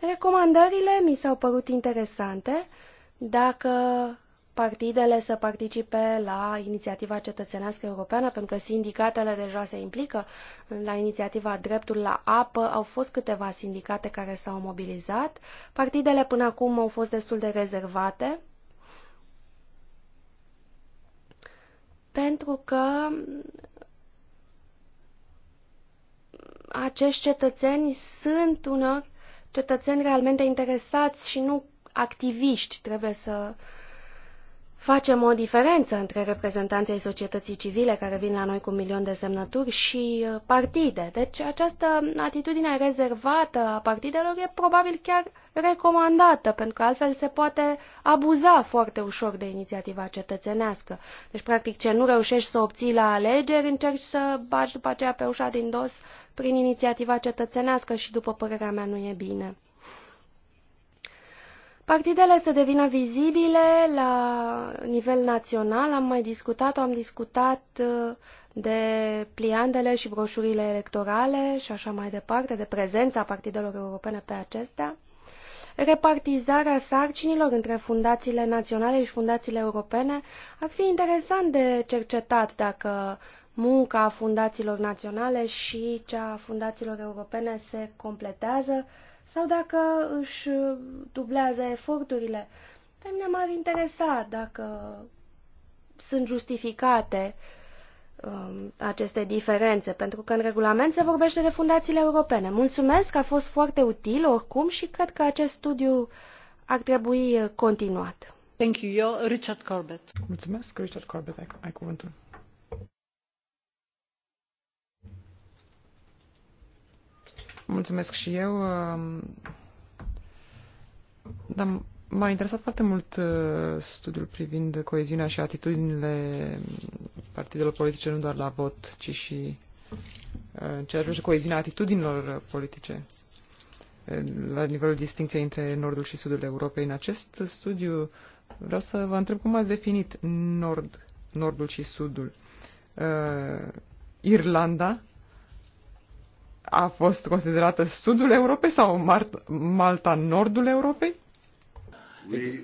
Recomandările mi s-au părut interesante. Dacă partidele să participe la inițiativa cetățenească europeană, pentru că sindicatele deja se implică la inițiativa Dreptul la apă. Au fost câteva sindicate care s-au mobilizat. Partidele până acum au fost destul de rezervate pentru că acești cetățeni sunt unor cetățeni realmente interesați și nu activiști. Trebuie să facem o diferență între reprezentanții societății civile care vin la noi cu un milion de semnături și uh, partide. Deci această atitudine rezervată a partidelor e probabil chiar recomandată, pentru că altfel se poate abuza foarte ușor de inițiativa cetățenească. Deci, practic, ce nu reușești să obții la alegeri, încerci să bagi după aceea pe ușa din dos prin inițiativa cetățenească și, după părerea mea, nu e bine. Partidele să devină vizibile la nivel național, am mai discutat, am discutat uh, de pliandele și broșurile electorale și așa mai departe, de prezența partidelor europene pe acestea, repartizarea sarcinilor între fundațiile naționale și fundațiile europene, ar fi interesant de cercetat dacă munca fundațiilor naționale și cea a fundațiilor europene se completează sau dacă își uh, dublează eforturile. Pe mine m-ar interesa dacă sunt justificate um, aceste diferențe, pentru că în regulament se vorbește de fundațiile europene. Mulțumesc, a fost foarte util oricum și cred că acest studiu ar trebui continuat. Thank you. You're Richard Corbett. Mulțumesc, Richard Corbett, ai, ai cuvântul. Mulțumesc și eu. Um, dar m-a interesat foarte mult uh, studiul privind coeziunea și atitudinile partidelor politice, nu doar la vot, ci și uh, în ceea ce privește coeziunea atitudinilor politice uh, la nivelul distinției între nordul și sudul Europei. În acest studiu vreau să vă întreb cum ați definit nord, nordul și sudul. Uh, Irlanda a fost considerată sudul Europei sau Malta nordul Europei? We, uh,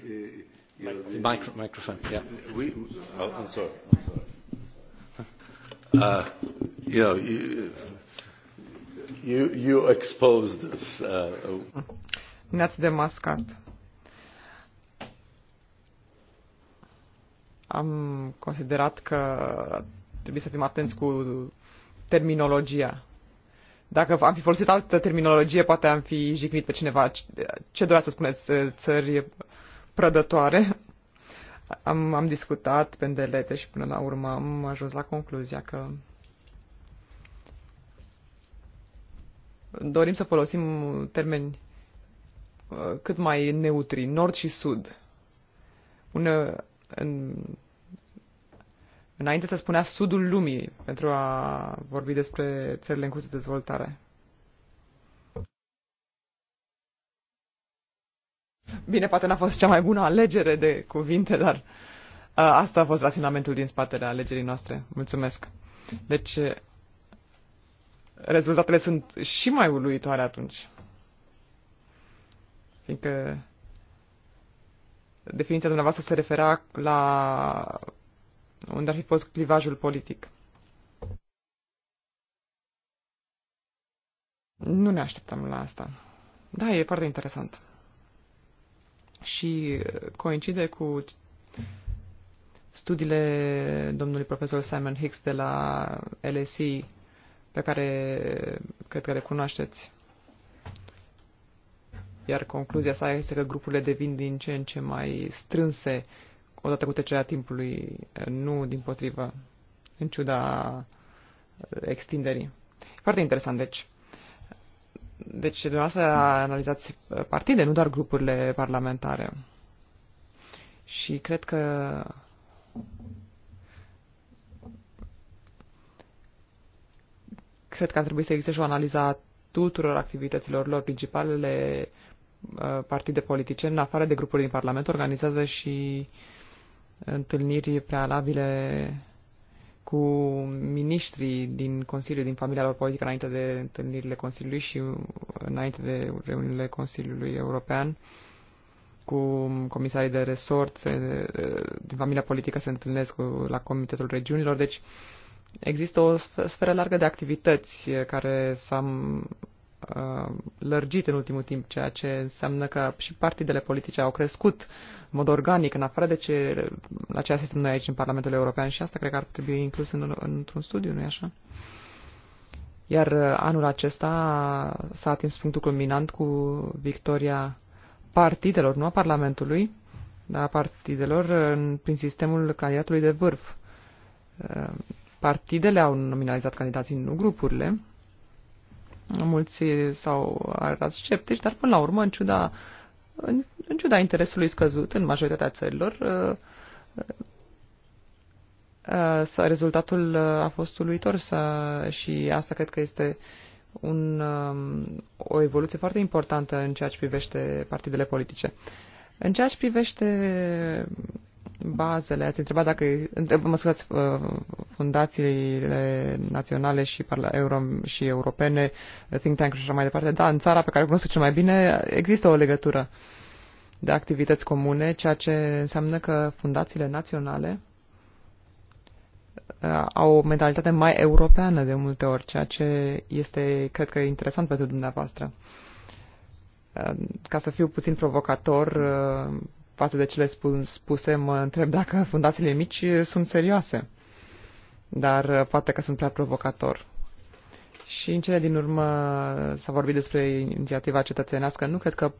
uh, Micro, microphone, yeah. We, oh, I'm sorry. I'm uh, sorry. Uh, you, know, you, uh, you, you exposed Uh, Ne-ați demascat. Am considerat că trebuie să fim atenți cu terminologia dacă am fi folosit altă terminologie, poate am fi jignit pe cineva. Ce doreați să spuneți ă, țări prădătoare? <laughs> Am, am discutat pe îndelete și până la urmă am ajuns la concluzia că dorim să folosim termeni ă, cât mai neutri, nord și sud. Une, în Înainte se spunea sudul lumii pentru a vorbi despre țările în curs de dezvoltare. Bine, poate n-a fost cea mai bună alegere de cuvinte, dar uh, asta a fost raționamentul din spatele alegerii noastre. Mulțumesc. Deci, uh, rezultatele sunt și mai uluitoare atunci. Fiindcă definiția dumneavoastră se referea la unde ar fi fost clivajul politic. Nu ne așteptăm la asta. Da, e foarte interesant. Și uh, coincide cu studiile domnului profesor Simon Hicks de la LSE, pe care uh, cred că le cunoașteți. Iar concluzia sa este că grupurile devin din ce în ce mai strânse odată cu trecerea timpului, nu din potrivă, în ciuda uh, extinderii. Foarte interesant, deci. Deci, dumneavoastră analizați uh, partide, nu doar grupurile parlamentare. Și cred că cred că ar trebui să existe și o analiză a tuturor activităților lor. Principalele uh, partide politice, în afară de grupuri din Parlament, organizează și uh, întâlniri prealabile cu miniștrii din Consiliu, din familia lor politică, înainte de întâlnirile Consiliului și uh, înainte de reuniunile Consiliului European, cu comisarii de resort uh, din familia politică se întâlnesc la Comitetul Regiunilor. Deci există o sferă largă de activități uh, care s-a Uh, lărgit în ultimul timp, ceea ce înseamnă că și partidele politice au crescut în mod organic, în afară de ce, la ce asistăm noi aici în Parlamentul European și asta cred că ar trebui inclus în, într-un studiu, nu-i așa? Iar uh, anul acesta s-a atins punctul culminant cu victoria partidelor, nu a Parlamentului, dar a partidelor uh, prin sistemul candidatului de vârf. Partidele au nominalizat candidații, nu grupurile. Mulți s-au arătat sceptici, dar până la urmă, în ciuda, în, în ciuda interesului scăzut în majoritatea țărilor, uh, uh, rezultatul a fost uluitor să și asta cred că este un, um, o evoluție foarte importantă în ceea ce privește partidele politice. În ceea ce privește bazele, ați întrebat dacă, mă scuzați, uh, fundațiile naționale și, euro, și europene, uh, think tank și așa mai departe, da, în țara pe care o cunosc cel mai bine există o legătură de activități comune, ceea ce înseamnă că fundațiile naționale uh, au o mentalitate mai europeană de multe ori, ceea ce este, cred că, interesant pentru dumneavoastră. Ca să fiu puțin provocator, față de cele spuse, mă întreb dacă fundațiile mici sunt serioase. Dar uh, poate că sunt prea provocator. Și în cele din urmă uh, s-a vorbit despre inițiativa cetățenească. Nu cred că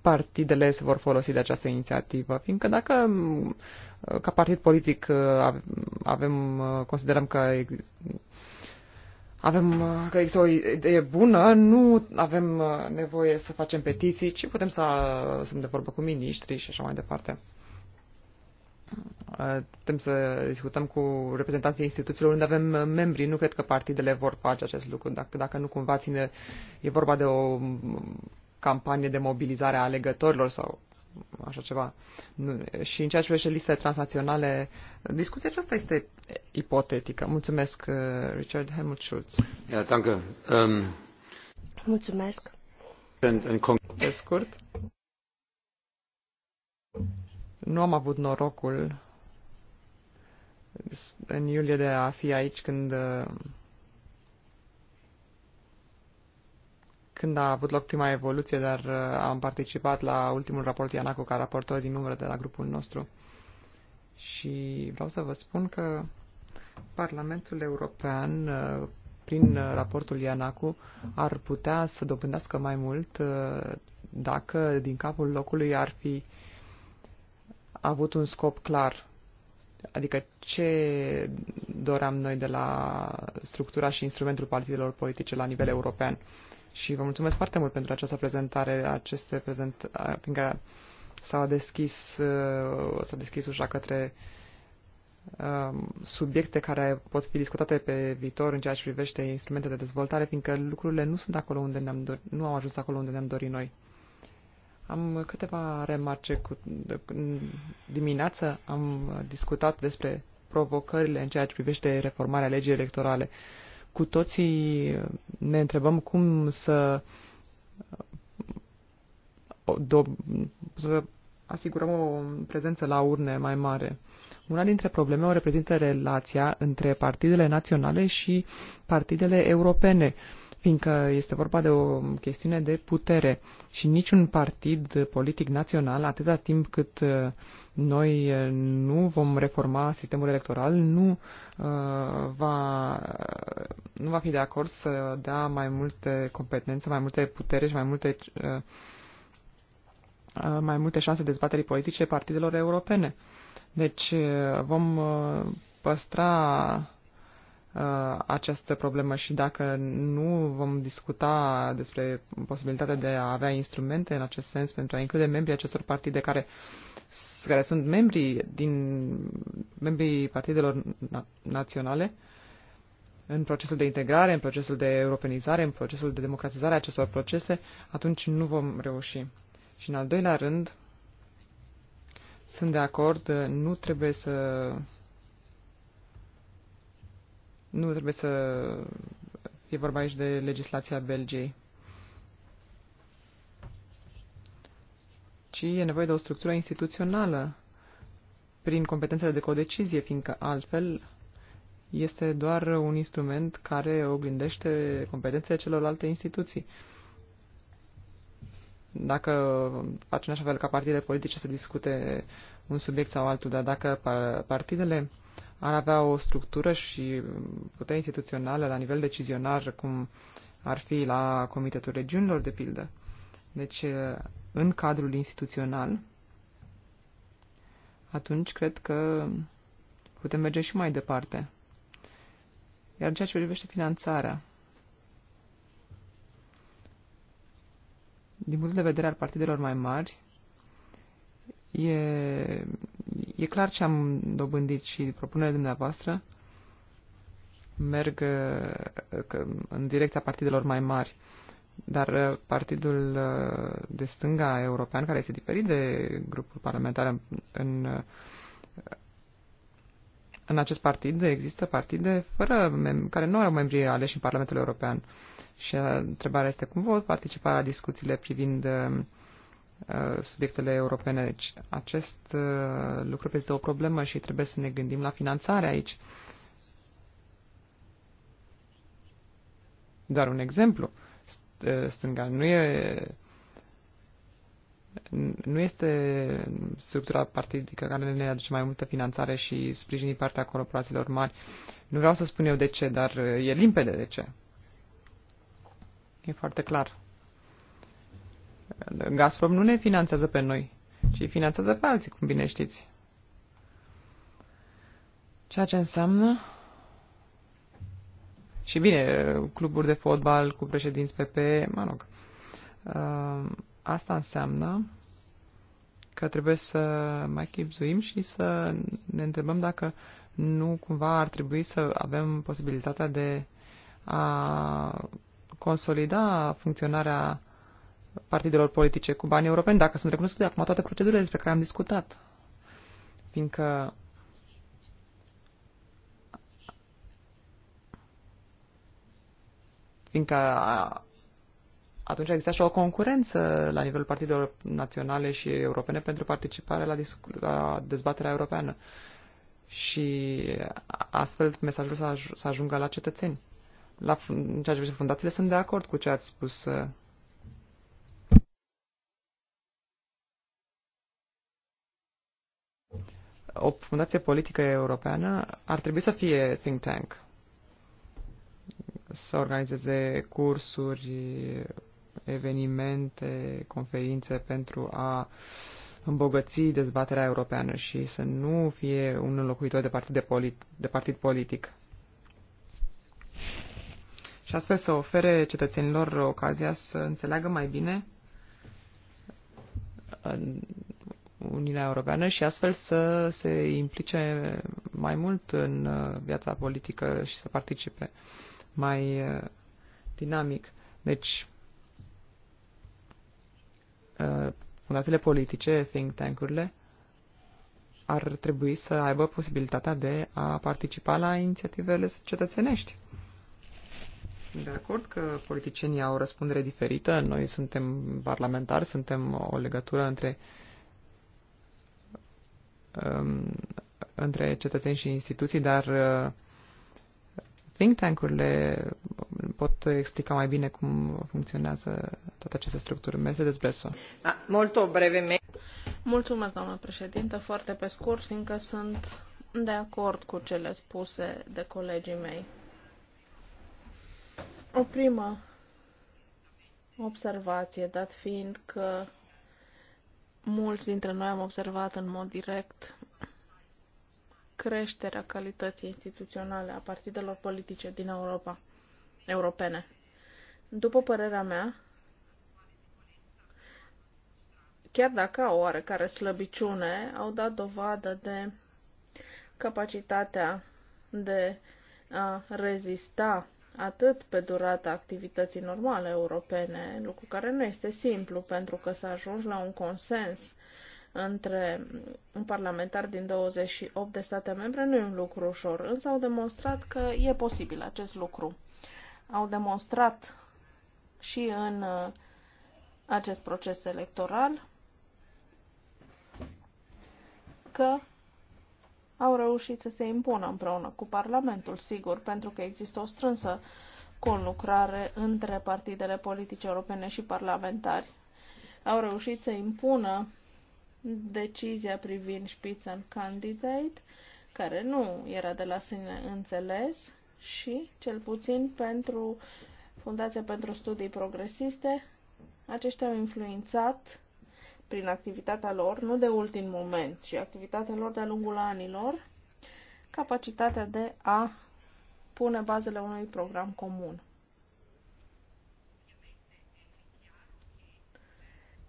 partidele se vor folosi de această inițiativă, fiindcă dacă mm, uh, ca partid politic avem, considerăm că avem, uh, că există o idee bună, nu avem uh, nevoie să facem petiții, ci putem să uh, sunt de vorbă cu miniștri și așa mai departe. Putem să discutăm cu reprezentanții instituțiilor unde avem membri. Nu cred că partidele vor face acest lucru, dacă, dacă nu cumva ține, e vorba de o um, campanie de mobilizare a alegătorilor sau așa ceva. Nu, și în ceea ce privește listele transnaționale, discuția aceasta este ipotetică. Mulțumesc, uh, Richard Helmut Schulz. yeah, danke. Um... Mulțumesc. Pe scurt, nu am avut norocul în iulie de a fi aici când uh, când a avut loc prima evoluție, dar uh, am participat la ultimul raport Ianacu ca raportor din umbră de la grupul nostru. Și vreau să vă spun că Parlamentul European, uh, prin uh, raportul Ianacu, ar putea să dobândească mai mult dacă din capul locului ar fi avut un scop clar. Adică ce doream noi de la structura și instrumentul partidelor politice la nivel european și vă mulțumesc foarte mult pentru această prezentare, aceste prezent, fiindcă s-a deschis, s-a deschis ușa către subiecte care pot fi discutate pe viitor în ceea ce privește instrumente de dezvoltare, fiindcă lucrurile nu sunt acolo unde ne-am dorit, nu au ajuns acolo unde ne-am dorit noi. Am câteva remarce cu, dimineață, am discutat despre provocările în ceea ce privește reformarea legii electorale. Uh, cu toții ne întrebăm cum să, do, să asigurăm o prezență la urne mai mare. Una dintre probleme o reprezintă relația între partidele naționale și partidele europene. Uh, fiindcă este vorba de o chestiune de putere și niciun partid politic național, atâta timp cât uh, noi uh, nu vom reforma sistemul electoral, nu, uh, va, nu va fi de acord să dea mai multe competențe, mai multe putere și mai multe mai multe șanse dezbaterii politice partidelor europene. Deci vom păstra Uh, această problemă și dacă nu vom discuta despre posibilitatea de a avea instrumente în acest sens pentru a include membrii acestor partide care, care sunt membrii din membrii partidelor na- naționale în procesul de integrare, în procesul de europenizare, în procesul de democratizare a acestor procese, atunci nu vom reuși. Și în al doilea rând, sunt de acord, nu trebuie să nu trebuie să... E vorba aici de legislația Belgiei. Ci e nevoie de o structură instituțională prin competențele de codecizie, fiindcă altfel este doar un instrument care oglindește competențele celorlalte instituții. Dacă facem așa fel ca partidele politice să discute un subiect sau altul, dar dacă partidele ar avea o structură și putere instituțională la nivel decizionar, cum ar fi la Comitetul Regiunilor, de pildă. Deci, în cadrul instituțional, atunci cred că putem merge și mai departe. Iar ceea ce privește finanțarea, din punct de vedere al partidelor mai mari, E, e clar ce am dobândit și propunerea dumneavoastră merg uh, în direcția partidelor mai mari. Dar uh, partidul uh, de stânga european, care este diferit de grupul parlamentar în, în acest partid, există partide fără care nu au membri aleși în Parlamentul European. Și întrebarea este cum vor participa la discuțiile privind Uh, subiectele europene. Deci acest uh, lucru este o problemă și trebuie să ne gândim la finanțare aici. Doar un exemplu. Uh, stânga nu e nu este structura partidică care ne aduce mai multă finanțare și sprijinii partea corporațiilor mari. Nu vreau să spun eu de ce, dar e limpede de ce. E foarte clar. Gazprom nu ne finanțează pe noi, ci finanțează pe alții, cum bine știți. Ceea ce înseamnă... Și bine, cluburi de fotbal cu președinți PP, mă rog. Uh, asta înseamnă că trebuie să mai chipzuim și să ne întrebăm dacă nu cumva ar trebui să avem posibilitatea de a consolida funcționarea partidelor politice cu banii europeni, dacă sunt recunoscute acum toate procedurile despre care am discutat. Fiindcă fiindcă atunci exista și o concurență la nivelul partidelor naționale și europene pentru participare la, la dezbaterea europeană. Și astfel mesajul să, aj- să ajungă la cetățeni. La, în ceea ce fundațiile, sunt de acord cu ce ați spus o fundație politică europeană ar trebui să fie think tank, să organizeze cursuri, evenimente, conferințe pentru a îmbogăți dezbaterea europeană și să nu fie un înlocuitor de partid, de polit- de partid politic. Și astfel să ofere cetățenilor ocazia să înțeleagă mai bine Uniunea Europeană și astfel să se implice mai mult în uh, viața politică și să participe mai uh, dinamic. Deci, uh, fundațiile politice, think tank-urile, ar trebui să aibă posibilitatea de a participa la inițiativele cetățenești. Sunt de acord că politicienii au o răspundere diferită. Noi suntem parlamentari, suntem o legătură între uh, Um, între cetățeni și instituții, dar uh, think tank-urile pot explica mai bine cum funcționează această structură structuri. Mult Bresso. Ah, molto brevemente. Mulțumesc, doamnă președintă, foarte pe scurt, fiindcă sunt de acord cu cele spuse de colegii mei. O primă observație, dat fiind că Mulți dintre noi am observat în mod direct creșterea calității instituționale a partidelor politice din Europa, europene. După părerea mea, chiar dacă au oarecare slăbiciune, au dat dovadă de capacitatea de a rezista atât pe durata activității normale europene, lucru care nu este simplu, pentru că să ajungi la un consens între un parlamentar din 28 de state membre nu e un lucru ușor, însă au demonstrat că e posibil acest lucru. Au demonstrat și în uh, acest proces electoral că au reușit să se impună împreună cu Parlamentul, sigur, pentru că există o strânsă conlucrare între partidele politice europene și parlamentari. Au reușit să impună decizia privind Spitzen Candidate, care nu era de la sine înțeles și, cel puțin pentru Fundația pentru Studii Progresiste, aceștia au influențat prin activitatea lor, nu de ultim moment, ci activitatea lor de-a lungul anilor, capacitatea de a pune bazele unui program comun.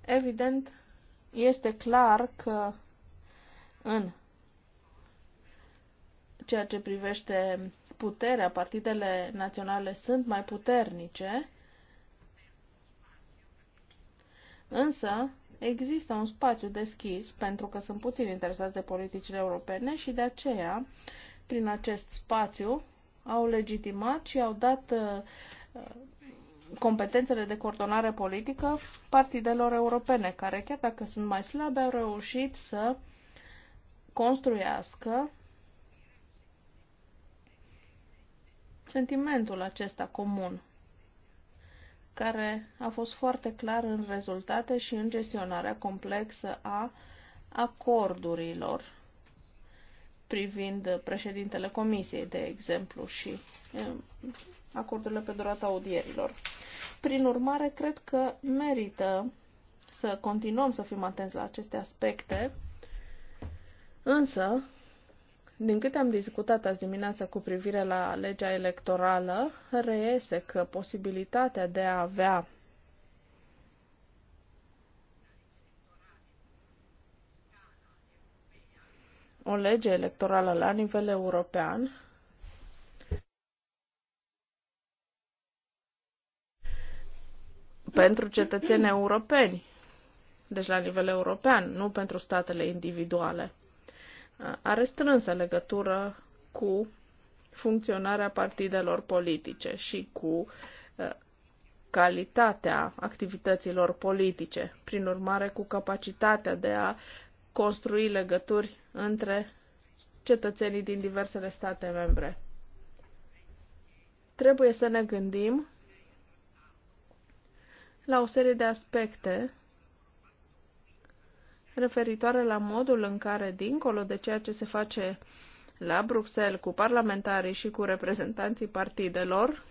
Evident, este clar că în ceea ce privește puterea, partidele naționale sunt mai puternice, însă există un spațiu deschis pentru că sunt puțin interesați de politicile europene și de aceea, prin acest spațiu, au legitimat și au dat uh, competențele de coordonare politică partidelor europene, care chiar dacă sunt mai slabe, au reușit să construiască sentimentul acesta comun care a fost foarte clar în rezultate și în gestionarea complexă a acordurilor privind președintele comisiei, de exemplu, și eh, acordurile pe durata audierilor. Prin urmare, cred că merită să continuăm să fim atenți la aceste aspecte, însă din câte am discutat azi dimineața cu privire la legea electorală, reiese că posibilitatea de a avea o lege electorală la nivel european pentru cetățeni europeni, deci la nivel european, nu pentru statele individuale are strânsă legătură cu funcționarea partidelor politice și cu uh, calitatea activităților politice, prin urmare cu capacitatea de a construi legături între cetățenii din diversele state membre. Trebuie să ne gândim la o serie de aspecte referitoare la modul în care, dincolo de ceea ce se face la Bruxelles cu parlamentarii și cu reprezentanții partidelor,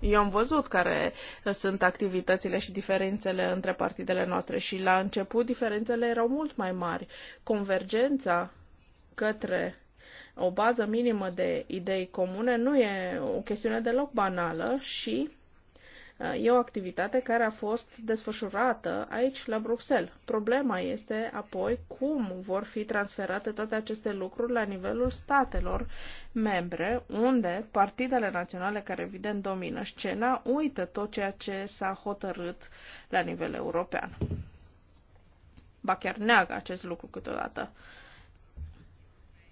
Eu am văzut care sunt activitățile și diferențele între partidele noastre și la început diferențele erau mult mai mari. Convergența către o bază minimă de idei comune nu e o chestiune deloc banală și E o activitate care a fost desfășurată aici, la Bruxelles. Problema este apoi cum vor fi transferate toate aceste lucruri la nivelul statelor membre, unde partidele naționale, care evident domină scena, uită tot ceea ce s-a hotărât la nivel european. Ba chiar neagă acest lucru câteodată.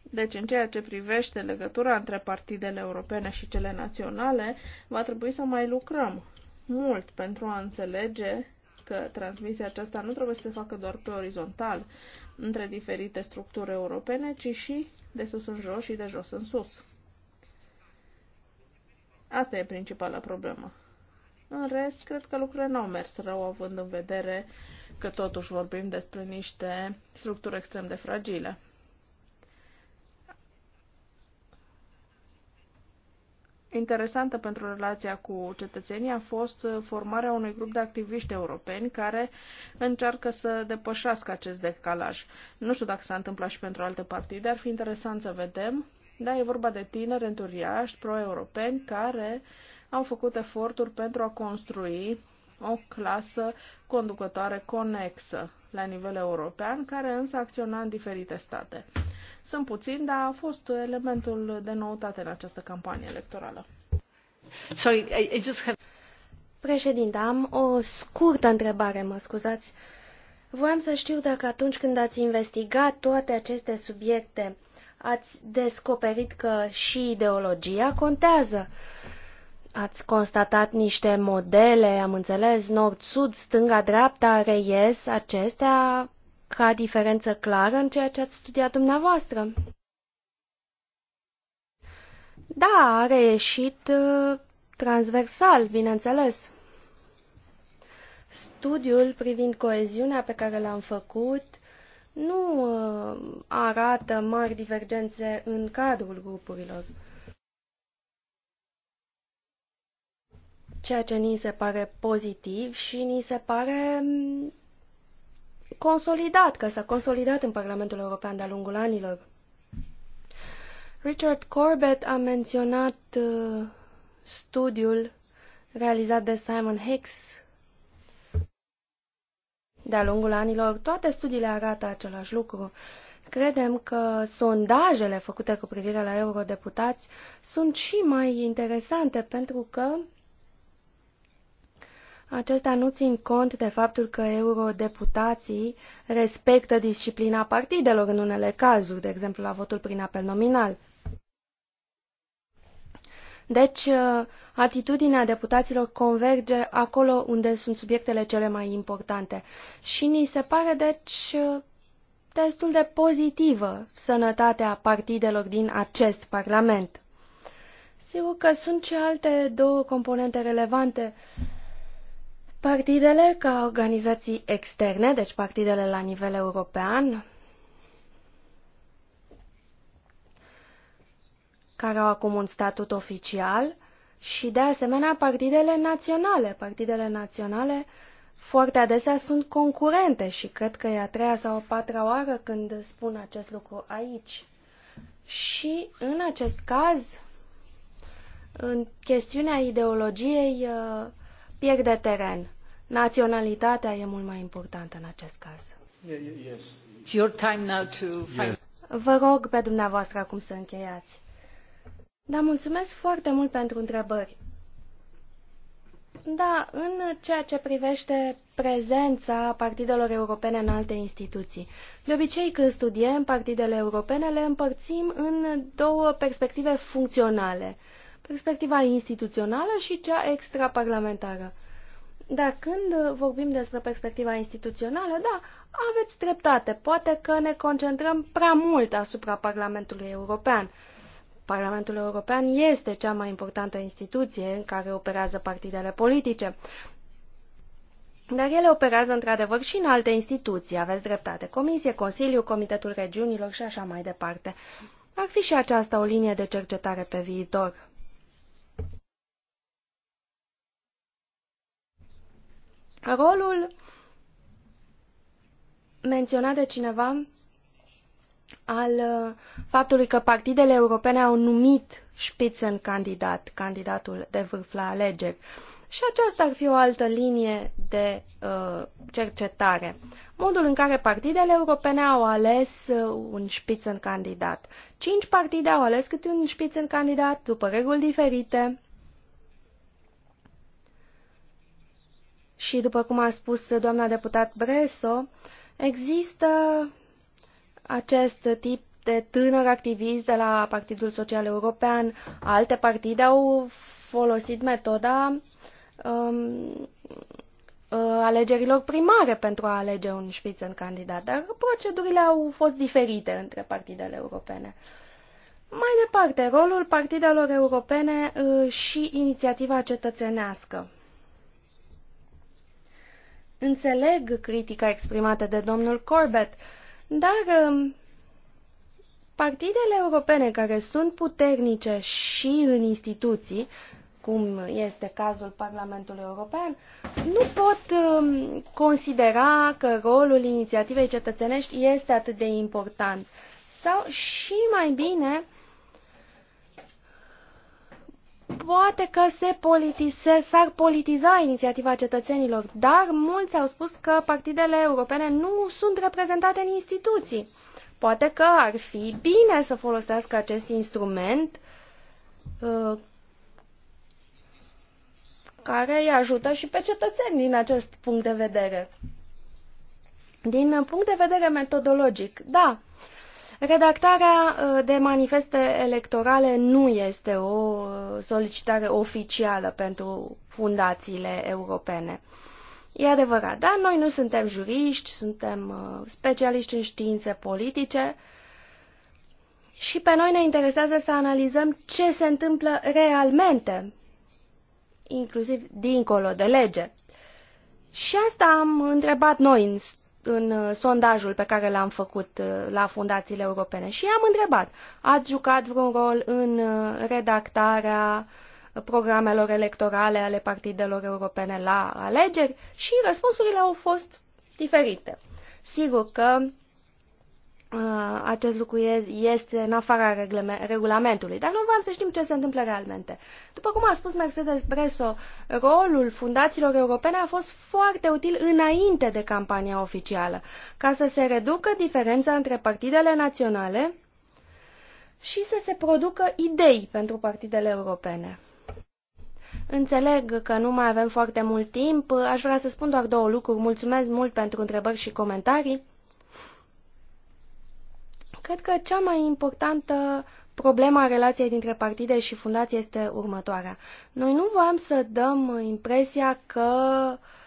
Deci, în ceea ce privește legătura între partidele europene și cele naționale, va trebui să mai lucrăm mult pentru a înțelege că transmisia aceasta nu trebuie să se facă doar pe orizontal între diferite structuri europene, ci și de sus în jos și de jos în sus. Asta e principala problemă. În rest, cred că lucrurile n-au mers rău, având în vedere că totuși vorbim despre niște structuri extrem de fragile. interesantă pentru relația cu cetățenii a fost uh, formarea unui grup de activiști europeni care încearcă să depășească acest decalaj. Nu știu dacă s-a întâmplat și pentru alte partide, ar fi interesant să vedem. Da, e vorba de tineri enturiaști, pro-europeni, care au făcut eforturi pentru a construi o clasă conducătoare conexă la nivel european, care însă acționa în diferite state. Sunt puțin, dar a fost elementul de noutate în această campanie electorală. Sorry, I, I just have... Președinte, am o scurtă întrebare, mă scuzați. Voiam să știu dacă atunci când ați investigat toate aceste subiecte, ați descoperit că și ideologia contează. Ați constatat niște modele, am înțeles, nord-sud, stânga-dreapta, reies, acestea ca diferență clară în ceea ce ați studiat dumneavoastră. Da, a reieșit uh, transversal, bineînțeles. Studiul privind coeziunea pe care l-am făcut nu uh, arată mari divergențe în cadrul grupurilor. Ceea ce ni se pare pozitiv și ni se pare mm, consolidat, că s-a consolidat în Parlamentul European de-a lungul anilor. Richard Corbett a menționat uh, studiul realizat de Simon Hicks de-a lungul anilor. Toate studiile arată același lucru. Credem că sondajele făcute cu privire la eurodeputați sunt și mai interesante pentru că Acestea nu țin cont de faptul că eurodeputații respectă disciplina partidelor în unele cazuri, de exemplu la votul prin apel nominal. Deci, uh, atitudinea deputaților converge acolo unde sunt subiectele cele mai importante și ni se pare, deci, uh, destul de pozitivă sănătatea partidelor din acest Parlament. Sigur că sunt și alte două componente relevante Partidele ca organizații externe, deci partidele la nivel european, care au acum un statut oficial, și de asemenea partidele naționale. Partidele naționale foarte adesea sunt concurente și cred că e a treia sau a patra oară când spun acest lucru aici. Și în acest caz, în chestiunea ideologiei, uh, pierde teren. Naționalitatea e mult mai importantă în acest caz. It's your time now to Vă rog pe dumneavoastră acum să încheiați. Da, mulțumesc foarte mult pentru întrebări. Da, în ceea ce privește prezența partidelor europene în alte instituții. De obicei, când studiem partidele europene, le împărțim în două perspective funcționale – perspectiva instituțională și cea extraparlamentară. Dar când vorbim despre perspectiva instituțională, da, aveți dreptate. Poate că ne concentrăm prea mult asupra Parlamentului European. Parlamentul European este cea mai importantă instituție în care operează partidele politice. Dar ele operează într-adevăr și în alte instituții, aveți dreptate, Comisie, Consiliu, Comitetul Regiunilor și așa mai departe. Ar fi și aceasta o linie de cercetare pe viitor. Rolul menționat de cineva al uh, faptului că partidele europene au numit candidat, candidatul de vârf la alegeri. Și aceasta ar fi o altă linie de uh, cercetare. Modul în care partidele europene au ales uh, un candidat. Cinci partide au ales câte un candidat, după reguli diferite și după cum a spus doamna deputat Breso, există acest tip de tânăr activist de la Partidul Social European. Alte partide au folosit metoda um, uh, alegerilor primare pentru a alege un în candidat, dar procedurile au fost diferite între partidele europene. Mai departe, rolul partidelor europene uh, și inițiativa cetățenească. Înțeleg critica exprimată de domnul Corbett, dar um, partidele europene care sunt puternice și în instituții, cum este cazul Parlamentului European, nu pot um, considera că rolul inițiativei cetățenești este atât de important. Sau și mai bine, Poate că se politise, s-ar politiza inițiativa cetățenilor, dar mulți au spus că partidele europene nu sunt reprezentate în instituții. Poate că ar fi bine să folosească acest instrument uh, care îi ajută și pe cetățeni din acest punct de vedere. Din punct de vedere metodologic, da, Redactarea ă, de manifeste electorale nu este o ă, solicitare oficială pentru fundațiile europene. E adevărat, dar noi nu suntem juriști, suntem ă, specialiști în științe politice și pe noi ne interesează să analizăm ce se întâmplă realmente, inclusiv dincolo de lege. Și asta am întrebat noi în în uh, sondajul pe care l-am făcut uh, la fundațiile europene și am întrebat, ați jucat vreun rol în uh, redactarea programelor electorale ale partidelor europene la alegeri? Și răspunsurile au fost diferite. Sigur că Uh, acest lucru este în afara regulamentului, dar noi vrem să știm ce se întâmplă realmente. După cum a spus Mercedes Bresso, rolul fundațiilor europene a fost foarte util înainte de campania oficială, ca să se reducă diferența între partidele naționale și să se producă idei pentru partidele europene. Înțeleg că nu mai avem foarte mult timp, aș vrea să spun doar două lucruri. Mulțumesc mult pentru întrebări și comentarii. Cred că cea mai importantă problema relației dintre partide și fundație este următoarea. Noi nu voiam să dăm impresia că uh,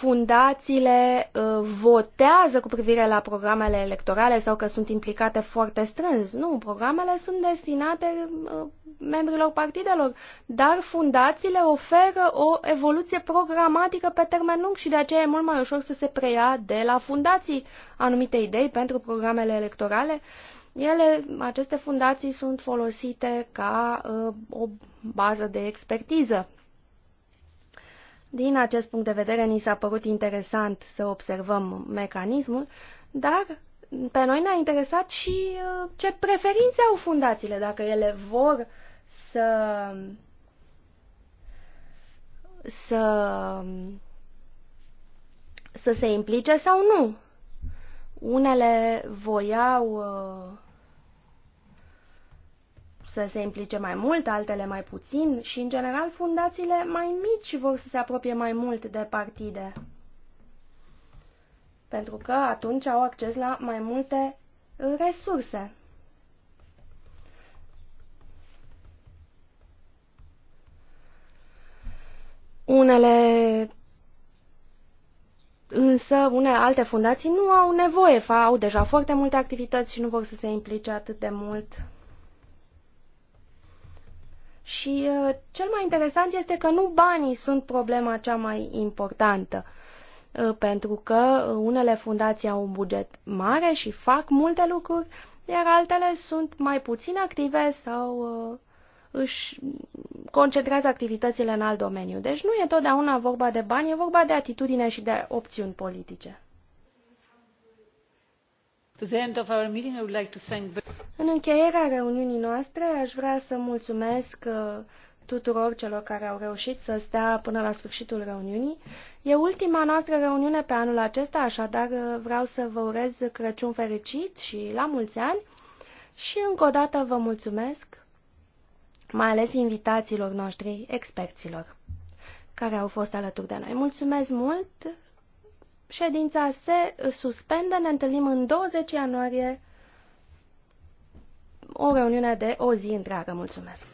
fundațiile uh, votează cu privire la programele electorale sau că sunt implicate foarte strâns. Nu, programele sunt destinate uh, membrilor partidelor, dar fundațiile oferă o evoluție programatică pe termen lung și de aceea e mult mai ușor să se preia de la fundații anumite idei pentru programele electorale. Ele, aceste fundații sunt folosite ca uh, o bază de expertiză din acest punct de vedere, ni s-a părut interesant să observăm mecanismul, dar pe noi ne-a interesat și uh, ce preferințe au fundațiile, dacă ele vor să să să se implice sau nu. Unele voiau uh, să se implice mai mult, altele mai puțin și, în general, fundațiile mai mici vor să se apropie mai mult de partide. Pentru că atunci au acces la mai multe resurse. Unele însă une alte fundații nu au nevoie, au deja foarte multe activități și nu vor să se implice atât de mult și uh, cel mai interesant este că nu banii sunt problema cea mai importantă, uh, pentru că uh, unele fundații au un buget mare și fac multe lucruri, iar altele sunt mai puțin active sau uh, își concentrează activitățile în alt domeniu. Deci nu e totdeauna vorba de bani, e vorba de atitudine și de opțiuni politice. În încheierea reuniunii noastre, aș vrea să mulțumesc uh, tuturor celor care au reușit să stea până la sfârșitul reuniunii. E ultima noastră reuniune pe anul acesta, așadar uh, vreau să vă urez Crăciun fericit și la mulți ani. Și încă o dată vă mulțumesc, mai ales invitațiilor noștri, experților, care au fost alături de noi. Mulțumesc mult ședința se suspendă, ne întâlnim în 20 ianuarie o reuniune de o zi întreagă. Mulțumesc!